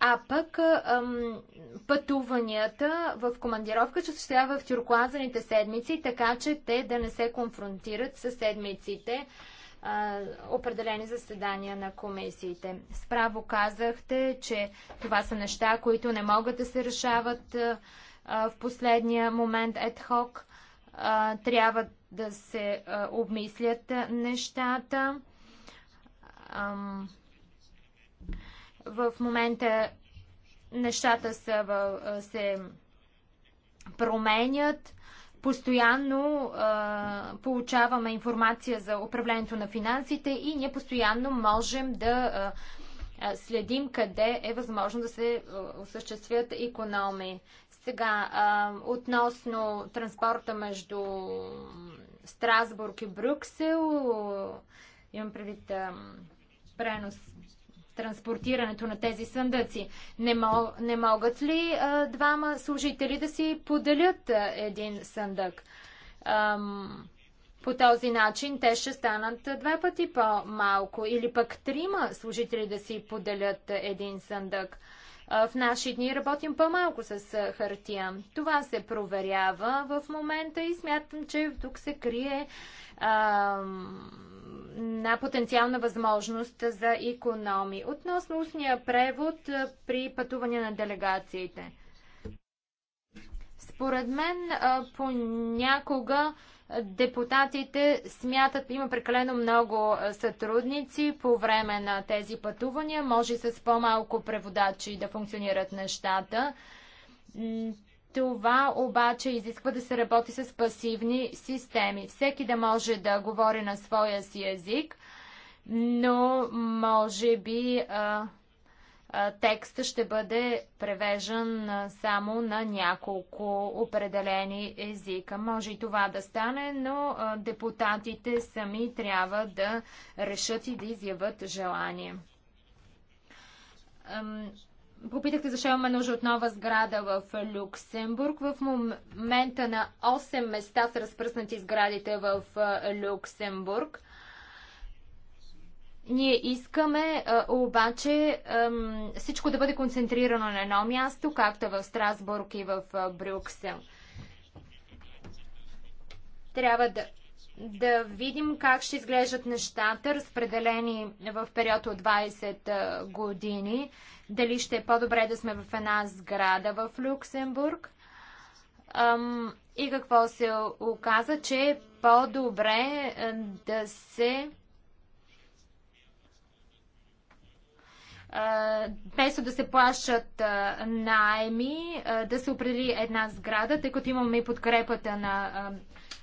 Speaker 1: а пък ам, пътуванията в командировка ще осъществява в тюркуазаните седмици, така че те да не се конфронтират с седмиците а, определени заседания на комисиите. Справо казахте, че това са неща, които не могат да се решават а, в последния момент едхок. Трябва да се а, обмислят нещата. Ам, в момента нещата са, се променят. Постоянно а, получаваме информация за управлението на финансите и ние постоянно можем да а, следим къде е възможно да се осъществят економи. Сега, а, относно транспорта между Страсбург и Брюксел, имам предвид пренос транспортирането на тези съндъци. Не, мог, не могат ли а, двама служители да си поделят а, един съндък? Ам, по този начин те ще станат два пъти по-малко или пък трима служители да си поделят един съндък. А, в наши дни работим по-малко с хартия. Това се проверява в момента и смятам, че тук се крие ам, на потенциална възможност за економи. Относно устния превод при пътуване на делегациите. Според мен понякога депутатите смятат, има прекалено много сътрудници по време на тези пътувания, може с по-малко преводачи да функционират нещата това обаче изисква да се работи с пасивни системи. Всеки да може да говори на своя си език, но може би а, а, текста ще бъде превежен а, само на няколко определени езика. Може и това да стане, но а, депутатите сами трябва да решат и да изяват желание. Попитахте защо имаме нужда от нова сграда в Люксембург. В момента на 8 места са разпръснати сградите в Люксембург. Ние искаме обаче всичко да бъде концентрирано на едно място, както в Страсбург и в Брюксел. Трябва да, да видим как ще изглеждат нещата, разпределени в период от 20 години дали ще е по-добре да сме в една сграда в Люксембург. Ам, и какво се оказа, че е по-добре е, да се Песо е, да се плащат е, найми, да се определи една сграда, тъй като имаме и подкрепата на,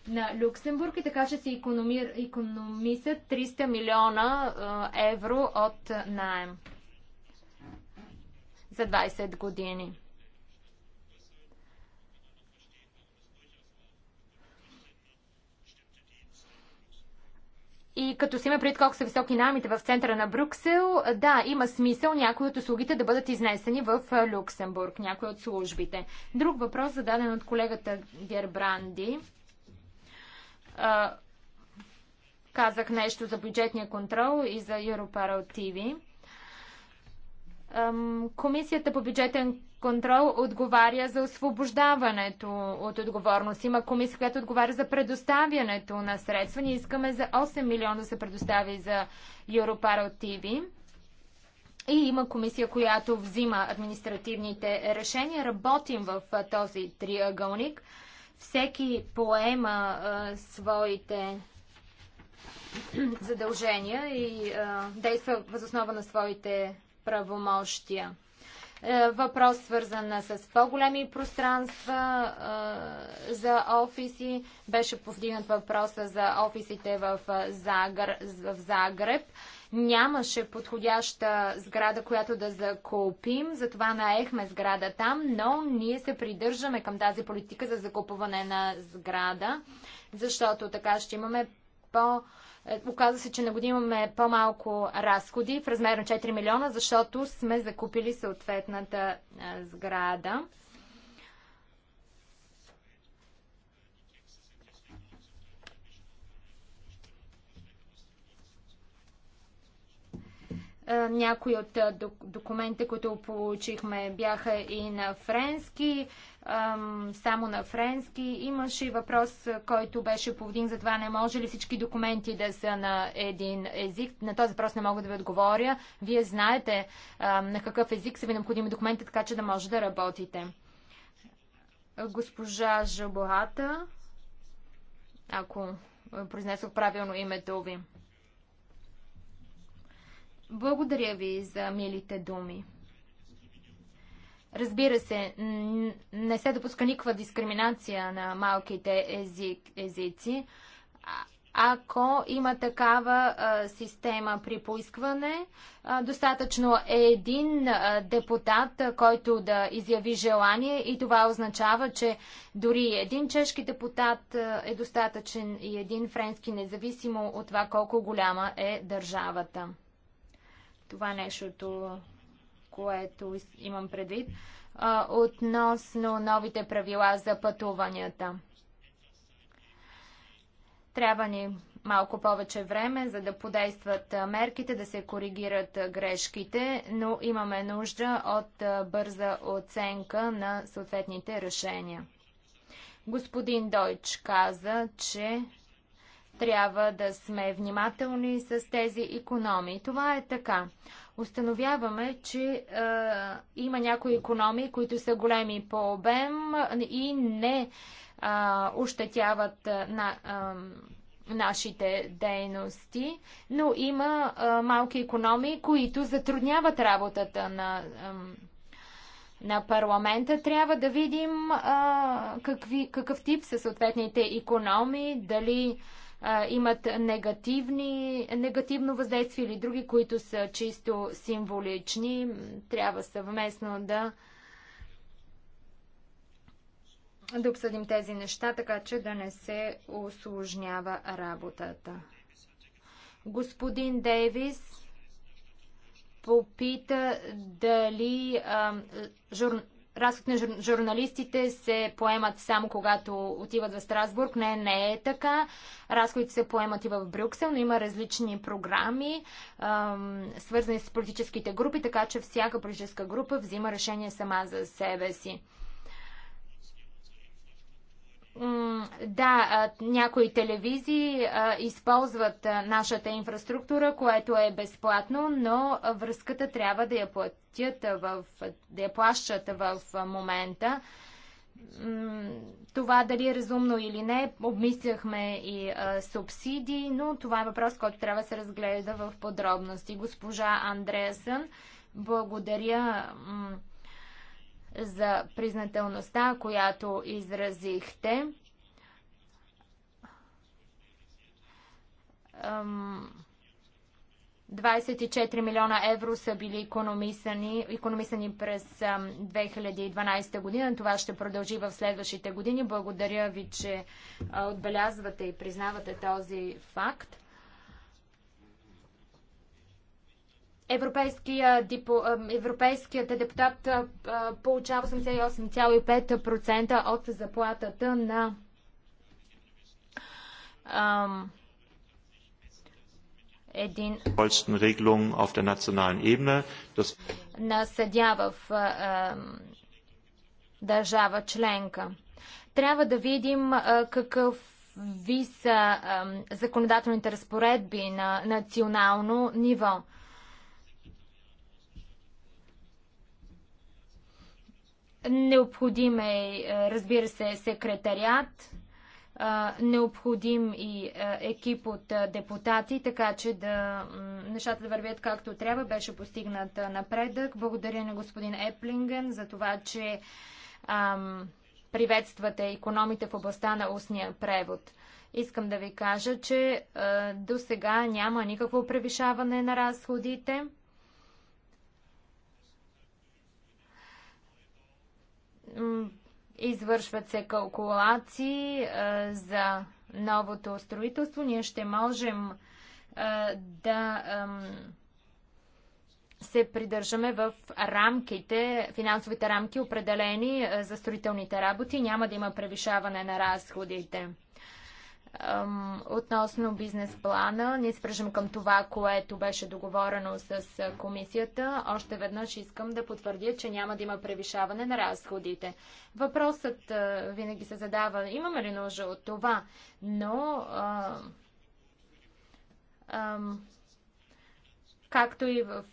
Speaker 1: на Люксембург и така ще се економисат 300 милиона евро от найем за 20 години. И като си има пред колко са високи намите в центъра на Брюксел, да, има смисъл някои от услугите да бъдат изнесени в Люксембург, някои от службите. Друг въпрос, зададен от колегата Гербранди. Казах нещо за бюджетния контрол и за Europarl TV. Комисията по бюджетен контрол отговаря за освобождаването от отговорност. Има комисия, която отговаря за предоставянето на средства. Ние искаме за 8 милиона да се предостави за Europaro TV. И има комисия, която взима административните решения. Работим в този триъгълник. Всеки поема а, своите задължения и а, действа възоснова на своите правомощия. Е, въпрос свързан с по-големи пространства е, за офиси. Беше повдигнат въпроса за офисите в, е, Загър, в Загреб. Нямаше подходяща сграда, която да закупим, затова наехме сграда там, но ние се придържаме към тази политика за закупуване на сграда, защото така ще имаме по- е, Оказва се, че на година имаме по-малко разходи в размер на 4 милиона, защото сме закупили съответната сграда. Е, някои от е, документите, които получихме, бяха и на френски, само на френски. Имаше и въпрос, е, който беше повдин за това, не може ли всички документи да са на един език. На този въпрос не мога да ви отговоря. Вие знаете на какъв език са ви необходими документи, така че да може да работите. Госпожа Жабоата, ако произнесох правилно името ви. Благодаря ви за милите думи. Разбира се, не се допуска никаква дискриминация на малките език, езици. Ако има такава а, система при поискване, а, достатъчно е един а, депутат, а, който да изяви желание и това означава, че дори един чешки депутат а, е достатъчен и един френски, независимо от това колко голяма е държавата. Това е нещото, което имам предвид. Относно новите правила за пътуванията. Трябва ни малко повече време, за да подействат мерките, да се коригират грешките, но имаме нужда от бърза оценка на съответните решения. Господин Дойч каза, че трябва да сме внимателни с тези економии. Това е така. Установяваме, че е, има някои економии, които са големи по обем и не е, ощетяват на. Е, нашите дейности, но има е, малки економии, които затрудняват работата на, Е, на парламента. Трябва да видим а, какви, какъв тип са съответните економии, дали а, а, имат негативни, негативно въздействие или други, които са чисто символични. Трябва съвместно да да обсъдим тези неща, така че да не се осложнява работата. Господин Дейвис попита дали а, жур... Разход на жур, журналистите се поемат само когато отиват в Страсбург. Не, не е така. Разходите се поемат и в Брюксел, но има различни програми, ем, свързани с политическите групи, така че всяка политическа група взима решение сама за себе си. Да, някои телевизии използват нашата инфраструктура, което е безплатно, но връзката трябва да я платят в, да я плащат в момента. Това дали е разумно или не, обмисляхме и субсидии, но това е въпрос, който трябва да се разгледа в подробности. Госпожа Андреасън, благодаря за признателността, която изразихте. Ам... 24 милиона евро са били економисани, економисани през 2012 година. Това ще продължи в следващите години. Благодаря ви, че отбелязвате и признавате този факт. Европейския, депо, европейският депутат получава 88,5% от заплатата на ам, един на съдя в ам, държава членка. Трябва да видим а, какъв ви са а, законодателните разпоредби на национално ниво. Необходим е, е, разбира се, секретариат, е, необходим и е, екип от депутати, така че да нещата да вървят както трябва. Беше постигнат напредък. Благодаря на господин Еплинген за това, че ам, приветствате економите в областта на устния превод. Искам да ви кажа, че а, до сега няма никакво превишаване на разходите. Извършват се калкулации а, е, за новото строителство. Ние ще можем а, е, да се придържаме в рамките, финансовите рамки, определени а, е, за строителните работи. Няма да има превишаване на разходите. Относно бизнес плана, ние спрежим към това, което беше договорено с комисията. Още веднъж искам да потвърдя, че няма да има превишаване на разходите. Въпросът винаги се задава, имаме ли нужда от това, но както и в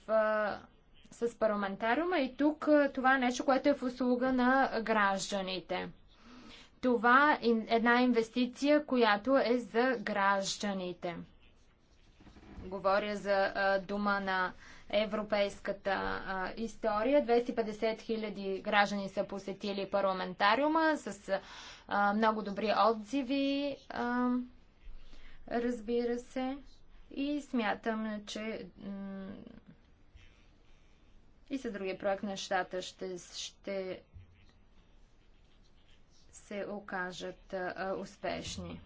Speaker 1: с парламентариума и тук това е нещо, което е в услуга на гражданите. Това е една инвестиция, която е за гражданите. Говоря за дума на европейската история. 250 хиляди граждани са посетили парламентариума с много добри отзиви, разбира се. И смятам, че и с другия проект нещата ще, ще се окажат успешни.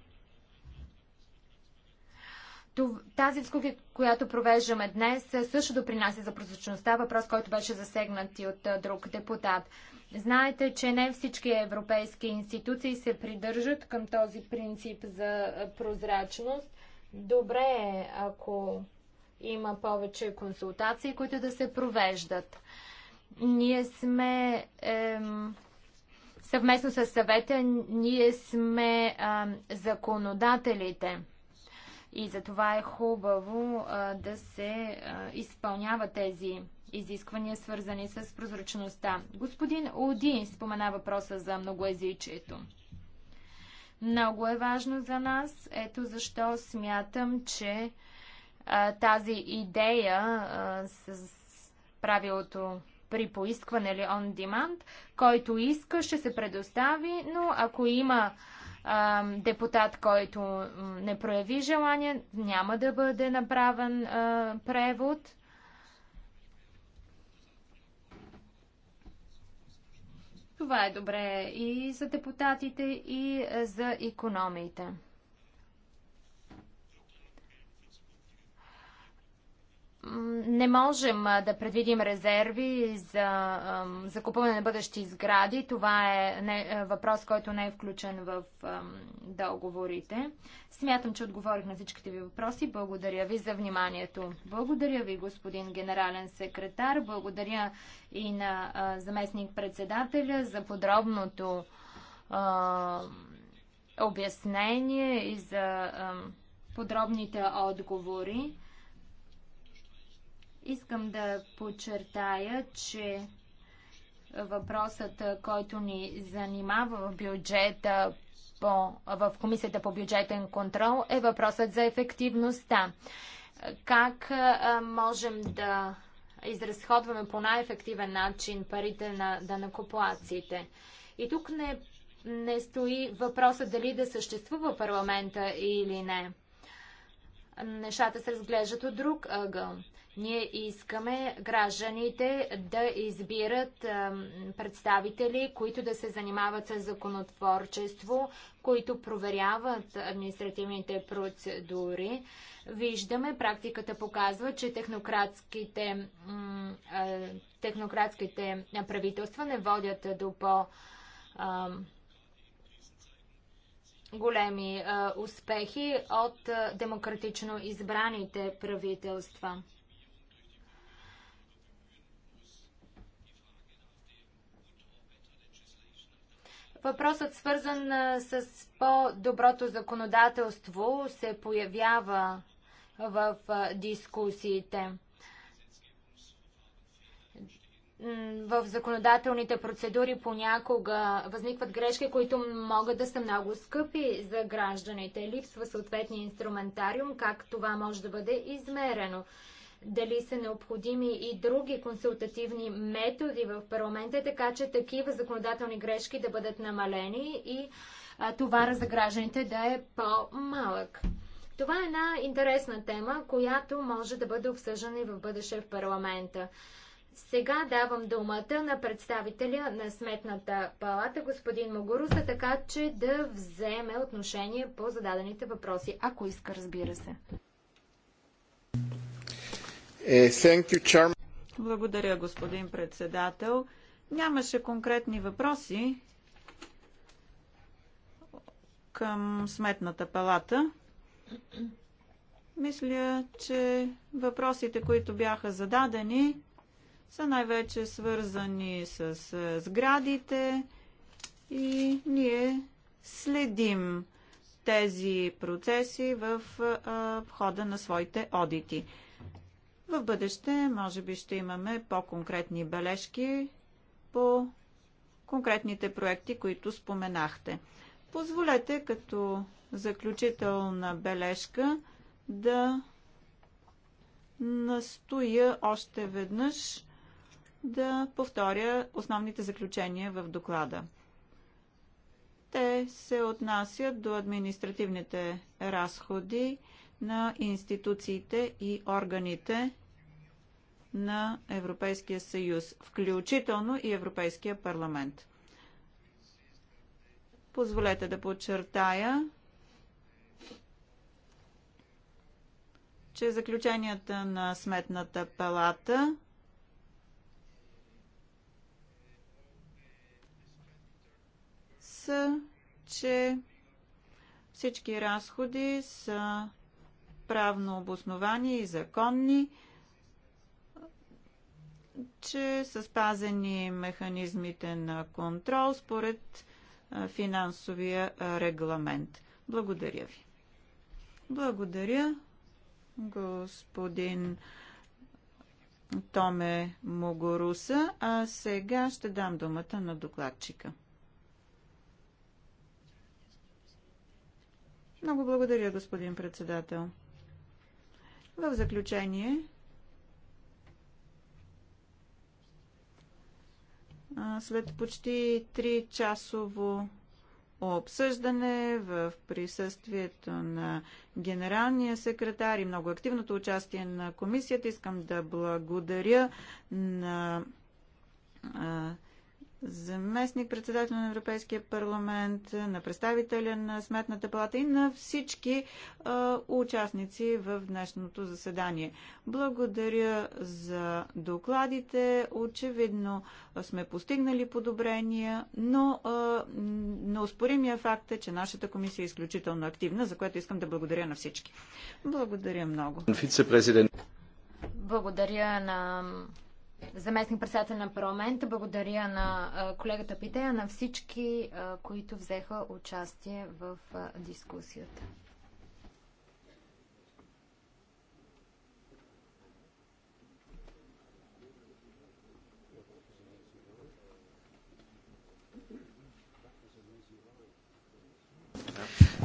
Speaker 1: Тази дискусия, която провеждаме днес, също допринася за прозрачността, въпрос, който беше засегнат и от друг депутат. Знаете, че не всички европейски институции се придържат към този принцип за прозрачност. Добре е, ако има повече консултации, които да се провеждат. Ние сме. Ем Съвместно с съвета ние сме а, законодателите. И затова е хубаво а, да се а, изпълнява тези изисквания, свързани с прозрачността. Господин Оди спомена въпроса за многоязичието. Много е важно за нас. Ето защо смятам, че а, тази идея а, с правилото при поискване или on demand. Който иска, ще се предостави, но ако има а, депутат, който не прояви желание, няма да бъде направен а, превод. Това е добре и за депутатите, и за економиите. не можем да предвидим резерви за закупване на бъдещи сгради. Това е не, е, въпрос, който не е включен в договорите. Смятам, че отговорих на всичките ви въпроси. Благодаря ви за вниманието. Благодаря ви, господин генерален секретар. Благодаря и на заместник-председателя за подробното а, обяснение и за а, подробните отговори. Искам да подчертая, че въпросът, който ни занимава в бюджета по, в Комисията по бюджетен контрол е въпросът за ефективността. Как можем да изразходваме по най-ефективен начин парите на данакоплаците? И тук не, не стои въпроса дали да съществува парламента или не. Нещата се разглеждат от друг ъгъл. Ние искаме гражданите да избират представители, които да се занимават с законотворчество, които проверяват административните процедури. Виждаме, практиката показва, че технократските, технократските правителства не водят до по- големи успехи от демократично избраните правителства. Въпросът свързан с по-доброто законодателство се появява в дискусиите. В законодателните процедури понякога възникват грешки, които могат да са много скъпи за гражданите. Липсва съответния инструментариум, как това може да бъде измерено дали са необходими и други консултативни методи в парламента, така че такива законодателни грешки да бъдат намалени и товара за гражданите да е по-малък. Това е една интересна тема, която може да бъде обсъждана и в бъдеще в парламента. Сега давам думата на представителя на Сметната палата, господин Могуруса, така че да вземе отношение по зададените въпроси, ако иска, разбира се.
Speaker 2: Е,
Speaker 3: Благодаря, господин председател. Нямаше конкретни въпроси към Сметната палата. Мисля, че въпросите, които бяха зададени, са най-вече свързани с е, сградите и ние следим тези процеси в е, хода на своите одити. В бъдеще, може би, ще имаме по-конкретни бележки по конкретните проекти, които споменахте. Позволете като заключителна бележка да настоя още веднъж да повторя основните заключения в доклада. Те се отнасят до административните разходи на институциите и органите на Европейския съюз, включително и Европейския парламент. Позволете да подчертая, че заключенията на Сметната палата са, че всички разходи са правно обосновани и законни че са спазени механизмите на контрол според финансовия регламент. Благодаря ви. Благодаря, господин Томе Могоруса. А сега ще дам думата на докладчика. Много благодаря, господин председател. В заключение, след почти 3 часово обсъждане в присъствието на генералния секретар и много активното участие на комисията. Искам да благодаря на заместник председател на Европейския парламент, на представителя на Сметната палата и на всички а, участници в днешното заседание. Благодаря за докладите. Очевидно сме постигнали подобрения, но а, неоспоримия факт е, че нашата комисия е изключително активна, за което искам да благодаря на всички. Благодаря много. Благодаря на заместник председател на парламента.
Speaker 1: Благодаря на колегата Питея, на всички, които взеха участие в дискусията.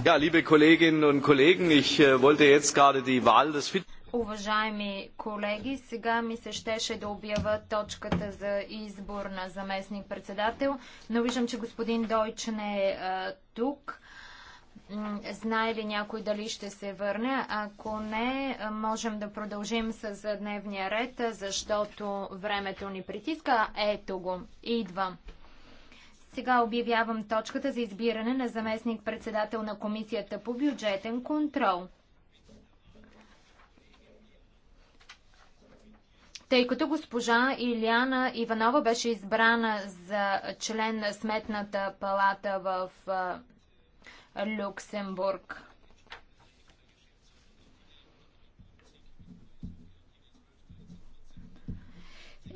Speaker 1: Ja, liebe Kolleginnen und Kollegen, ich äh, wollte jetzt gerade die Wahl des Fit Уважаеми колеги, сега ми се щеше да обява точката за избор на заместник-председател, но виждам, че господин Дойч не е а, тук. Знае ли някой дали ще се върне? Ако не, можем да продължим с дневния ред, защото времето ни притиска. Ето го, идва. Сега обявявам точката за избиране на заместник-председател на Комисията по бюджетен контрол. Тъй като госпожа Иляна Иванова беше избрана за член на Сметната палата в Люксембург.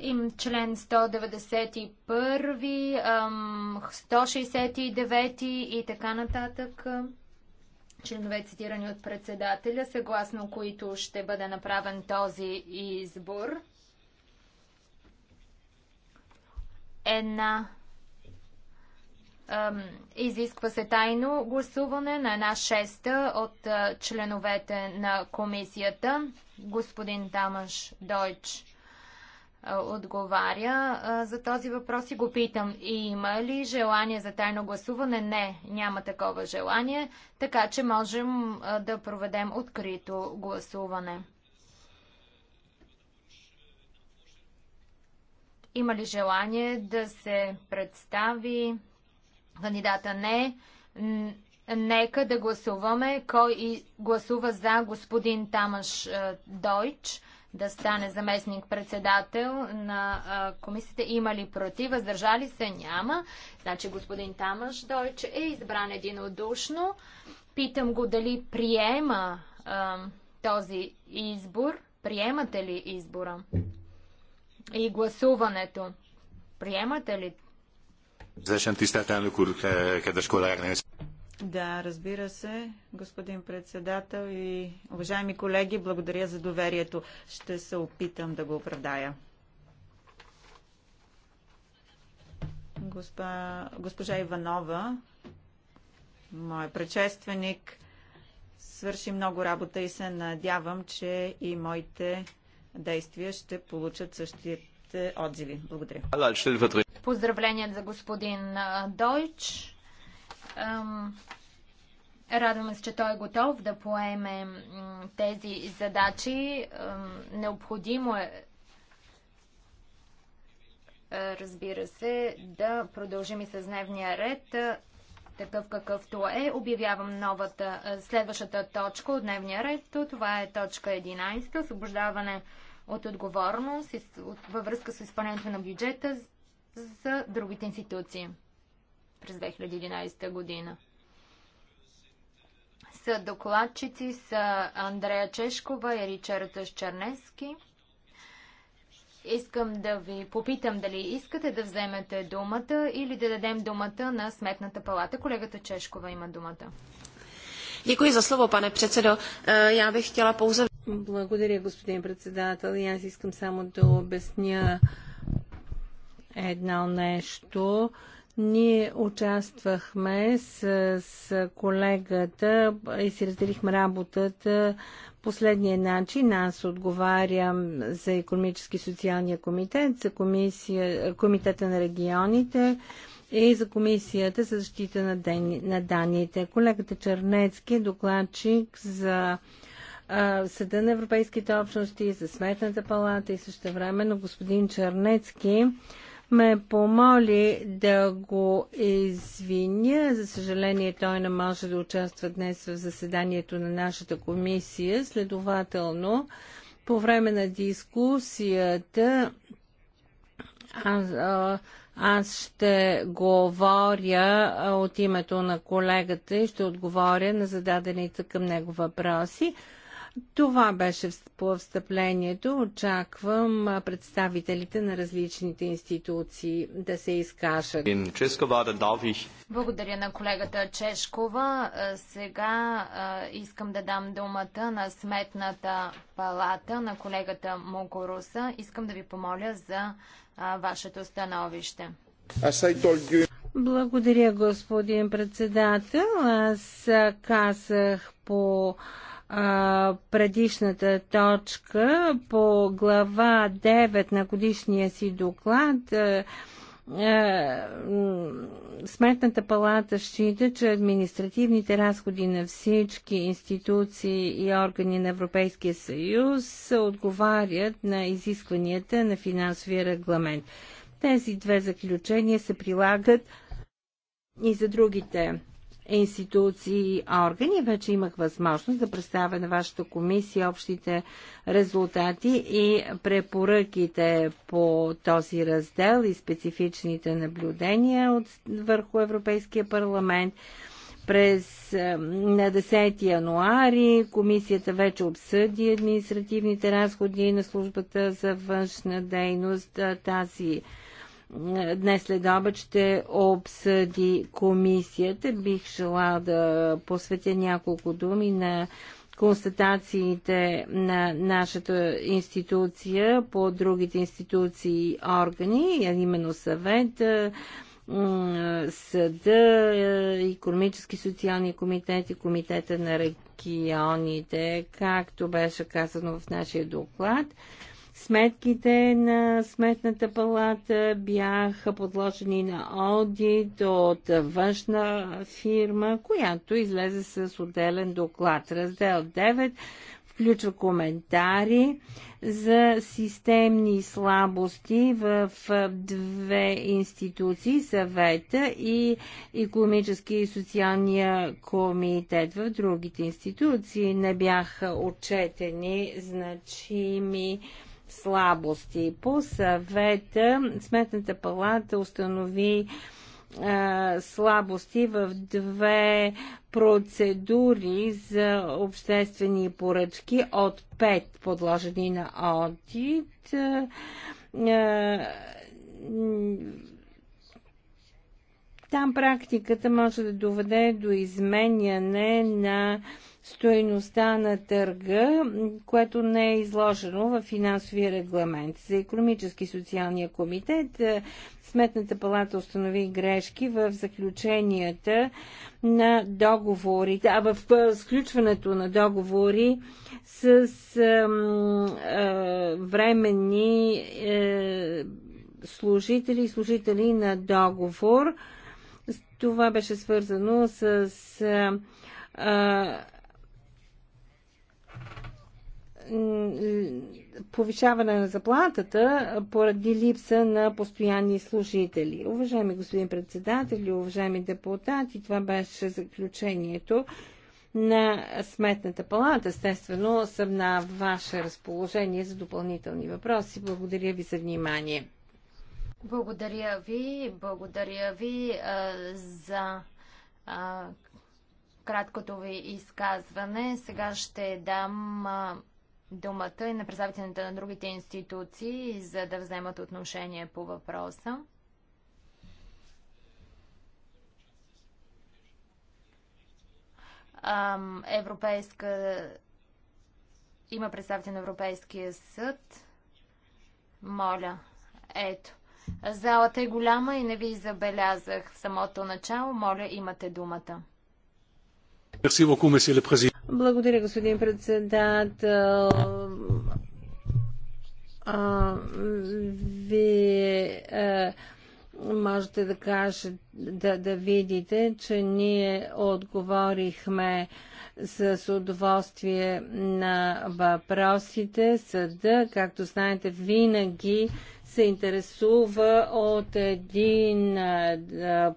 Speaker 1: Им член 191, 169 и така нататък членове цитирани от председателя, съгласно които ще бъде направен този избор. една изисква се тайно гласуване на една шеста от членовете на комисията. Господин Тамаш Дойч отговаря за този въпрос и го питам. И има ли желание за тайно гласуване? Не, няма такова желание, така че можем да проведем открито гласуване. Има ли желание да се представи кандидата? Не. Нека да гласуваме кой гласува за господин Тамаш е, Дойч да стане заместник председател на е, комисията. Има ли против? Въздържали се? Няма. Значи господин Тамаш Дойч е избран единодушно. Питам го дали приема е, този избор. Приемате ли избора? и гласуването.
Speaker 3: Приемате ли? Е, е да, разбира се, господин председател и уважаеми колеги, благодаря за доверието. Ще се опитам да го оправдая. Госпа, госпожа Иванова, мой предшественик, свърши много работа и се надявам, че и моите действия ще получат същите отзиви. Благодаря.
Speaker 1: Поздравления за господин Дойч. Радваме се, че той е готов да поеме тези задачи. Необходимо е разбира се, да продължим и с дневния ред такъв какъвто е. Обявявам новата, е, следващата точка от дневния ред. Това е точка 11. Освобождаване от отговорност във връзка с изпълнението на бюджета за другите институции през 2011 година. Са докладчици са Андрея Чешкова и Ричард Чернески. Искам да ви попитам дали искате да вземете думата или да дадем думата на Сметната палата. Колегата Чешкова има думата.
Speaker 2: Děkuji за slovo, pane předsedo. Eh, já bych chtěla pouze... Благодаря, господин председател. Я аз искам само да обясня едно нещо. Ние участвахме с, с колегата и си разделихме работата последния начин. Аз отговарям за економически и социалния комитет, за комисия, комитета на регионите и за комисията за защита на, ден, на данните. Колегата Чернецки е докладчик за а, Съда на Европейските общности, за Сметната палата и също времено господин Чернецки ме помоли да го извиня. За съжаление, той не може да участва днес в заседанието на нашата комисия. Следователно, по време на дискусията аз, аз ще говоря от името на колегата и ще отговоря на зададените към него въпроси. Това беше по встъплението. Очаквам представителите на различните институции да се изкажат. Благодаря на колегата Чешкова.
Speaker 1: Сега искам да дам думата на сметната палата на колегата Мокоруса. Искам да ви помоля за вашето становище.
Speaker 2: Благодаря, господин председател. Аз казах по а, предишната точка по глава 9 на годишния си доклад. А, Сметната палата счита, че административните разходи на всички институции и органи на Европейския съюз отговарят на изискванията на финансовия регламент. Тези две заключения се прилагат и за другите институции и органи. Вече имах възможност да представя на вашата комисия общите резултати и препоръките по този раздел и специфичните наблюдения от, върху Европейския парламент. През е, на 10 януари комисията вече обсъди административните разходи на службата за външна дейност. Е, тази днес след обед ще обсъди комисията. Бих желал да посветя няколко думи на констатациите на нашата институция по другите институции и органи, а именно съвет, съда, економически социални комитети, комитета на регионите, както беше казано в нашия доклад. Сметките на Сметната палата бяха подложени на аудит от външна фирма, която излезе с отделен доклад. Раздел 9 включва коментари за системни слабости в две институции, съвета и економически и социалния комитет в другите институции. Не бяха отчетени значими слабости. По съвета Сметната палата установи слабости в две процедури за обществени поръчки от пет подложени на одит. Там практиката може да доведе до изменяне на стоеността на търга, което не е изложено в финансовия регламент. За економически и социалния комитет е, Сметната палата установи грешки в заключенията на договори, а в сключването на договори с а, а, временни а, е, служители и служители на договор. Това беше свързано с а, а, повишаване на заплатата поради липса на постоянни служители. Уважаеми господин председател, уважаеми депутати, това беше заключението на Сметната палата. Естествено съм на ваше разположение за допълнителни въпроси. Благодаря ви за внимание.
Speaker 1: Благодаря ви, благодаря ви а, за а, краткото ви изказване. Сега ще дам а, думата и на представителите на другите институции, за да вземат отношение по въпроса. Европейска... Има представител на Европейския съд. Моля, ето. Залата е голяма и не ви забелязах в самото начало. Моля, имате думата.
Speaker 3: Merci beaucoup, президент.
Speaker 2: Благодаря, господин председател. А, вие а, е, можете да кажете, да, да видите, че ние отговорихме с удоволствие на въпросите. Съда, както знаете, винаги се интересува от един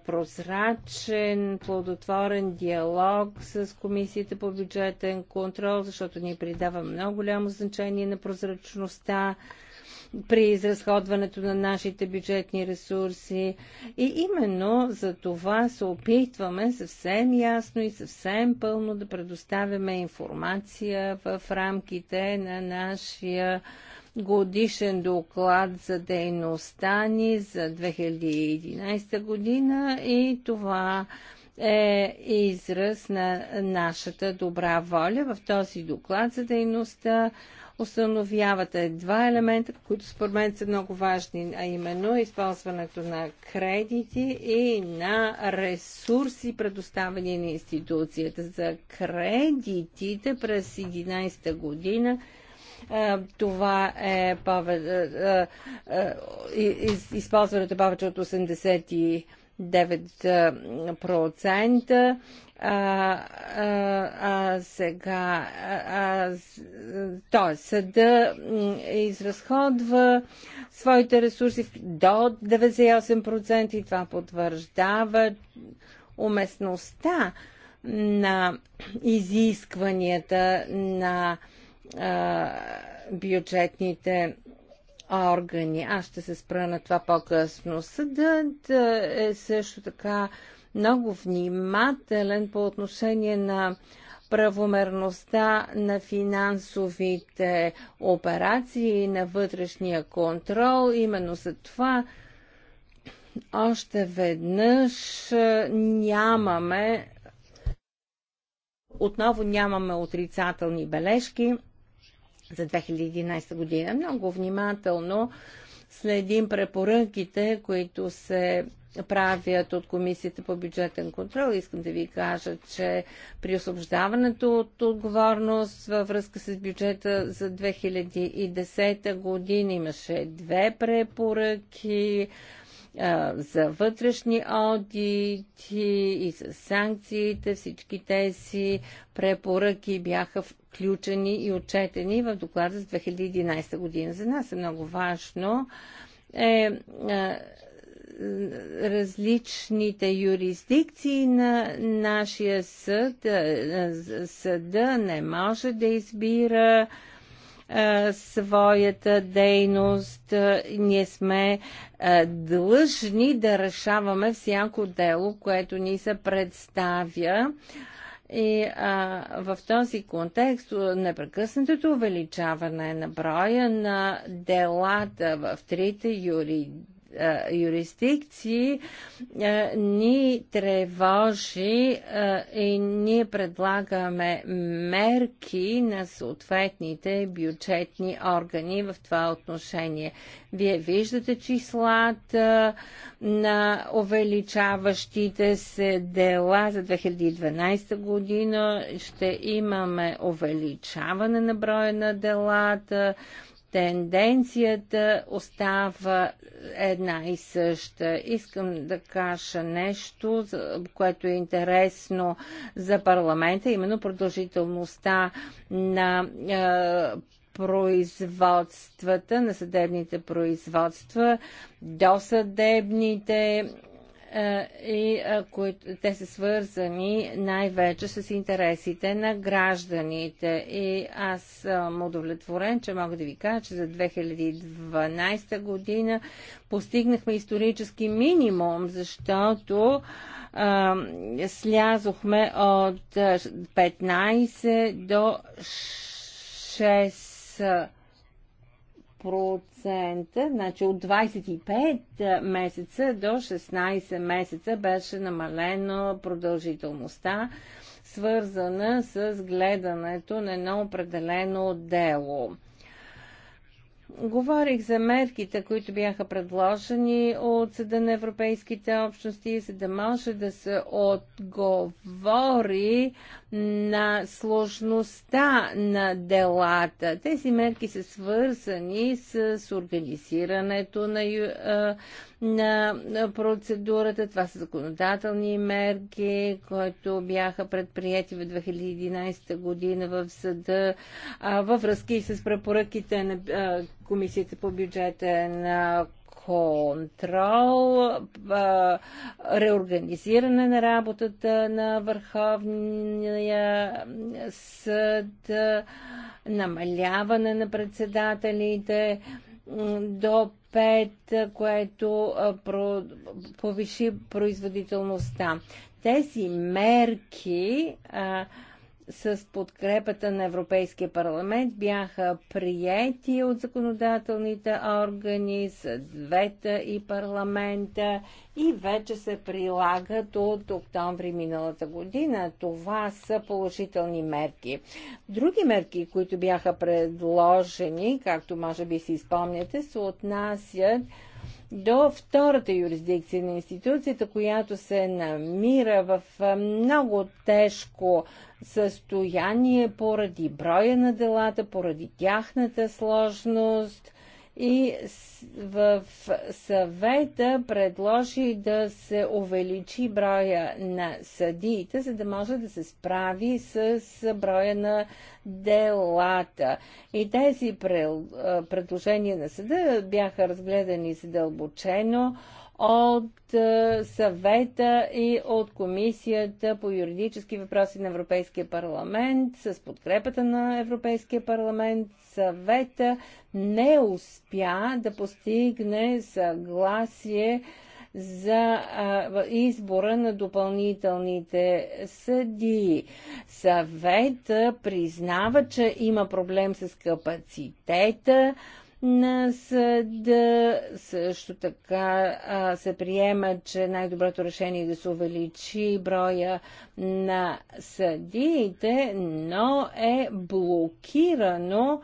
Speaker 2: прозрачен, плодотворен диалог с Комисията по бюджетен контрол, защото ние придава много голямо значение на прозрачността при изразходването на нашите бюджетни ресурси. И именно за това се опитваме съвсем ясно и съвсем пълно да предоставяме информация в рамките на нашия годишен доклад за дейността ни за 2011 година и това е израз на нашата добра воля. В този доклад за дейността установявате два елемента, които според мен са много важни, а именно използването на кредити и на ресурси, предоставени на институцията. За кредитите през 2011 година е, това е повече, е, е, използването повече от 89%. А, а, а сега, а, т.е. съда изразходва своите ресурси до 98% и това потвърждава уместността на изискванията на а, бюджетните органи. Аз ще се спра на това по-късно. Съдът е също така много внимателен по отношение на правомерността на финансовите операции, на вътрешния контрол. Именно за това още веднъж нямаме отново нямаме отрицателни бележки за 2011 година. Много внимателно следим препоръките, които се правят от Комисията по бюджетен контрол. Искам да ви кажа, че при освобождаването от отговорност във връзка с бюджета за 2010 година имаше две препоръки за вътрешни одити и с санкциите. Всички тези препоръки бяха включени и отчетени в доклада за 2011 година. За нас е много важно е, е различните юрисдикции на нашия съд. Съда не може да избира е, своята дейност. Ние сме длъжни да решаваме всяко дело, което ни се представя. И а, в този контекст непрекъснатото увеличаване на броя на делата в трите юриди юрисдикции, ни тревожи и ние предлагаме мерки на съответните бюджетни органи в това отношение. Вие виждате числата на увеличаващите се дела за 2012 година. Ще имаме увеличаване на броя на делата тенденцията остава една и съща. Искам да кажа нещо, което е интересно за парламента, именно продължителността на е, производствата, на съдебните производства, досъдебните и които те са свързани най-вече с интересите на гражданите. И аз съм удовлетворен, че мога да ви кажа, че за 2012 година постигнахме исторически минимум, защото а, слязохме от 15 до 6 процента, значи от 25 месеца до 16 месеца беше намалена продължителността, свързана с гледането на едно определено дело. Говорих за мерките, които бяха предложени от Съда на Европейските общности, за да може да се отговори на сложността на делата. Тези мерки са свързани с организирането на, на процедурата. Това са законодателни мерки, които бяха предприяти в 2011 година в съда във връзки с препоръките на Комисията по бюджета на контрол, реорганизиране на работата на Върховния съд, намаляване на председателите до 5, което повиши производителността. Тези мерки а, с подкрепата на Европейския парламент бяха приети от законодателните органи, съдвета и парламента и вече се прилагат от октомври миналата година. Това са положителни мерки. Други мерки, които бяха предложени, както може би си спомняте, се отнасят до втората юрисдикция на институцията, която се намира в много тежко състояние поради броя на делата, поради тяхната сложност, и в съвета предложи да се увеличи броя на съдиите, за да може да се справи с броя на делата. И тези предложения на съда бяха разгледани задълбочено от съвета и от Комисията по юридически въпроси на Европейския парламент, с подкрепата на Европейския парламент, съвета не успя да постигне съгласие за а, избора на допълнителните съдии. Съвет признава, че има проблем с капацитета на съда. Също така а, се приема, че най-доброто решение е да се увеличи броя на съдиите, но е блокирано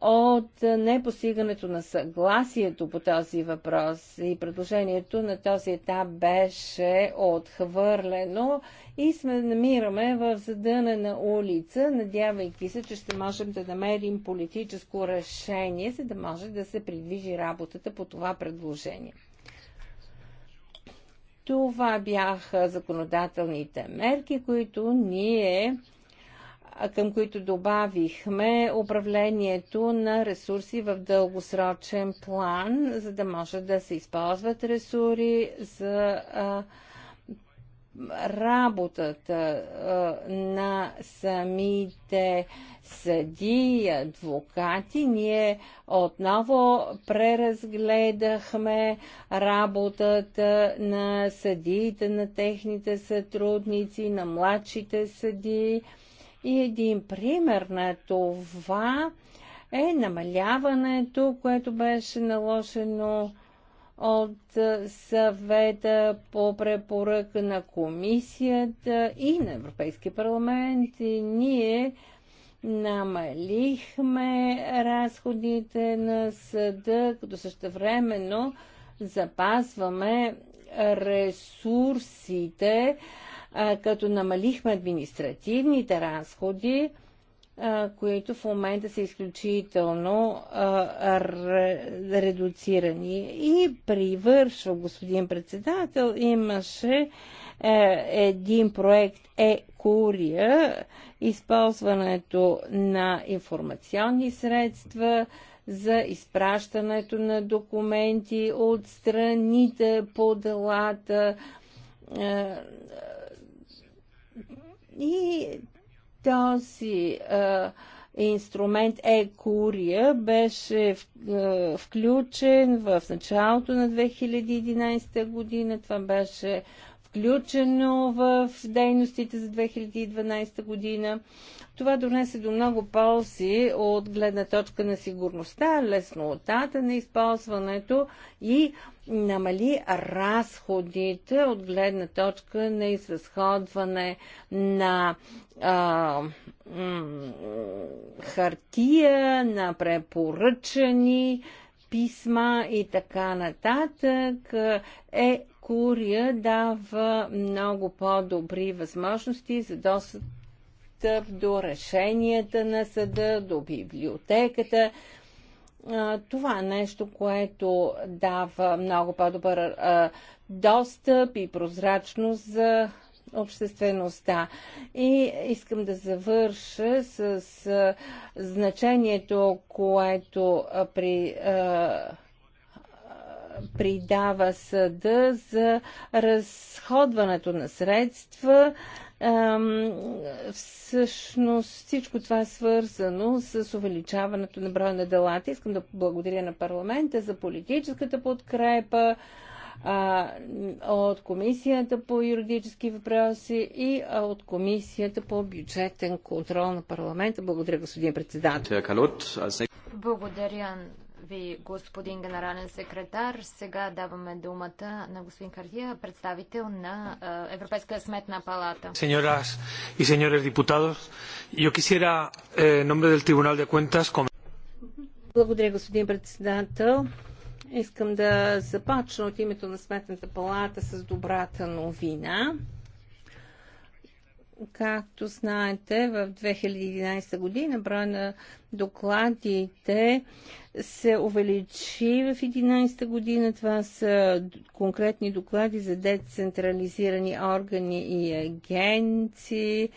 Speaker 2: от непостигането на съгласието по този въпрос. И предложението на този етап беше отхвърлено и сме намираме в задънена улица, надявайки се, че ще можем да намерим политическо решение, за да може да се придвижи работата по това предложение. Това бяха законодателните мерки, които ние към които добавихме управлението на ресурси в дългосрочен план, за да може да се използват ресурси за а, работата на самите съди, адвокати. Ние отново преразгледахме работата на съдиите, на техните сътрудници, на младшите съди. И един пример на това е намаляването, което беше наложено от съвета по препоръка на комисията и на Европейския парламент и ние намалихме разходите на съда, като същевременно запазваме ресурсите, като намалихме административните разходи, които в момента са изключително редуцирани. И привършва, господин председател, имаше е, един проект Е-Курия, използването на информационни средства за изпращането на документи от страните по делата. Е, и този а, инструмент Е-Курия беше в, включен в началото на 2011 година. Това беше включено в дейностите за 2012 година. Това донесе до много ползи от гледна точка на сигурността, леснотата на използването и намали разходите от гледна точка на изразходване на а, хартия, на препоръчани писма и така нататък, е Курия дава много по-добри възможности за достъп до решенията на съда, до библиотеката. Това е нещо, което дава много по-добър достъп и прозрачност за обществеността. И искам да завърша с, с значението, което при придава съда за разходването на средства. Всъщност всичко това е свързано с увеличаването на броя на делата. Искам да благодаря на парламента за политическата подкрепа, а, от Комисията по юридически въпроси и а, от Комисията по бюджетен контрол на парламента. Благодаря, господин председател.
Speaker 1: Благодаря ви, господин генерален секретар. Сега даваме думата на господин Кардия, представител на Европейска сметна палата.
Speaker 2: Сеньорас и сеньори diputados, я quisiera, номер eh, nombre Трибунал де Куентас... Благодаря, господин председател. Искам да започна от името на Сметната палата с добрата новина. Както знаете, в 2011 година броя на докладите се увеличи в 2011 година. Това са конкретни доклади за децентрализирани органи и агенции,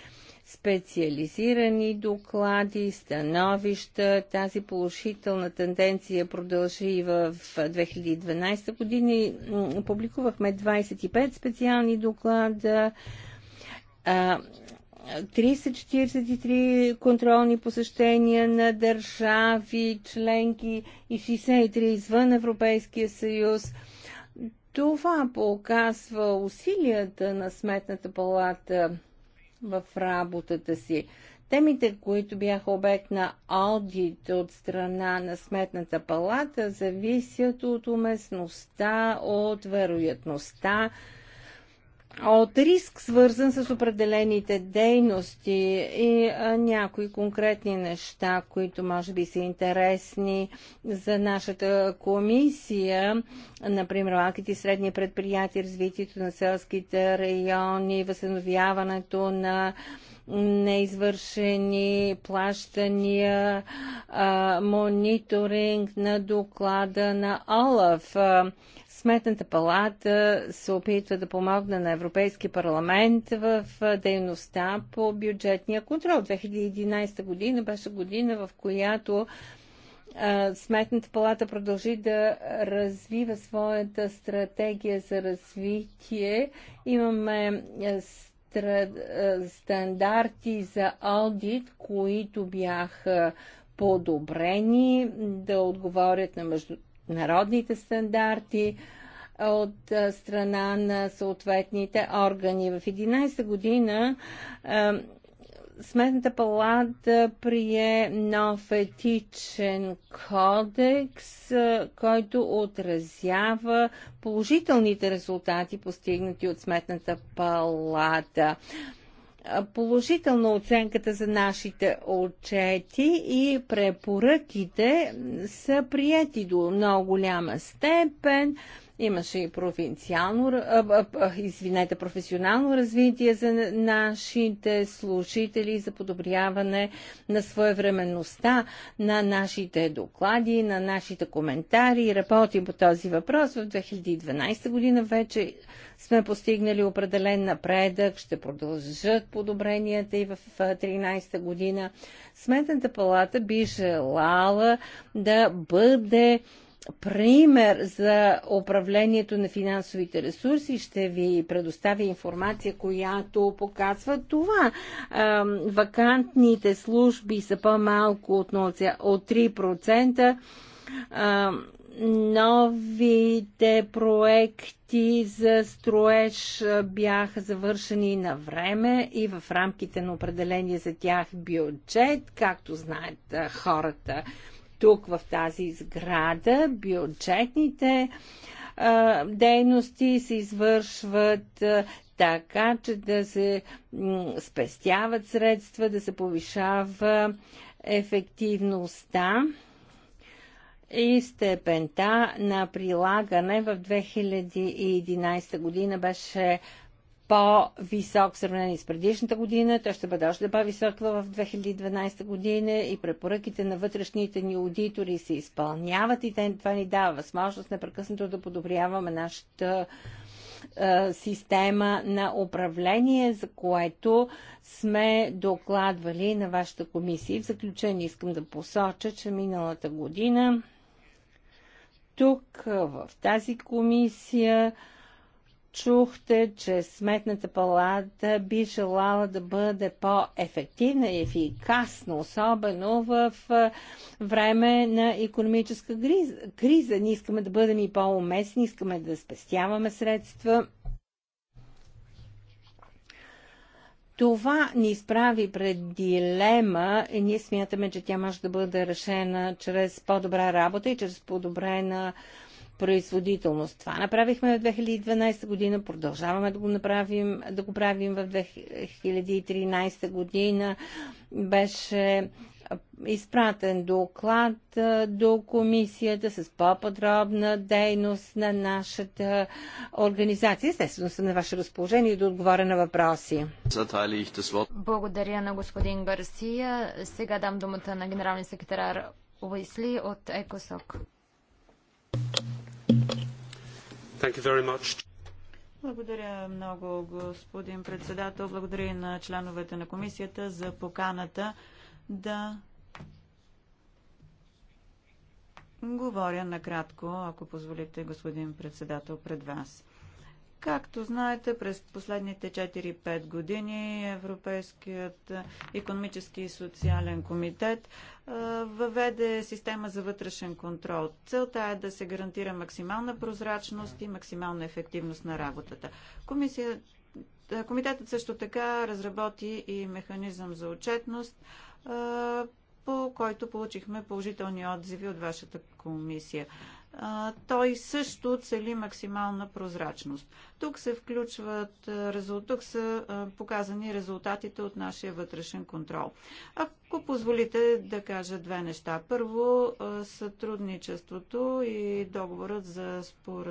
Speaker 2: специализирани доклади, становища. Тази положителна тенденция продължи и в 2012 години. Публикувахме 25 специални доклада. 343 контролни посещения на държави, членки и 63 извън Европейския съюз. Това показва усилията на Сметната палата в работата си. Темите, които бяха обект на аудит от страна на Сметната палата, зависят от уместността, от вероятността, от риск, свързан с определените дейности и а, някои конкретни неща, които може би са интересни за нашата комисия, например малките и средни предприятия, развитието на селските райони, възстановяването на неизвършени плащания, а, мониторинг на доклада на ОЛАФ. Сметната палата се опитва да помогне на Европейски парламент в дейността по бюджетния контрол. 2011 година беше година, в която Сметната палата продължи да развива своята стратегия за развитие. Имаме стандарти за аудит, които бяха подобрени да отговорят на между международните стандарти от страна на съответните органи. В 11 година Сметната палата прие нов етичен кодекс, който отразява положителните резултати, постигнати от Сметната палата положителна оценката за нашите отчети и препоръките са прияти до много голяма степен. Имаше и провинциално, извинете, професионално развитие за нашите служители, за подобряване на своевременността на нашите доклади, на нашите коментари. Работим по този въпрос. В 2012 година вече сме постигнали определен напредък, ще продължат подобренията и в 2013 година. Сметната палата би желала да бъде пример за управлението на финансовите ресурси. Ще ви предоставя информация, която показва това. Вакантните служби са по-малко от 3% новите проекти за строеж бяха завършени на време и в рамките на определение за тях бюджет. Както знаят хората тук в тази сграда, бюджетните а, дейности се извършват а, така, че да се спестяват средства, да се повишава ефективността и степента на прилагане в 2011 година беше по-висок в сравнение с предишната година. Той ще бъде още по-висок в 2012 година и препоръките на вътрешните ни аудитори се изпълняват и това ни дава възможност непрекъснато да подобряваме нашата система на управление, за което сме докладвали на вашата комисия. В заключение искам да посоча, че миналата година тук в тази комисия чухте, че Сметната палата би желала да бъде по-ефективна и ефикасна, особено в време на економическа криза. Ние искаме да бъдем и по-уместни, искаме да спестяваме средства. Това ни изправи пред дилема и ние смятаме, че тя може да бъде решена чрез по-добра работа и чрез подобрена на производителност. Това направихме в 2012 година, продължаваме да го направим, да го правим в 2013 година. Беше изпратен доклад до комисията с по-подробна дейност на нашата организация. Естествено съм на ваше разположение да отговоря на въпроси. Благодаря на
Speaker 1: господин Гарсия. Сега дам думата на генералния секретар Уисли от ЕКОСОК.
Speaker 3: Благодаря много, господин председател. Благодаря и на членовете на комисията за поканата да говоря накратко, ако позволите, господин председател, пред вас. Както знаете, през последните 4-5 години Европейският економически и социален комитет въведе система за вътрешен контрол. Целта е да се гарантира максимална прозрачност и максимална ефективност на работата. Комисия... Комитетът също така разработи и механизъм за отчетност, по който получихме положителни отзиви от вашата комисия той също цели максимална прозрачност. Тук се включват, тук са показани резултатите от нашия вътрешен контрол. Ако позволите да кажа две неща. Първо, сътрудничеството и договорът за спор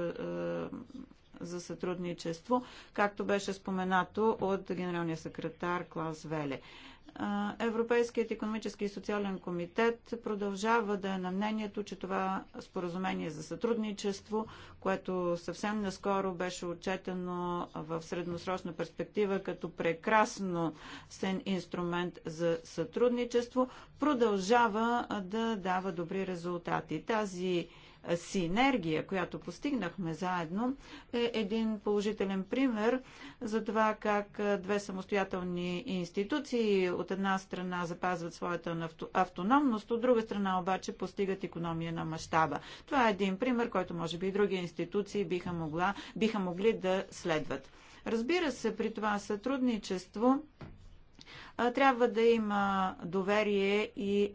Speaker 3: за сътрудничество, както беше споменато от генералния секретар Клаус Веле. Европейският економически и социален комитет продължава да е на мнението, че това споразумение за сътрудничество, което съвсем наскоро беше отчетено в средносрочна перспектива като прекрасно сен инструмент за сътрудничество, продължава да дава добри резултати. Тази синергия, която постигнахме заедно, е един положителен пример за това как две самостоятелни институции от една страна запазват своята автономност, от друга страна обаче постигат економия на мащаба. Това е един пример, който може би и други институции биха, могла, биха могли да следват. Разбира се, при това сътрудничество трябва да има доверие и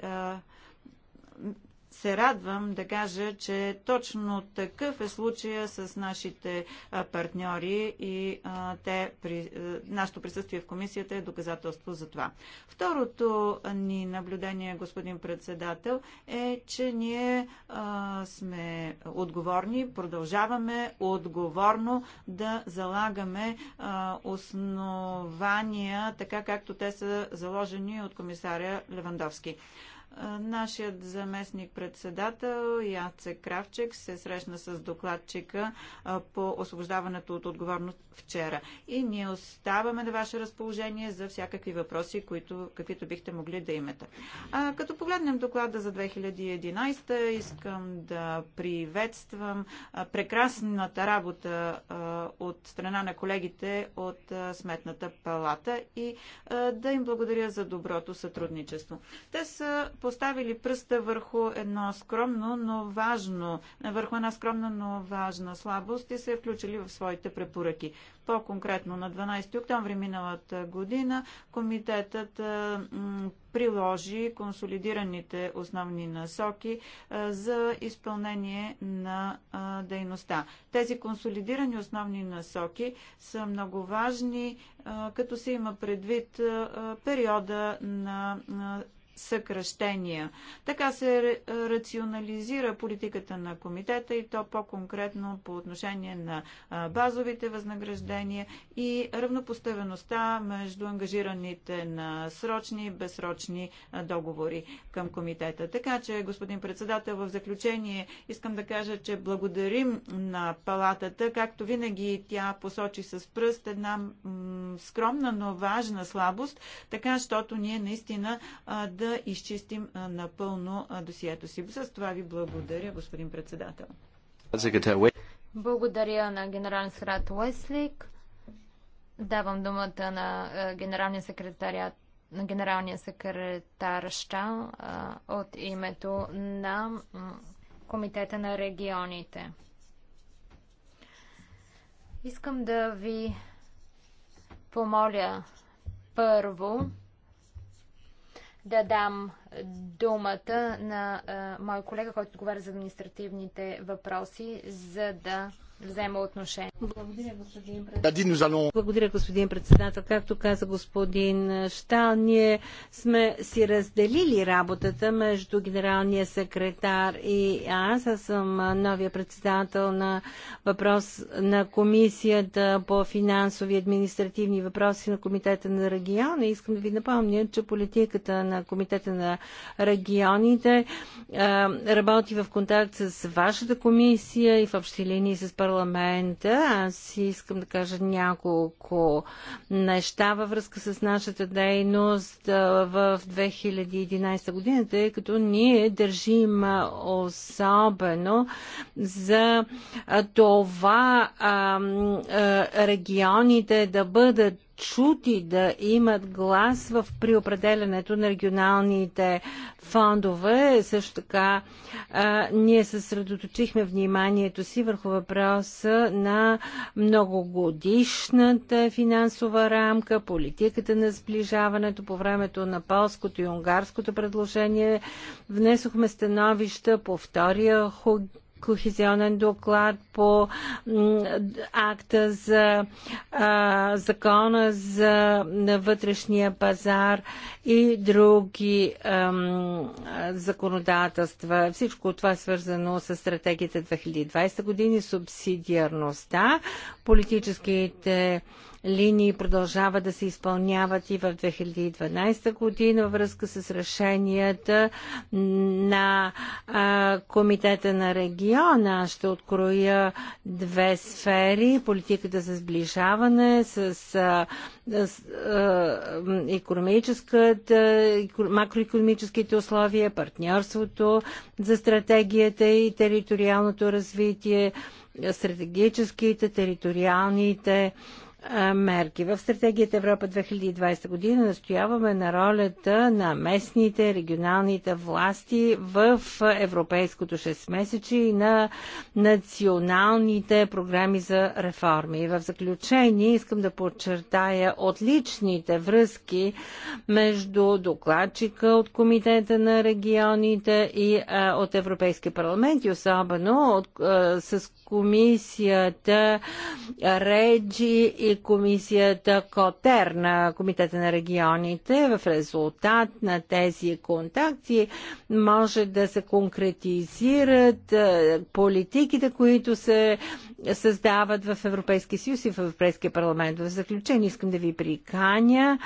Speaker 3: се радвам да кажа, че точно такъв е случая с нашите партньори и те, при, нашето присъствие в комисията е доказателство за това. Второто ни наблюдение, господин председател, е, че ние а, сме отговорни, продължаваме отговорно да залагаме а, основания, така както те са заложени от комисаря Левандовски. Нашият заместник председател Яце Кравчек се срещна с докладчика по освобождаването от отговорност вчера. И ние оставаме на ваше разположение за всякакви въпроси, които, каквито бихте могли да имате. А, като погледнем доклада за 2011, искам да приветствам прекрасната работа от страна на колегите от Сметната палата и да им благодаря за доброто сътрудничество. Те са по поставили пръста върху едно скромно, но важно, върху една скромна, но важна слабост и се е включили в своите препоръки. По-конкретно на 12 октомври миналата година комитетът приложи консолидираните основни насоки за изпълнение на дейността. Тези консолидирани основни насоки са много важни, като се има предвид периода на съкръщения. Така се рационализира политиката на комитета и то по-конкретно по отношение на базовите възнаграждения и равнопоставеността между ангажираните на срочни и безсрочни договори към комитета. Така че, господин председател, в заключение искам да кажа, че благодарим на палатата, както винаги тя посочи с пръст една скромна, но важна слабост, така, щото ние наистина да да изчистим напълно досието си. С това ви благодаря, господин председател. Благодаря на генерален секретар Уеслик.
Speaker 1: Давам думата на генералния секретарят на генералния секретар Ща от името на Комитета на регионите. Искам да ви помоля първо да дам думата на а, мой колега, който отговаря за административните въпроси, за да взема отношение. Благодаря господин,
Speaker 2: председател. Благодаря, господин председател. Както каза господин Штал, ние сме си разделили работата между генералния секретар и аз. Аз съм новия председател на въпрос на комисията по финансови и административни въпроси на Комитета на региона. Искам да ви напомня, че политиката на Комитета на регионите работи в контакт с вашата комисия и в общи линии с парламента парламента. Аз искам да кажа няколко неща във връзка с нашата дейност в 2011 година, тъй като ние държим особено за това регионите да бъдат чути, да имат глас в, при на регионалните фондове. Също така а, ние съсредоточихме вниманието си върху въпроса на многогодишната финансова рамка, политиката на сближаването по времето на полското и унгарското предложение. Внесохме становища по втория кохезионен доклад по акта за а, закона за вътрешния пазар и други ам, законодателства. Всичко това е свързано с стратегията 2020 години, субсидиарността, политическите линии продължават да се изпълняват и в 2012 година във връзка с решенията на а, Комитета на региона. Ще откроя две сфери. Политиката за сближаване с, а, с а, економическата, макроекономическите условия, партньорството за стратегията и териториалното развитие, стратегическите, териториалните а, мерки. В стратегията Европа 2020 година настояваме на ролята на местните, регионалните власти в европейското 6 месече и на националните програми за реформи. В заключение искам да подчертая отличните връзки между докладчика от Комитета на регионите и от Европейския парламент и особено от, с комисията Реджи и комисията Котер на Комитета на регионите. В резултат на тези контакти може да се конкретизират политиките, които се създават в Европейския съюз и в Европейския парламент. В заключение искам да ви приканя,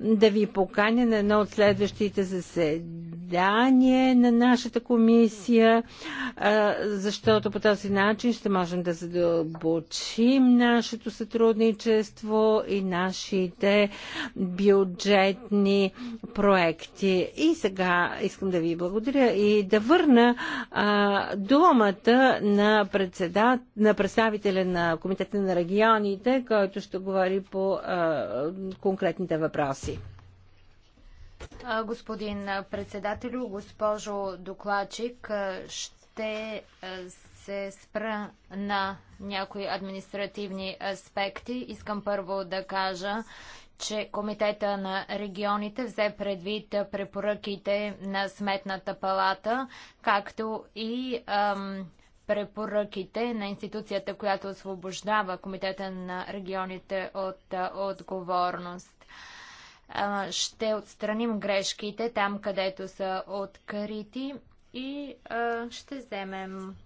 Speaker 2: да ви поканя на едно от следващите заседания на нашата комисия, защото по този начин ще можем да задълбочим нашето сътрудничество и нашите бюджетни проекти. И сега искам да ви благодаря и да върна а, думата на председател на председател представителя на Комитета на регионите, който ще говори по а, конкретните въпроси.
Speaker 1: Господин председател, госпожо докладчик, ще се спра на някои административни аспекти. Искам първо да кажа, че Комитета на регионите взе предвид препоръките на Сметната палата, както и ам, препоръките на институцията, която освобождава Комитета на регионите от отговорност. Ще отстраним грешките там, където са открити и ще вземем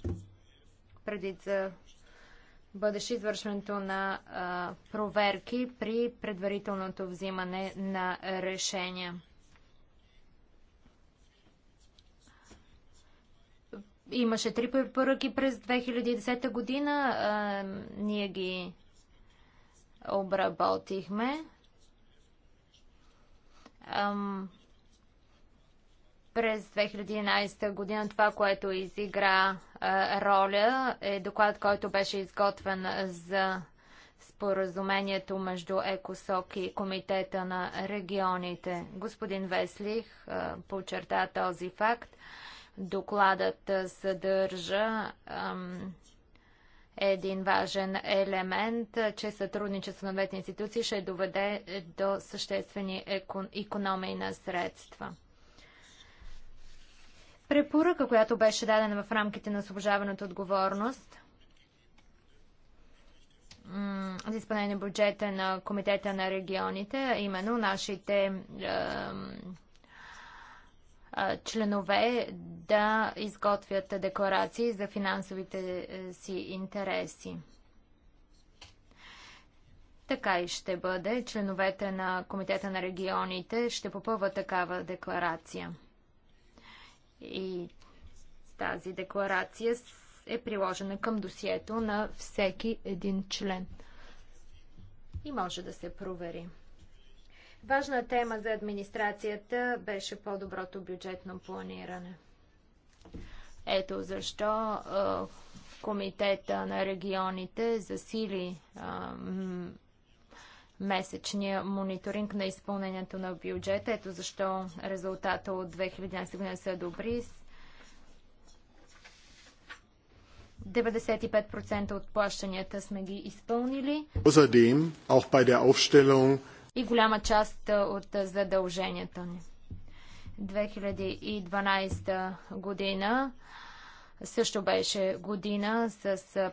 Speaker 1: преди за бъдеще извършването на проверки при предварителното взимане на решения. Имаше три препоръки през 2010 година. А, ние ги обработихме. Ам, през 2011 година това, което изигра а, роля, е доклад, който беше изготвен за споразумението между ЕКОСОК и Комитета на регионите. Господин Веслих а, подчерта този факт. А, Докладът съдържа един важен елемент, че сътрудничество на двете институции ще доведе е, до съществени економии на средства. Препоръка, която беше дадена в рамките на освобождаването отговорност за изпълнение на бюджета на Комитета на регионите, именно нашите е, членове да изготвят декларации за финансовите е, си интереси. Така и ще бъде. Членовете на Комитета на регионите ще попълват такава декларация. И тази декларация е приложена към досието на всеки един член. И може да се провери. Важна тема за администрацията беше по-доброто бюджетно планиране. Ето защо Комитета на регионите засили месечния мониторинг на изпълнението на бюджета. Ето защо резултата от 2011 година са добри. 95% от плащанията сме ги изпълнили.
Speaker 2: Außerdem, auch bei der Aufstellung
Speaker 1: и голяма част от задълженията ни. 2012 година също беше година с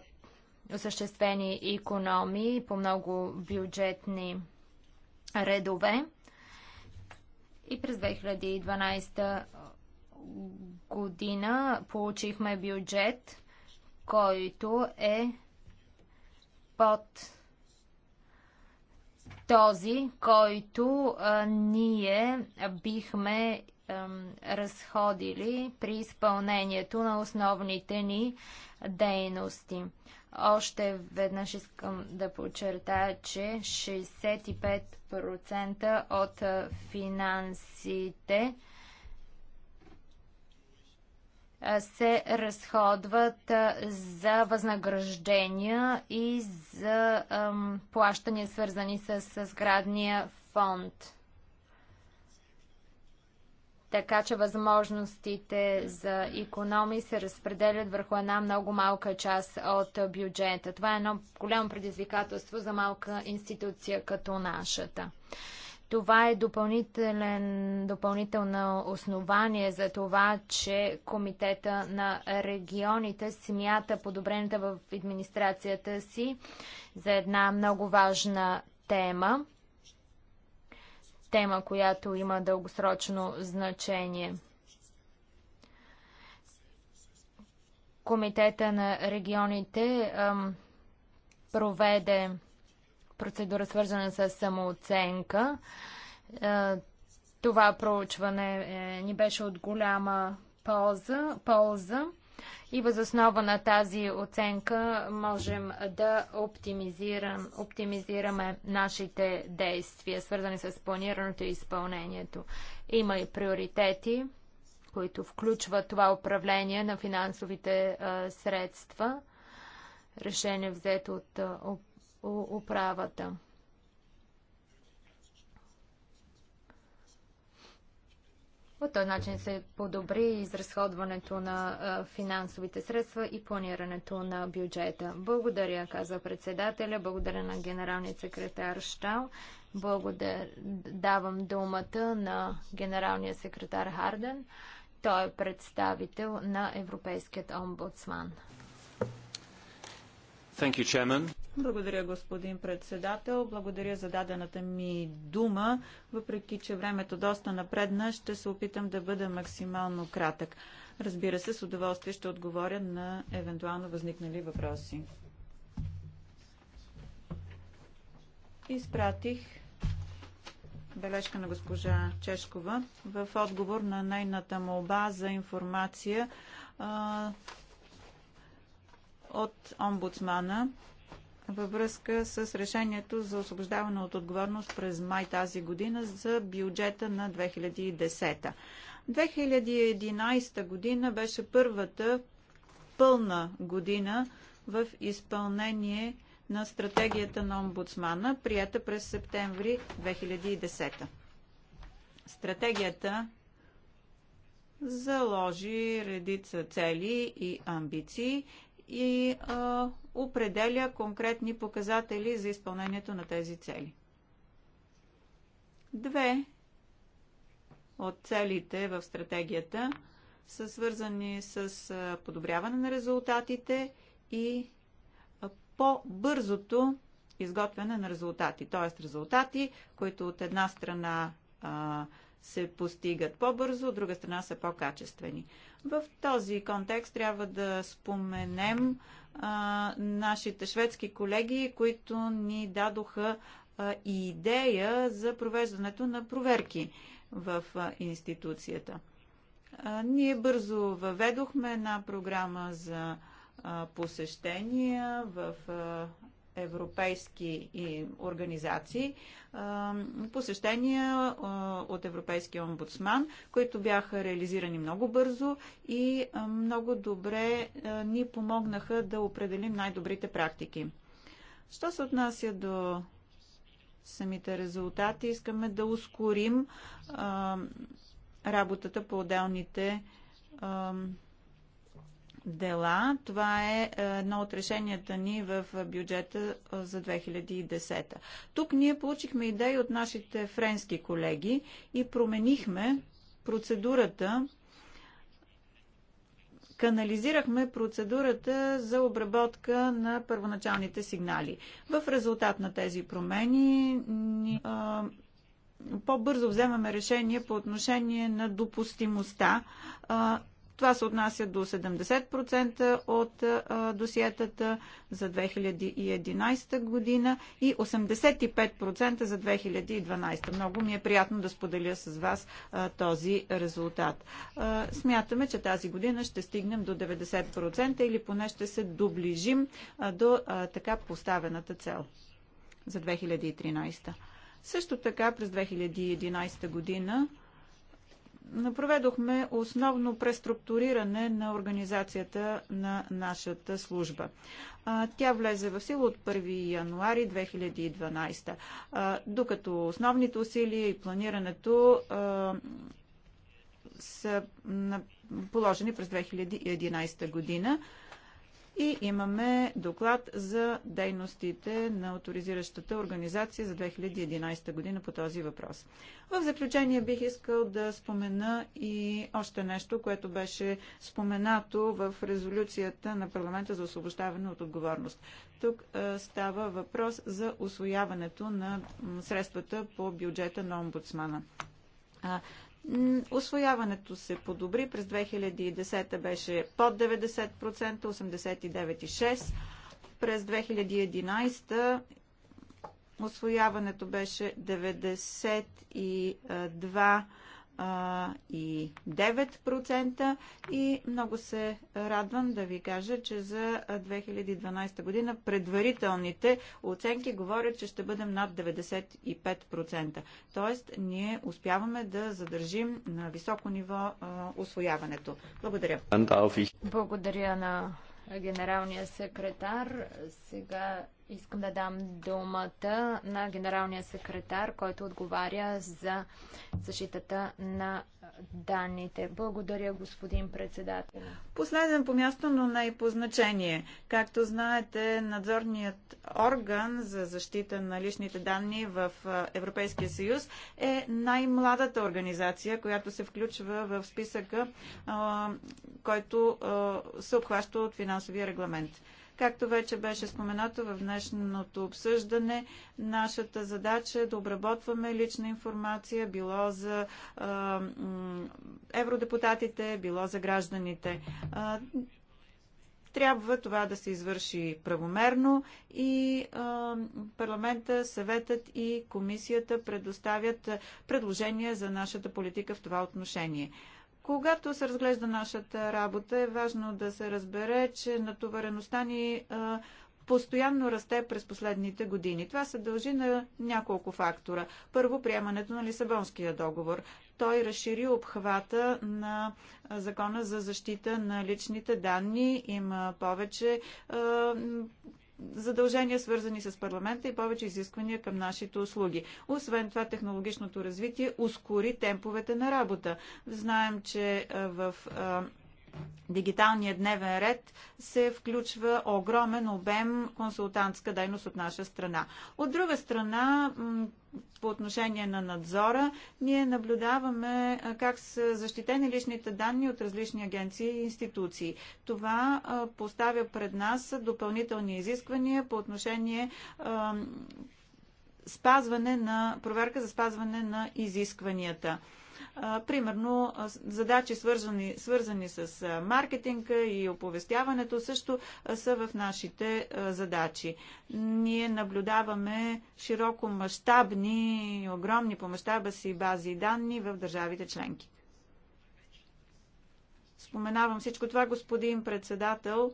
Speaker 1: осъществени економии по много бюджетни редове. И през 2012 година получихме бюджет, който е под този, който а, ние бихме а, разходили при изпълнението на основните ни дейности. Още веднъж искам да подчертая, че 65% от финансите се разходват за възнаграждения и за плащания, свързани с сградния фонд. Така че възможностите за економии се разпределят върху една много малка част от бюджета. Това е едно голямо предизвикателство за малка институция като нашата. Това е допълнително основание за това, че Комитета на регионите смята подобрената в администрацията си за една много важна тема. Тема, която има дългосрочно значение. Комитета на регионите ам, проведе процедура свързана с самооценка. Е, това проучване е, ни беше от голяма полза. полза и възоснова на тази оценка можем да оптимизирам, оптимизираме нашите действия, свързани с планирането и изпълнението. Има и приоритети, които включват това управление на финансовите а, средства, решение взето от управата. По този начин се подобри изразходването на финансовите средства и планирането на бюджета. Благодаря, каза председателя, благодаря на генералния секретар Штал, благодаря, давам думата на генералния секретар Харден. Той е представител на Европейският омбудсман.
Speaker 3: Thank you, Chairman. Благодаря, господин председател. Благодаря за дадената ми дума. Въпреки, че времето доста напредна, ще се опитам да бъда максимално кратък. Разбира се, с удоволствие ще отговоря на евентуално възникнали въпроси. Изпратих бележка на госпожа Чешкова в отговор на нейната молба за информация а, от омбудсмана във връзка с решението за освобождаване от отговорност през май тази година за бюджета на 2010. 2011 година беше първата пълна година в изпълнение на стратегията на омбудсмана, прията през септември 2010. Стратегията заложи редица цели и амбиции и а, определя конкретни показатели за изпълнението на тези цели. Две от целите в стратегията са свързани с подобряване на резултатите и по-бързото изготвяне на резултати. Т.е. резултати, които от една страна се постигат по-бързо, от друга страна са по-качествени. В този контекст трябва да споменем а, нашите шведски колеги, които ни дадоха а, идея за провеждането на проверки в а, институцията. А, ние бързо въведохме една програма за а, посещения в а, европейски организации, посещения от Европейския омбудсман, които бяха реализирани много бързо и много добре ни помогнаха да определим най-добрите практики. Що се отнася до самите резултати, искаме да ускорим работата по отделните дела. Това е, е едно от решенията ни в бюджета е, за 2010. Тук ние получихме идеи от нашите френски колеги и променихме процедурата канализирахме процедурата за обработка на първоначалните сигнали. В резултат на тези промени е, по-бързо вземаме решение по отношение на допустимостта а, това се отнася до 70% от а, досиетата за 2011 година и 85% за 2012. Много ми е приятно да споделя с вас а, този резултат. А, смятаме, че тази година ще стигнем до 90% или поне ще се доближим до така поставената цел за 2013. Също така през 2011 година проведохме основно преструктуриране на организацията на нашата служба. Тя влезе в сила от 1 януари 2012, докато основните усилия и планирането са положени през 2011 година. И имаме доклад за дейностите на авторизиращата организация за 2011 година по този въпрос. В заключение бих искал да спомена и още нещо, което беше споменато в резолюцията на парламента за освобождаване от отговорност. Тук става въпрос за освояването на средствата по бюджета на омбудсмана. Освояването се подобри. През 2010 беше под 90%, 89,6%. През 2011 освояването беше 92% и 9% и много се радвам да ви кажа, че за 2012 година предварителните оценки говорят, че ще бъдем над 95%. Тоест, ние успяваме да задържим на високо ниво освояването. Благодаря. Благодаря на
Speaker 1: генералния секретар. Сега Искам да дам думата на генералния секретар, който отговаря за защитата на данните. Благодаря, господин председател.
Speaker 3: Последен по място, но не и по значение. Както знаете, надзорният орган за защита на личните данни в Европейския съюз е най-младата организация, която се включва в списъка, който се обхваща от финансовия регламент. Както вече беше споменато в днешното обсъждане, нашата задача е да обработваме лична информация, било за а, евродепутатите, било за гражданите. А, трябва това да се извърши правомерно и а, парламента, съветът и комисията предоставят предложения за нашата политика в това отношение. Когато се разглежда нашата работа, е важно да се разбере, че натовареността ни постоянно расте през последните години. Това се дължи на няколко фактора. Първо, приемането на Лисабонския договор. Той разшири обхвата на закона за защита на личните данни. Има повече задължения, свързани с парламента и повече изисквания към нашите услуги. Освен това, технологичното развитие ускори темповете на работа. Знаем, че в дигиталния дневен ред се включва огромен обем консултантска дейност от наша страна. От друга страна, по отношение на надзора, ние наблюдаваме как са защитени личните данни от различни агенции и институции. Това поставя пред нас допълнителни изисквания по отношение спазване на проверка за спазване на изискванията. Примерно, задачи свързани, свързани с маркетинга и оповестяването също са в нашите задачи. Ние наблюдаваме широко мащабни, огромни по мащаба си бази данни в държавите членки. Споменавам всичко това, господин председател,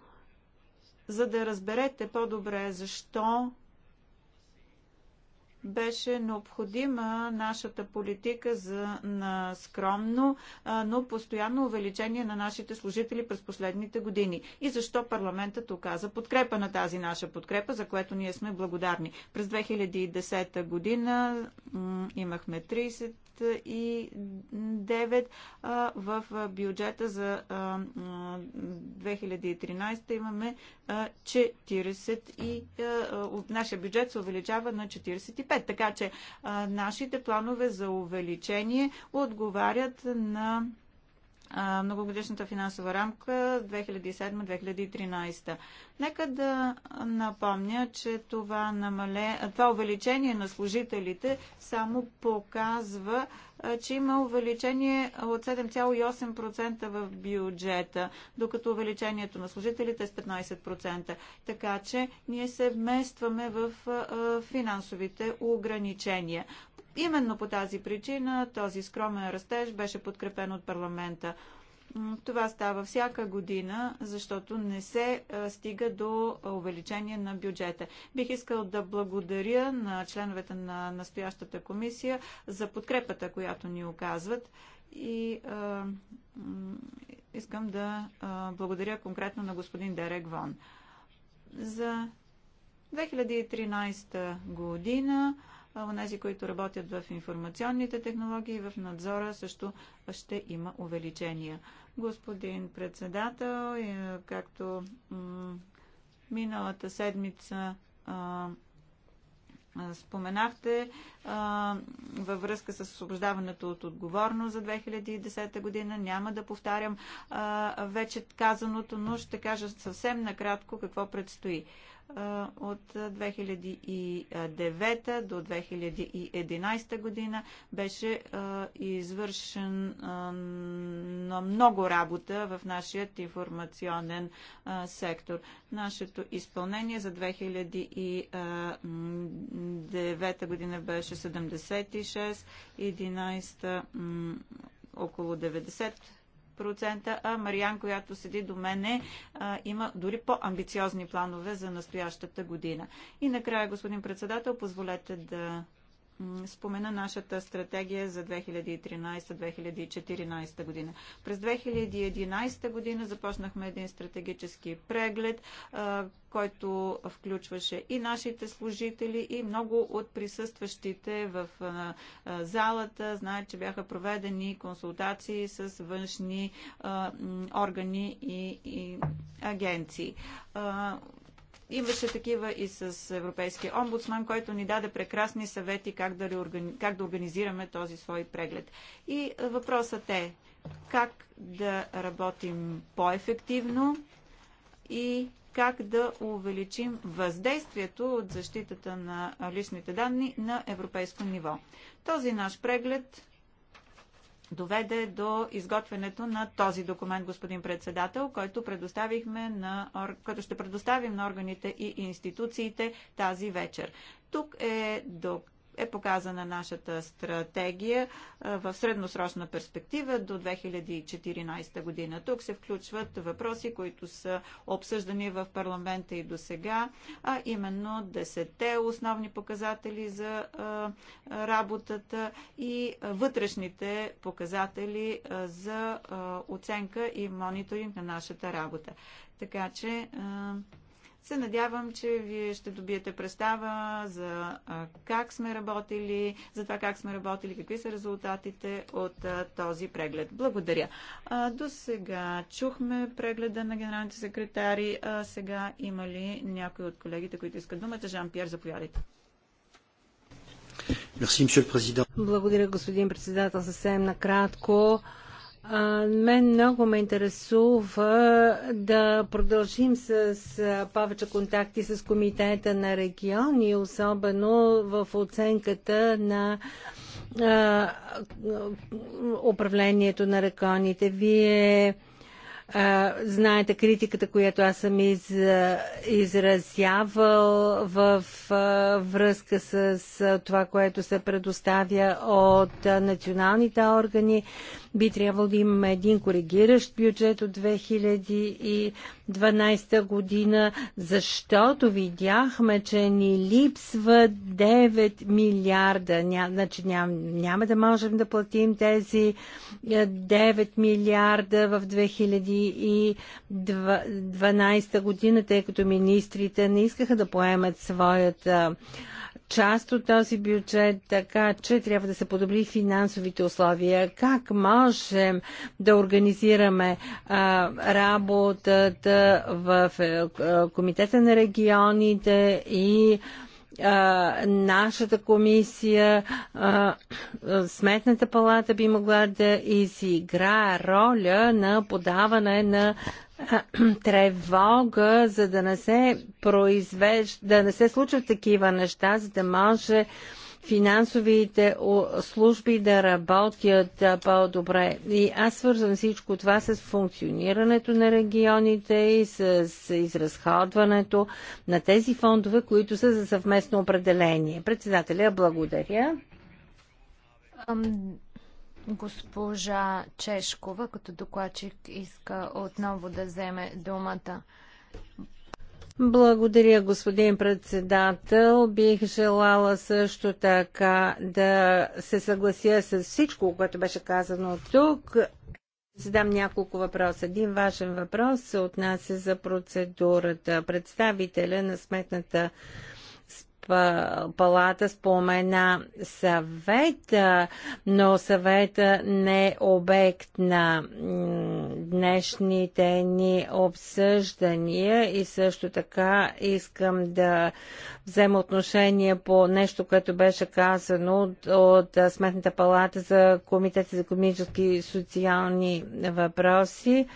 Speaker 3: за да разберете по-добре защо беше необходима нашата политика за на скромно, но постоянно увеличение на нашите служители през последните години. И защо парламентът оказа подкрепа на тази наша подкрепа, за което ние сме благодарни. През 2010 година имахме 1,9 в бюджета за 2013 имаме 40 и нашия бюджет се увеличава на 45. Така че нашите планове за увеличение отговарят на многогодишната финансова рамка 2007-2013. Нека да напомня, че това, намале... това увеличение на служителите само показва, че има увеличение от 7,8% в бюджета, докато увеличението на служителите е с 15%. Така че ние се вместваме в финансовите ограничения. Именно по тази причина този скромен растеж беше подкрепен от парламента. Това става всяка година, защото не се стига до увеличение на бюджета. Бих искал да благодаря на членовете на настоящата комисия за подкрепата, която ни оказват и а, искам да а, благодаря конкретно на господин Дерек Вон. За 2013 година онези, които работят в информационните технологии и в надзора също ще има увеличения. Господин председател, е, както миналата седмица споменахте във връзка с освобождаването от отговорност за 2010 година. Няма да повтарям вече казаното, но ще кажа съвсем накратко какво предстои от 2009 до 2011 година беше извършен на много работа в нашият информационен сектор. Нашето изпълнение за 2009 година беше 76, 11 около 90 10%, а Мариан, която седи до мене, има дори по-амбициозни планове за настоящата година. И накрая, господин председател, позволете да спомена нашата стратегия за 2013-2014 година. През 2011 година започнахме един стратегически преглед, който включваше и нашите служители, и много от присъстващите в залата. Знаят, че бяха проведени консултации с външни органи и агенции. Имаше такива и с Европейския омбудсман, който ни даде прекрасни съвети как да, реоргани... как да организираме този свой преглед. И е, въпросът е как да работим по-ефективно и как да увеличим въздействието от защитата на личните данни на европейско ниво. Този наш преглед доведе до изготвянето на този документ, господин председател, който, предоставихме на, който ще предоставим на органите и институциите тази вечер. Тук е до е показана нашата стратегия в средносрочна перспектива до 2014 година. Тук се включват въпроси, които са обсъждани в парламента и до сега, а именно 10-те основни показатели за работата и вътрешните показатели за оценка и мониторинг на нашата работа. Така че се надявам, че вие ще добиете представа за как сме работили, за това как сме работили, какви са резултатите от този преглед. Благодаря. До сега чухме прегледа на генералните секретари. сега има ли някой от колегите, които искат думата? Жан-Пьер, заповядайте.
Speaker 2: Благодаря, господин председател. Съвсем накратко мен много ме интересува да продължим с повече контакти с Комитета на региони, особено в оценката на управлението на реконите. Вие знаете критиката, която аз съм изразявал в връзка с това, което се предоставя от националните органи. Би трябвало да имаме един коригиращ бюджет от 2012 година, защото видяхме, че ни липсва 9 милиарда. Ня, значи ням, няма да можем да платим тези 9 е, милиарда в 2012 година, тъй като министрите не искаха да поемат своята част от този бюджет, така че трябва да се подобри финансовите условия. Как можем да организираме а, работата в а, Комитета на регионите и а, нашата комисия, Сметната палата би могла да изигра роля на подаване на тревога, за да не се произвежда, да не се случват такива неща, за да може финансовите служби да работят по-добре. И аз свързвам всичко това с функционирането на регионите и с изразходването на тези фондове, които са за съвместно определение. Председателя, благодаря.
Speaker 1: Госпожа Чешкова, като докладчик, иска отново да вземе думата.
Speaker 2: Благодаря, господин председател. Бих желала също така да се съглася с всичко, което беше казано тук. Задам няколко въпроса. Един важен въпрос се отнася за процедурата. Представителя на сметната палата спомена съвета, но съвета не е обект на днешните ни обсъждания и също така искам да взема отношение по нещо, което беше казано от, от Сметната палата за Комитет за економически и социални въпроси.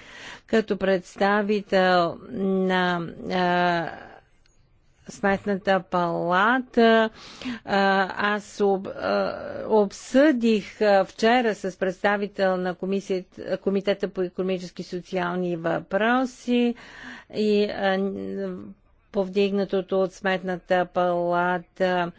Speaker 2: Като представител на Сметната палата. Аз об, обсъдих вчера с представител на Комитета по економически и социални въпроси и повдигнатото от Сметната палата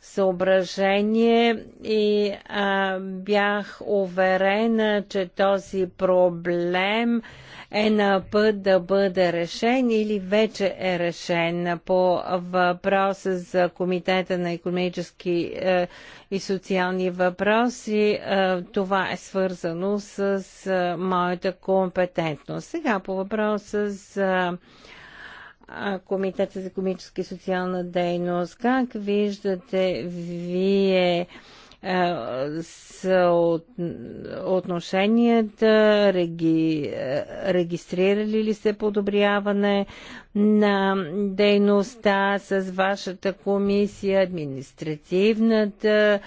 Speaker 2: съображение и а, бях уверена, че този проблем а, е на път да бъде решен или вече е решен по въпроса за Комитета на економически е, и социални въпроси. Е, това е свързано с е, моята компетентност. Сега по въпроса за Комитета за економическа и социална дейност. Как виждате вие е, са от, отношенията, реги, е, регистрирали ли се подобряване на дейността с вашата комисия, административната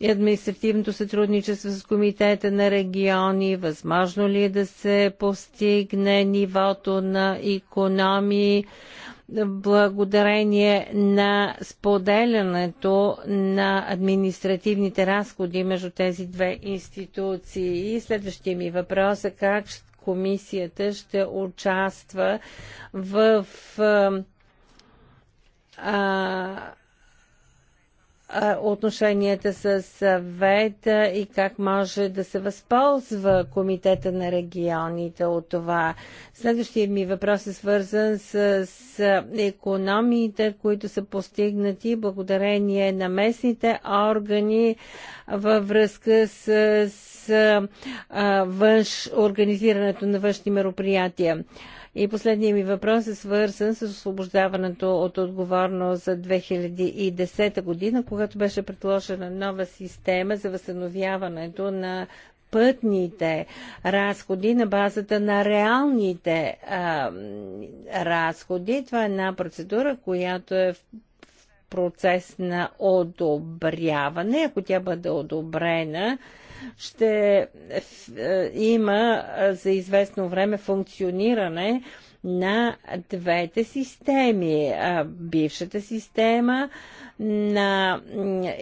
Speaker 2: и административното сътрудничество с Комитета на региони, възможно ли е да се постигне нивото на економии, благодарение на споделянето на административните разходи между тези две институции. И следващия ми въпрос е как комисията ще участва в а, отношенията с съвета и как може да се възползва Комитета на регионите от това. Следващия ми въпрос е свързан с, економиите, които са постигнати благодарение на местните органи във връзка с, с а, външ, организирането на външни мероприятия. И последният ми въпрос е свързан с освобождаването от отговорност за 2010 година, когато беше предложена нова система за възстановяването на пътните разходи на базата на реалните а, разходи. Това е една процедура, която е в процес на одобряване. Ако тя бъде одобрена, ще е, има е, за известно време функциониране на двете системи. Е, бившата система на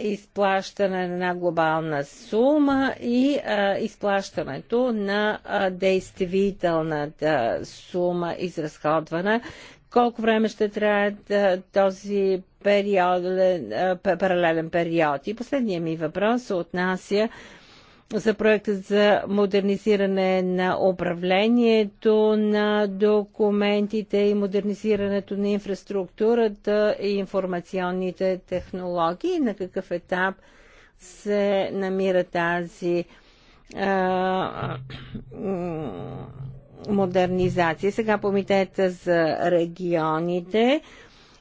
Speaker 2: изплащане на глобална сума и изплащането на действителната сума изразходвана. Колко време ще трябва този период, паралелен период? И последният ми въпрос се отнася за проекта за модернизиране на управлението на документите и модернизирането на инфраструктурата и информационните технологии. На какъв етап се намира тази а, модернизация. Сега помитета за регионите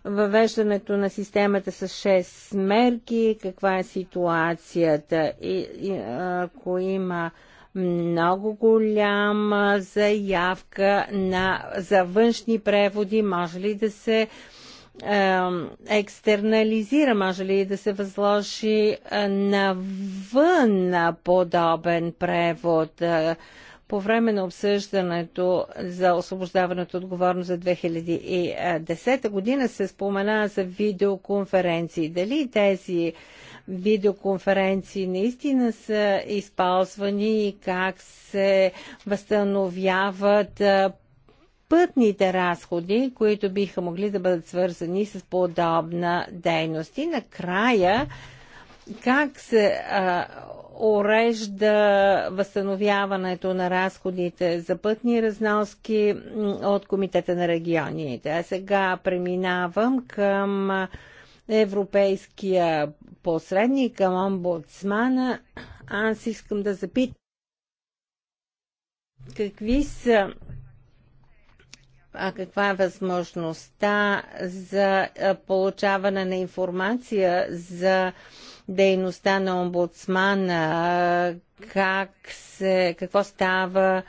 Speaker 2: въвеждането на системата с 6 мерки, каква е ситуацията и, и ако има много голяма заявка на, за външни преводи, може ли да се е, екстернализира, може ли да се възложи навън на подобен превод? Е, по време на обсъждането за освобождаването отговорност за 2010 година се спомена за видеоконференции. Дали тези видеоконференции наистина са използвани и как се възстановяват пътните разходи, които биха могли да бъдат свързани с подобна дейност. И накрая, как се а, урежда възстановяването на разходите за пътни разноски от Комитета на регионите. А сега преминавам към европейския посредник, към омбудсмана. Аз искам да запитам какви са а каква е възможността за получаване на информация за дейността на омбудсмана, как се, какво става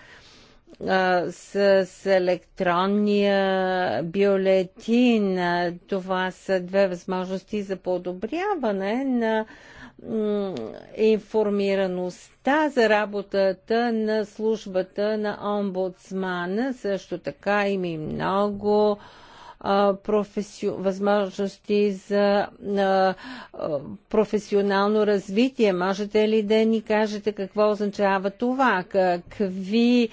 Speaker 2: с, с електронния бюлетин. Това са две възможности за подобряване на информираността за работата на службата на омбудсмана. Също така има и много професи... възможности за професионално развитие. Можете ли да ни кажете какво означава това? Какви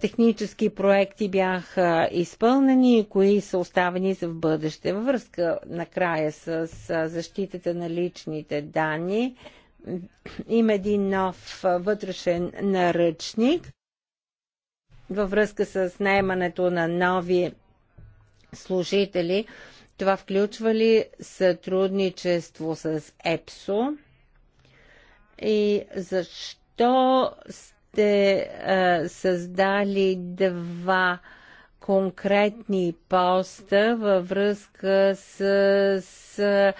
Speaker 2: технически проекти бяха изпълнени и кои са оставени за в бъдеще? Във връзка накрая с защитата на личните данни, има един нов вътрешен наръчник във връзка с наемането на нови служители. Това включва ли сътрудничество с ЕПСО? И защо сте а, създали два конкретни поста във връзка с, с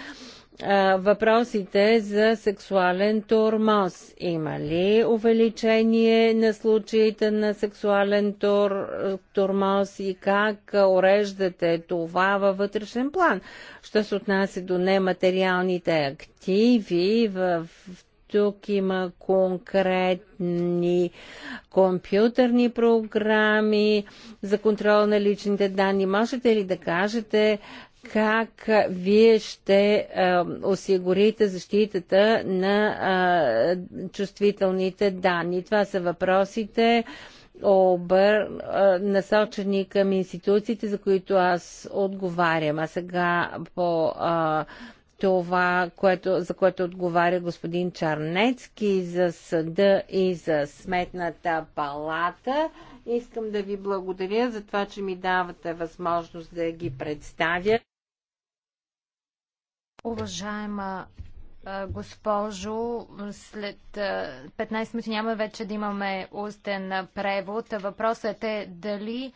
Speaker 2: въпросите за сексуален турмоз. Има ли увеличение на случаите на сексуален тур, турмоз и как уреждате това във вътрешен план? Що се отнася до нематериалните активи в тук има конкретни компютърни програми за контрол на личните данни. Можете ли да кажете как вие ще а, осигурите защитата на а, чувствителните данни. Това са въпросите обър, а, насочени към институциите, за които аз отговарям. А сега по а, това, което, за което отговаря господин Чарнецки за съда и за сметната палата. Искам да ви благодаря за това, че ми давате възможност да ги представя.
Speaker 1: Уважаема госпожо, след 15 минути няма вече да имаме устен превод. Въпросът е дали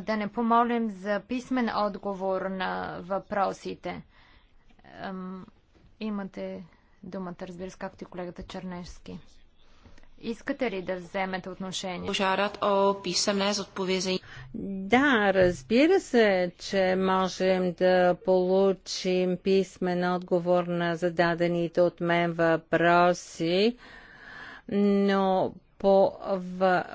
Speaker 1: да не помолим за писмен отговор на въпросите. Имате думата, разбира се, както и колегата Чернешски. Искате ли да вземете
Speaker 3: отношение? Пожарат о писане за отповезение.
Speaker 2: Да, разбира се, че можем да получим писмен отговор на зададените от мен въпроси, но по,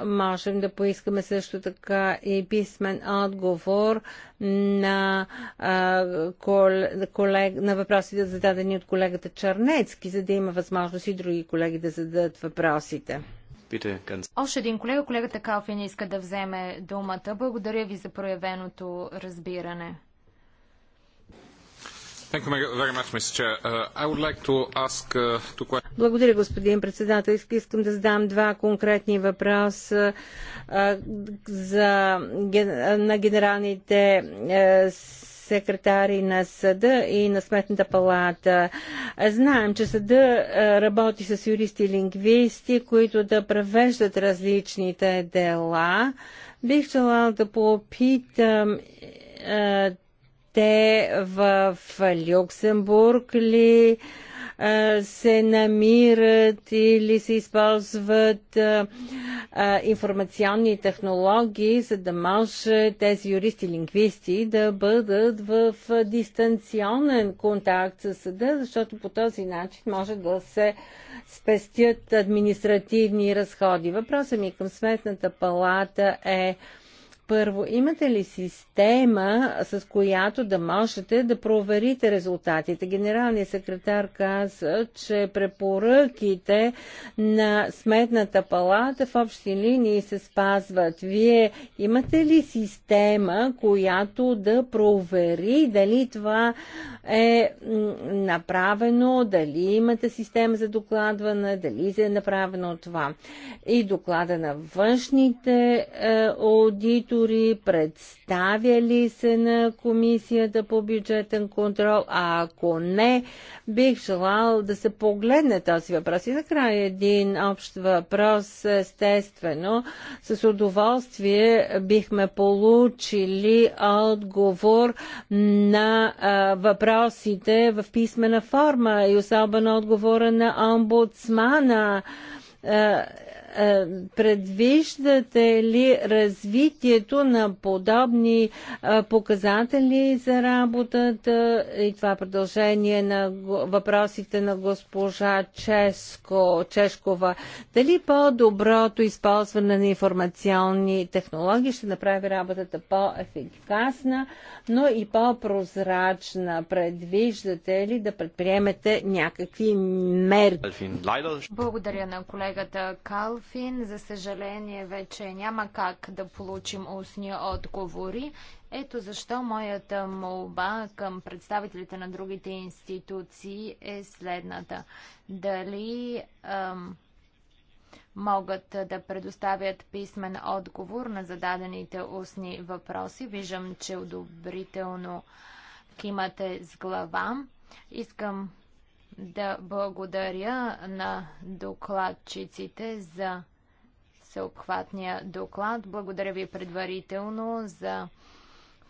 Speaker 2: можем да поискаме също така и писмен отговор на, кол, колег, на въпросите зададени от колегата Чернецки, за да има възможност и други колеги да зададат въпросите.
Speaker 1: Още един колега, колегата Калфин иска да вземе думата. Благодаря ви за проявеното
Speaker 2: разбиране.
Speaker 3: Uh, uh,
Speaker 2: Благодаря, господин председател. Искам да задам два конкретни въпроса uh, за, на генералните секретари на съда и на сметната палата. Знаем, че съда работи с юристи и лингвисти, които да превеждат различните дела. Бих желала да попитам те в Люксембург ли се намират или се използват информационни технологии, за да може тези юристи-лингвисти да бъдат в дистанционен контакт с съда, защото по този начин може да се спестят административни разходи. Въпросът ми към Сметната палата е първо, имате ли система, с която да можете да проверите резултатите? Генералният секретар каза, че препоръките на Сметната палата в общи линии се спазват. Вие имате ли система, която да провери дали това е направено, дали имате система за докладване, дали е направено това? И доклада на външните е, аудитори аудитори, представяли се на комисията по бюджетен контрол, а ако не, бих желал да се погледне този въпрос. И накрая един общ въпрос, естествено, с удоволствие бихме получили отговор на а, въпросите в писмена форма и особено отговора на омбудсмана е, предвиждате ли развитието на подобни е, показатели за работата и това продължение на въпросите на госпожа Ческо, Чешкова? Дали по-доброто използване на информационни технологии ще направи работата по-ефикасна, но и по-прозрачна? Предвиждате ли да предприемете някакви мерки?
Speaker 1: Благодаря на колегата Калф Екофин, за съжаление, вече няма как да получим устни отговори. Ето защо моята молба към представителите на другите институции е следната. Дали ам, могат да предоставят писмен отговор на зададените устни въпроси? Виждам, че одобрително кимате с глава. Искам да благодаря на докладчиците за съобхватния доклад. Благодаря ви предварително за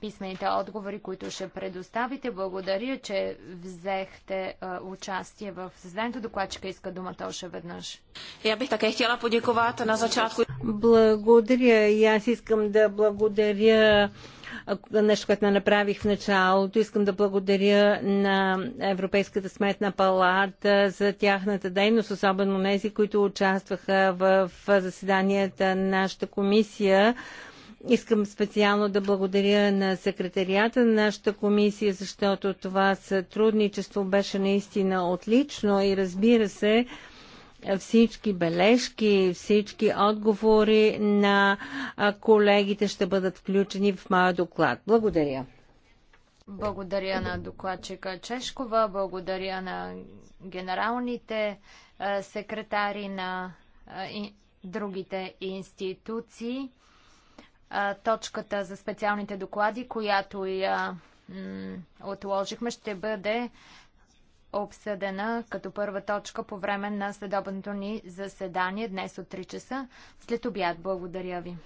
Speaker 1: писмените отговори, които ще предоставите. Благодаря, че взехте а, участие в създанието. Докладчика иска думата още веднъж.
Speaker 3: Я бих така хотела подяковата на зачатку.
Speaker 2: Благодаря и аз искам да благодаря нещо, което не направих в началото. Искам да благодаря на Европейската сметна палата за тяхната дейност, особено тези, които участваха в заседанията на нашата комисия. Искам специално да благодаря на секретарията на нашата комисия, защото това сътрудничество беше наистина отлично и разбира се, всички бележки, всички отговори на колегите ще бъдат включени в моя доклад. Благодаря.
Speaker 1: Благодаря на докладчика Чешкова, благодаря на генералните секретари на другите институции. Точката за специалните доклади, която я отложихме, ще бъде обсъдена като първа точка по време на следобедното ни заседание днес от 3 часа след обяд. Благодаря ви.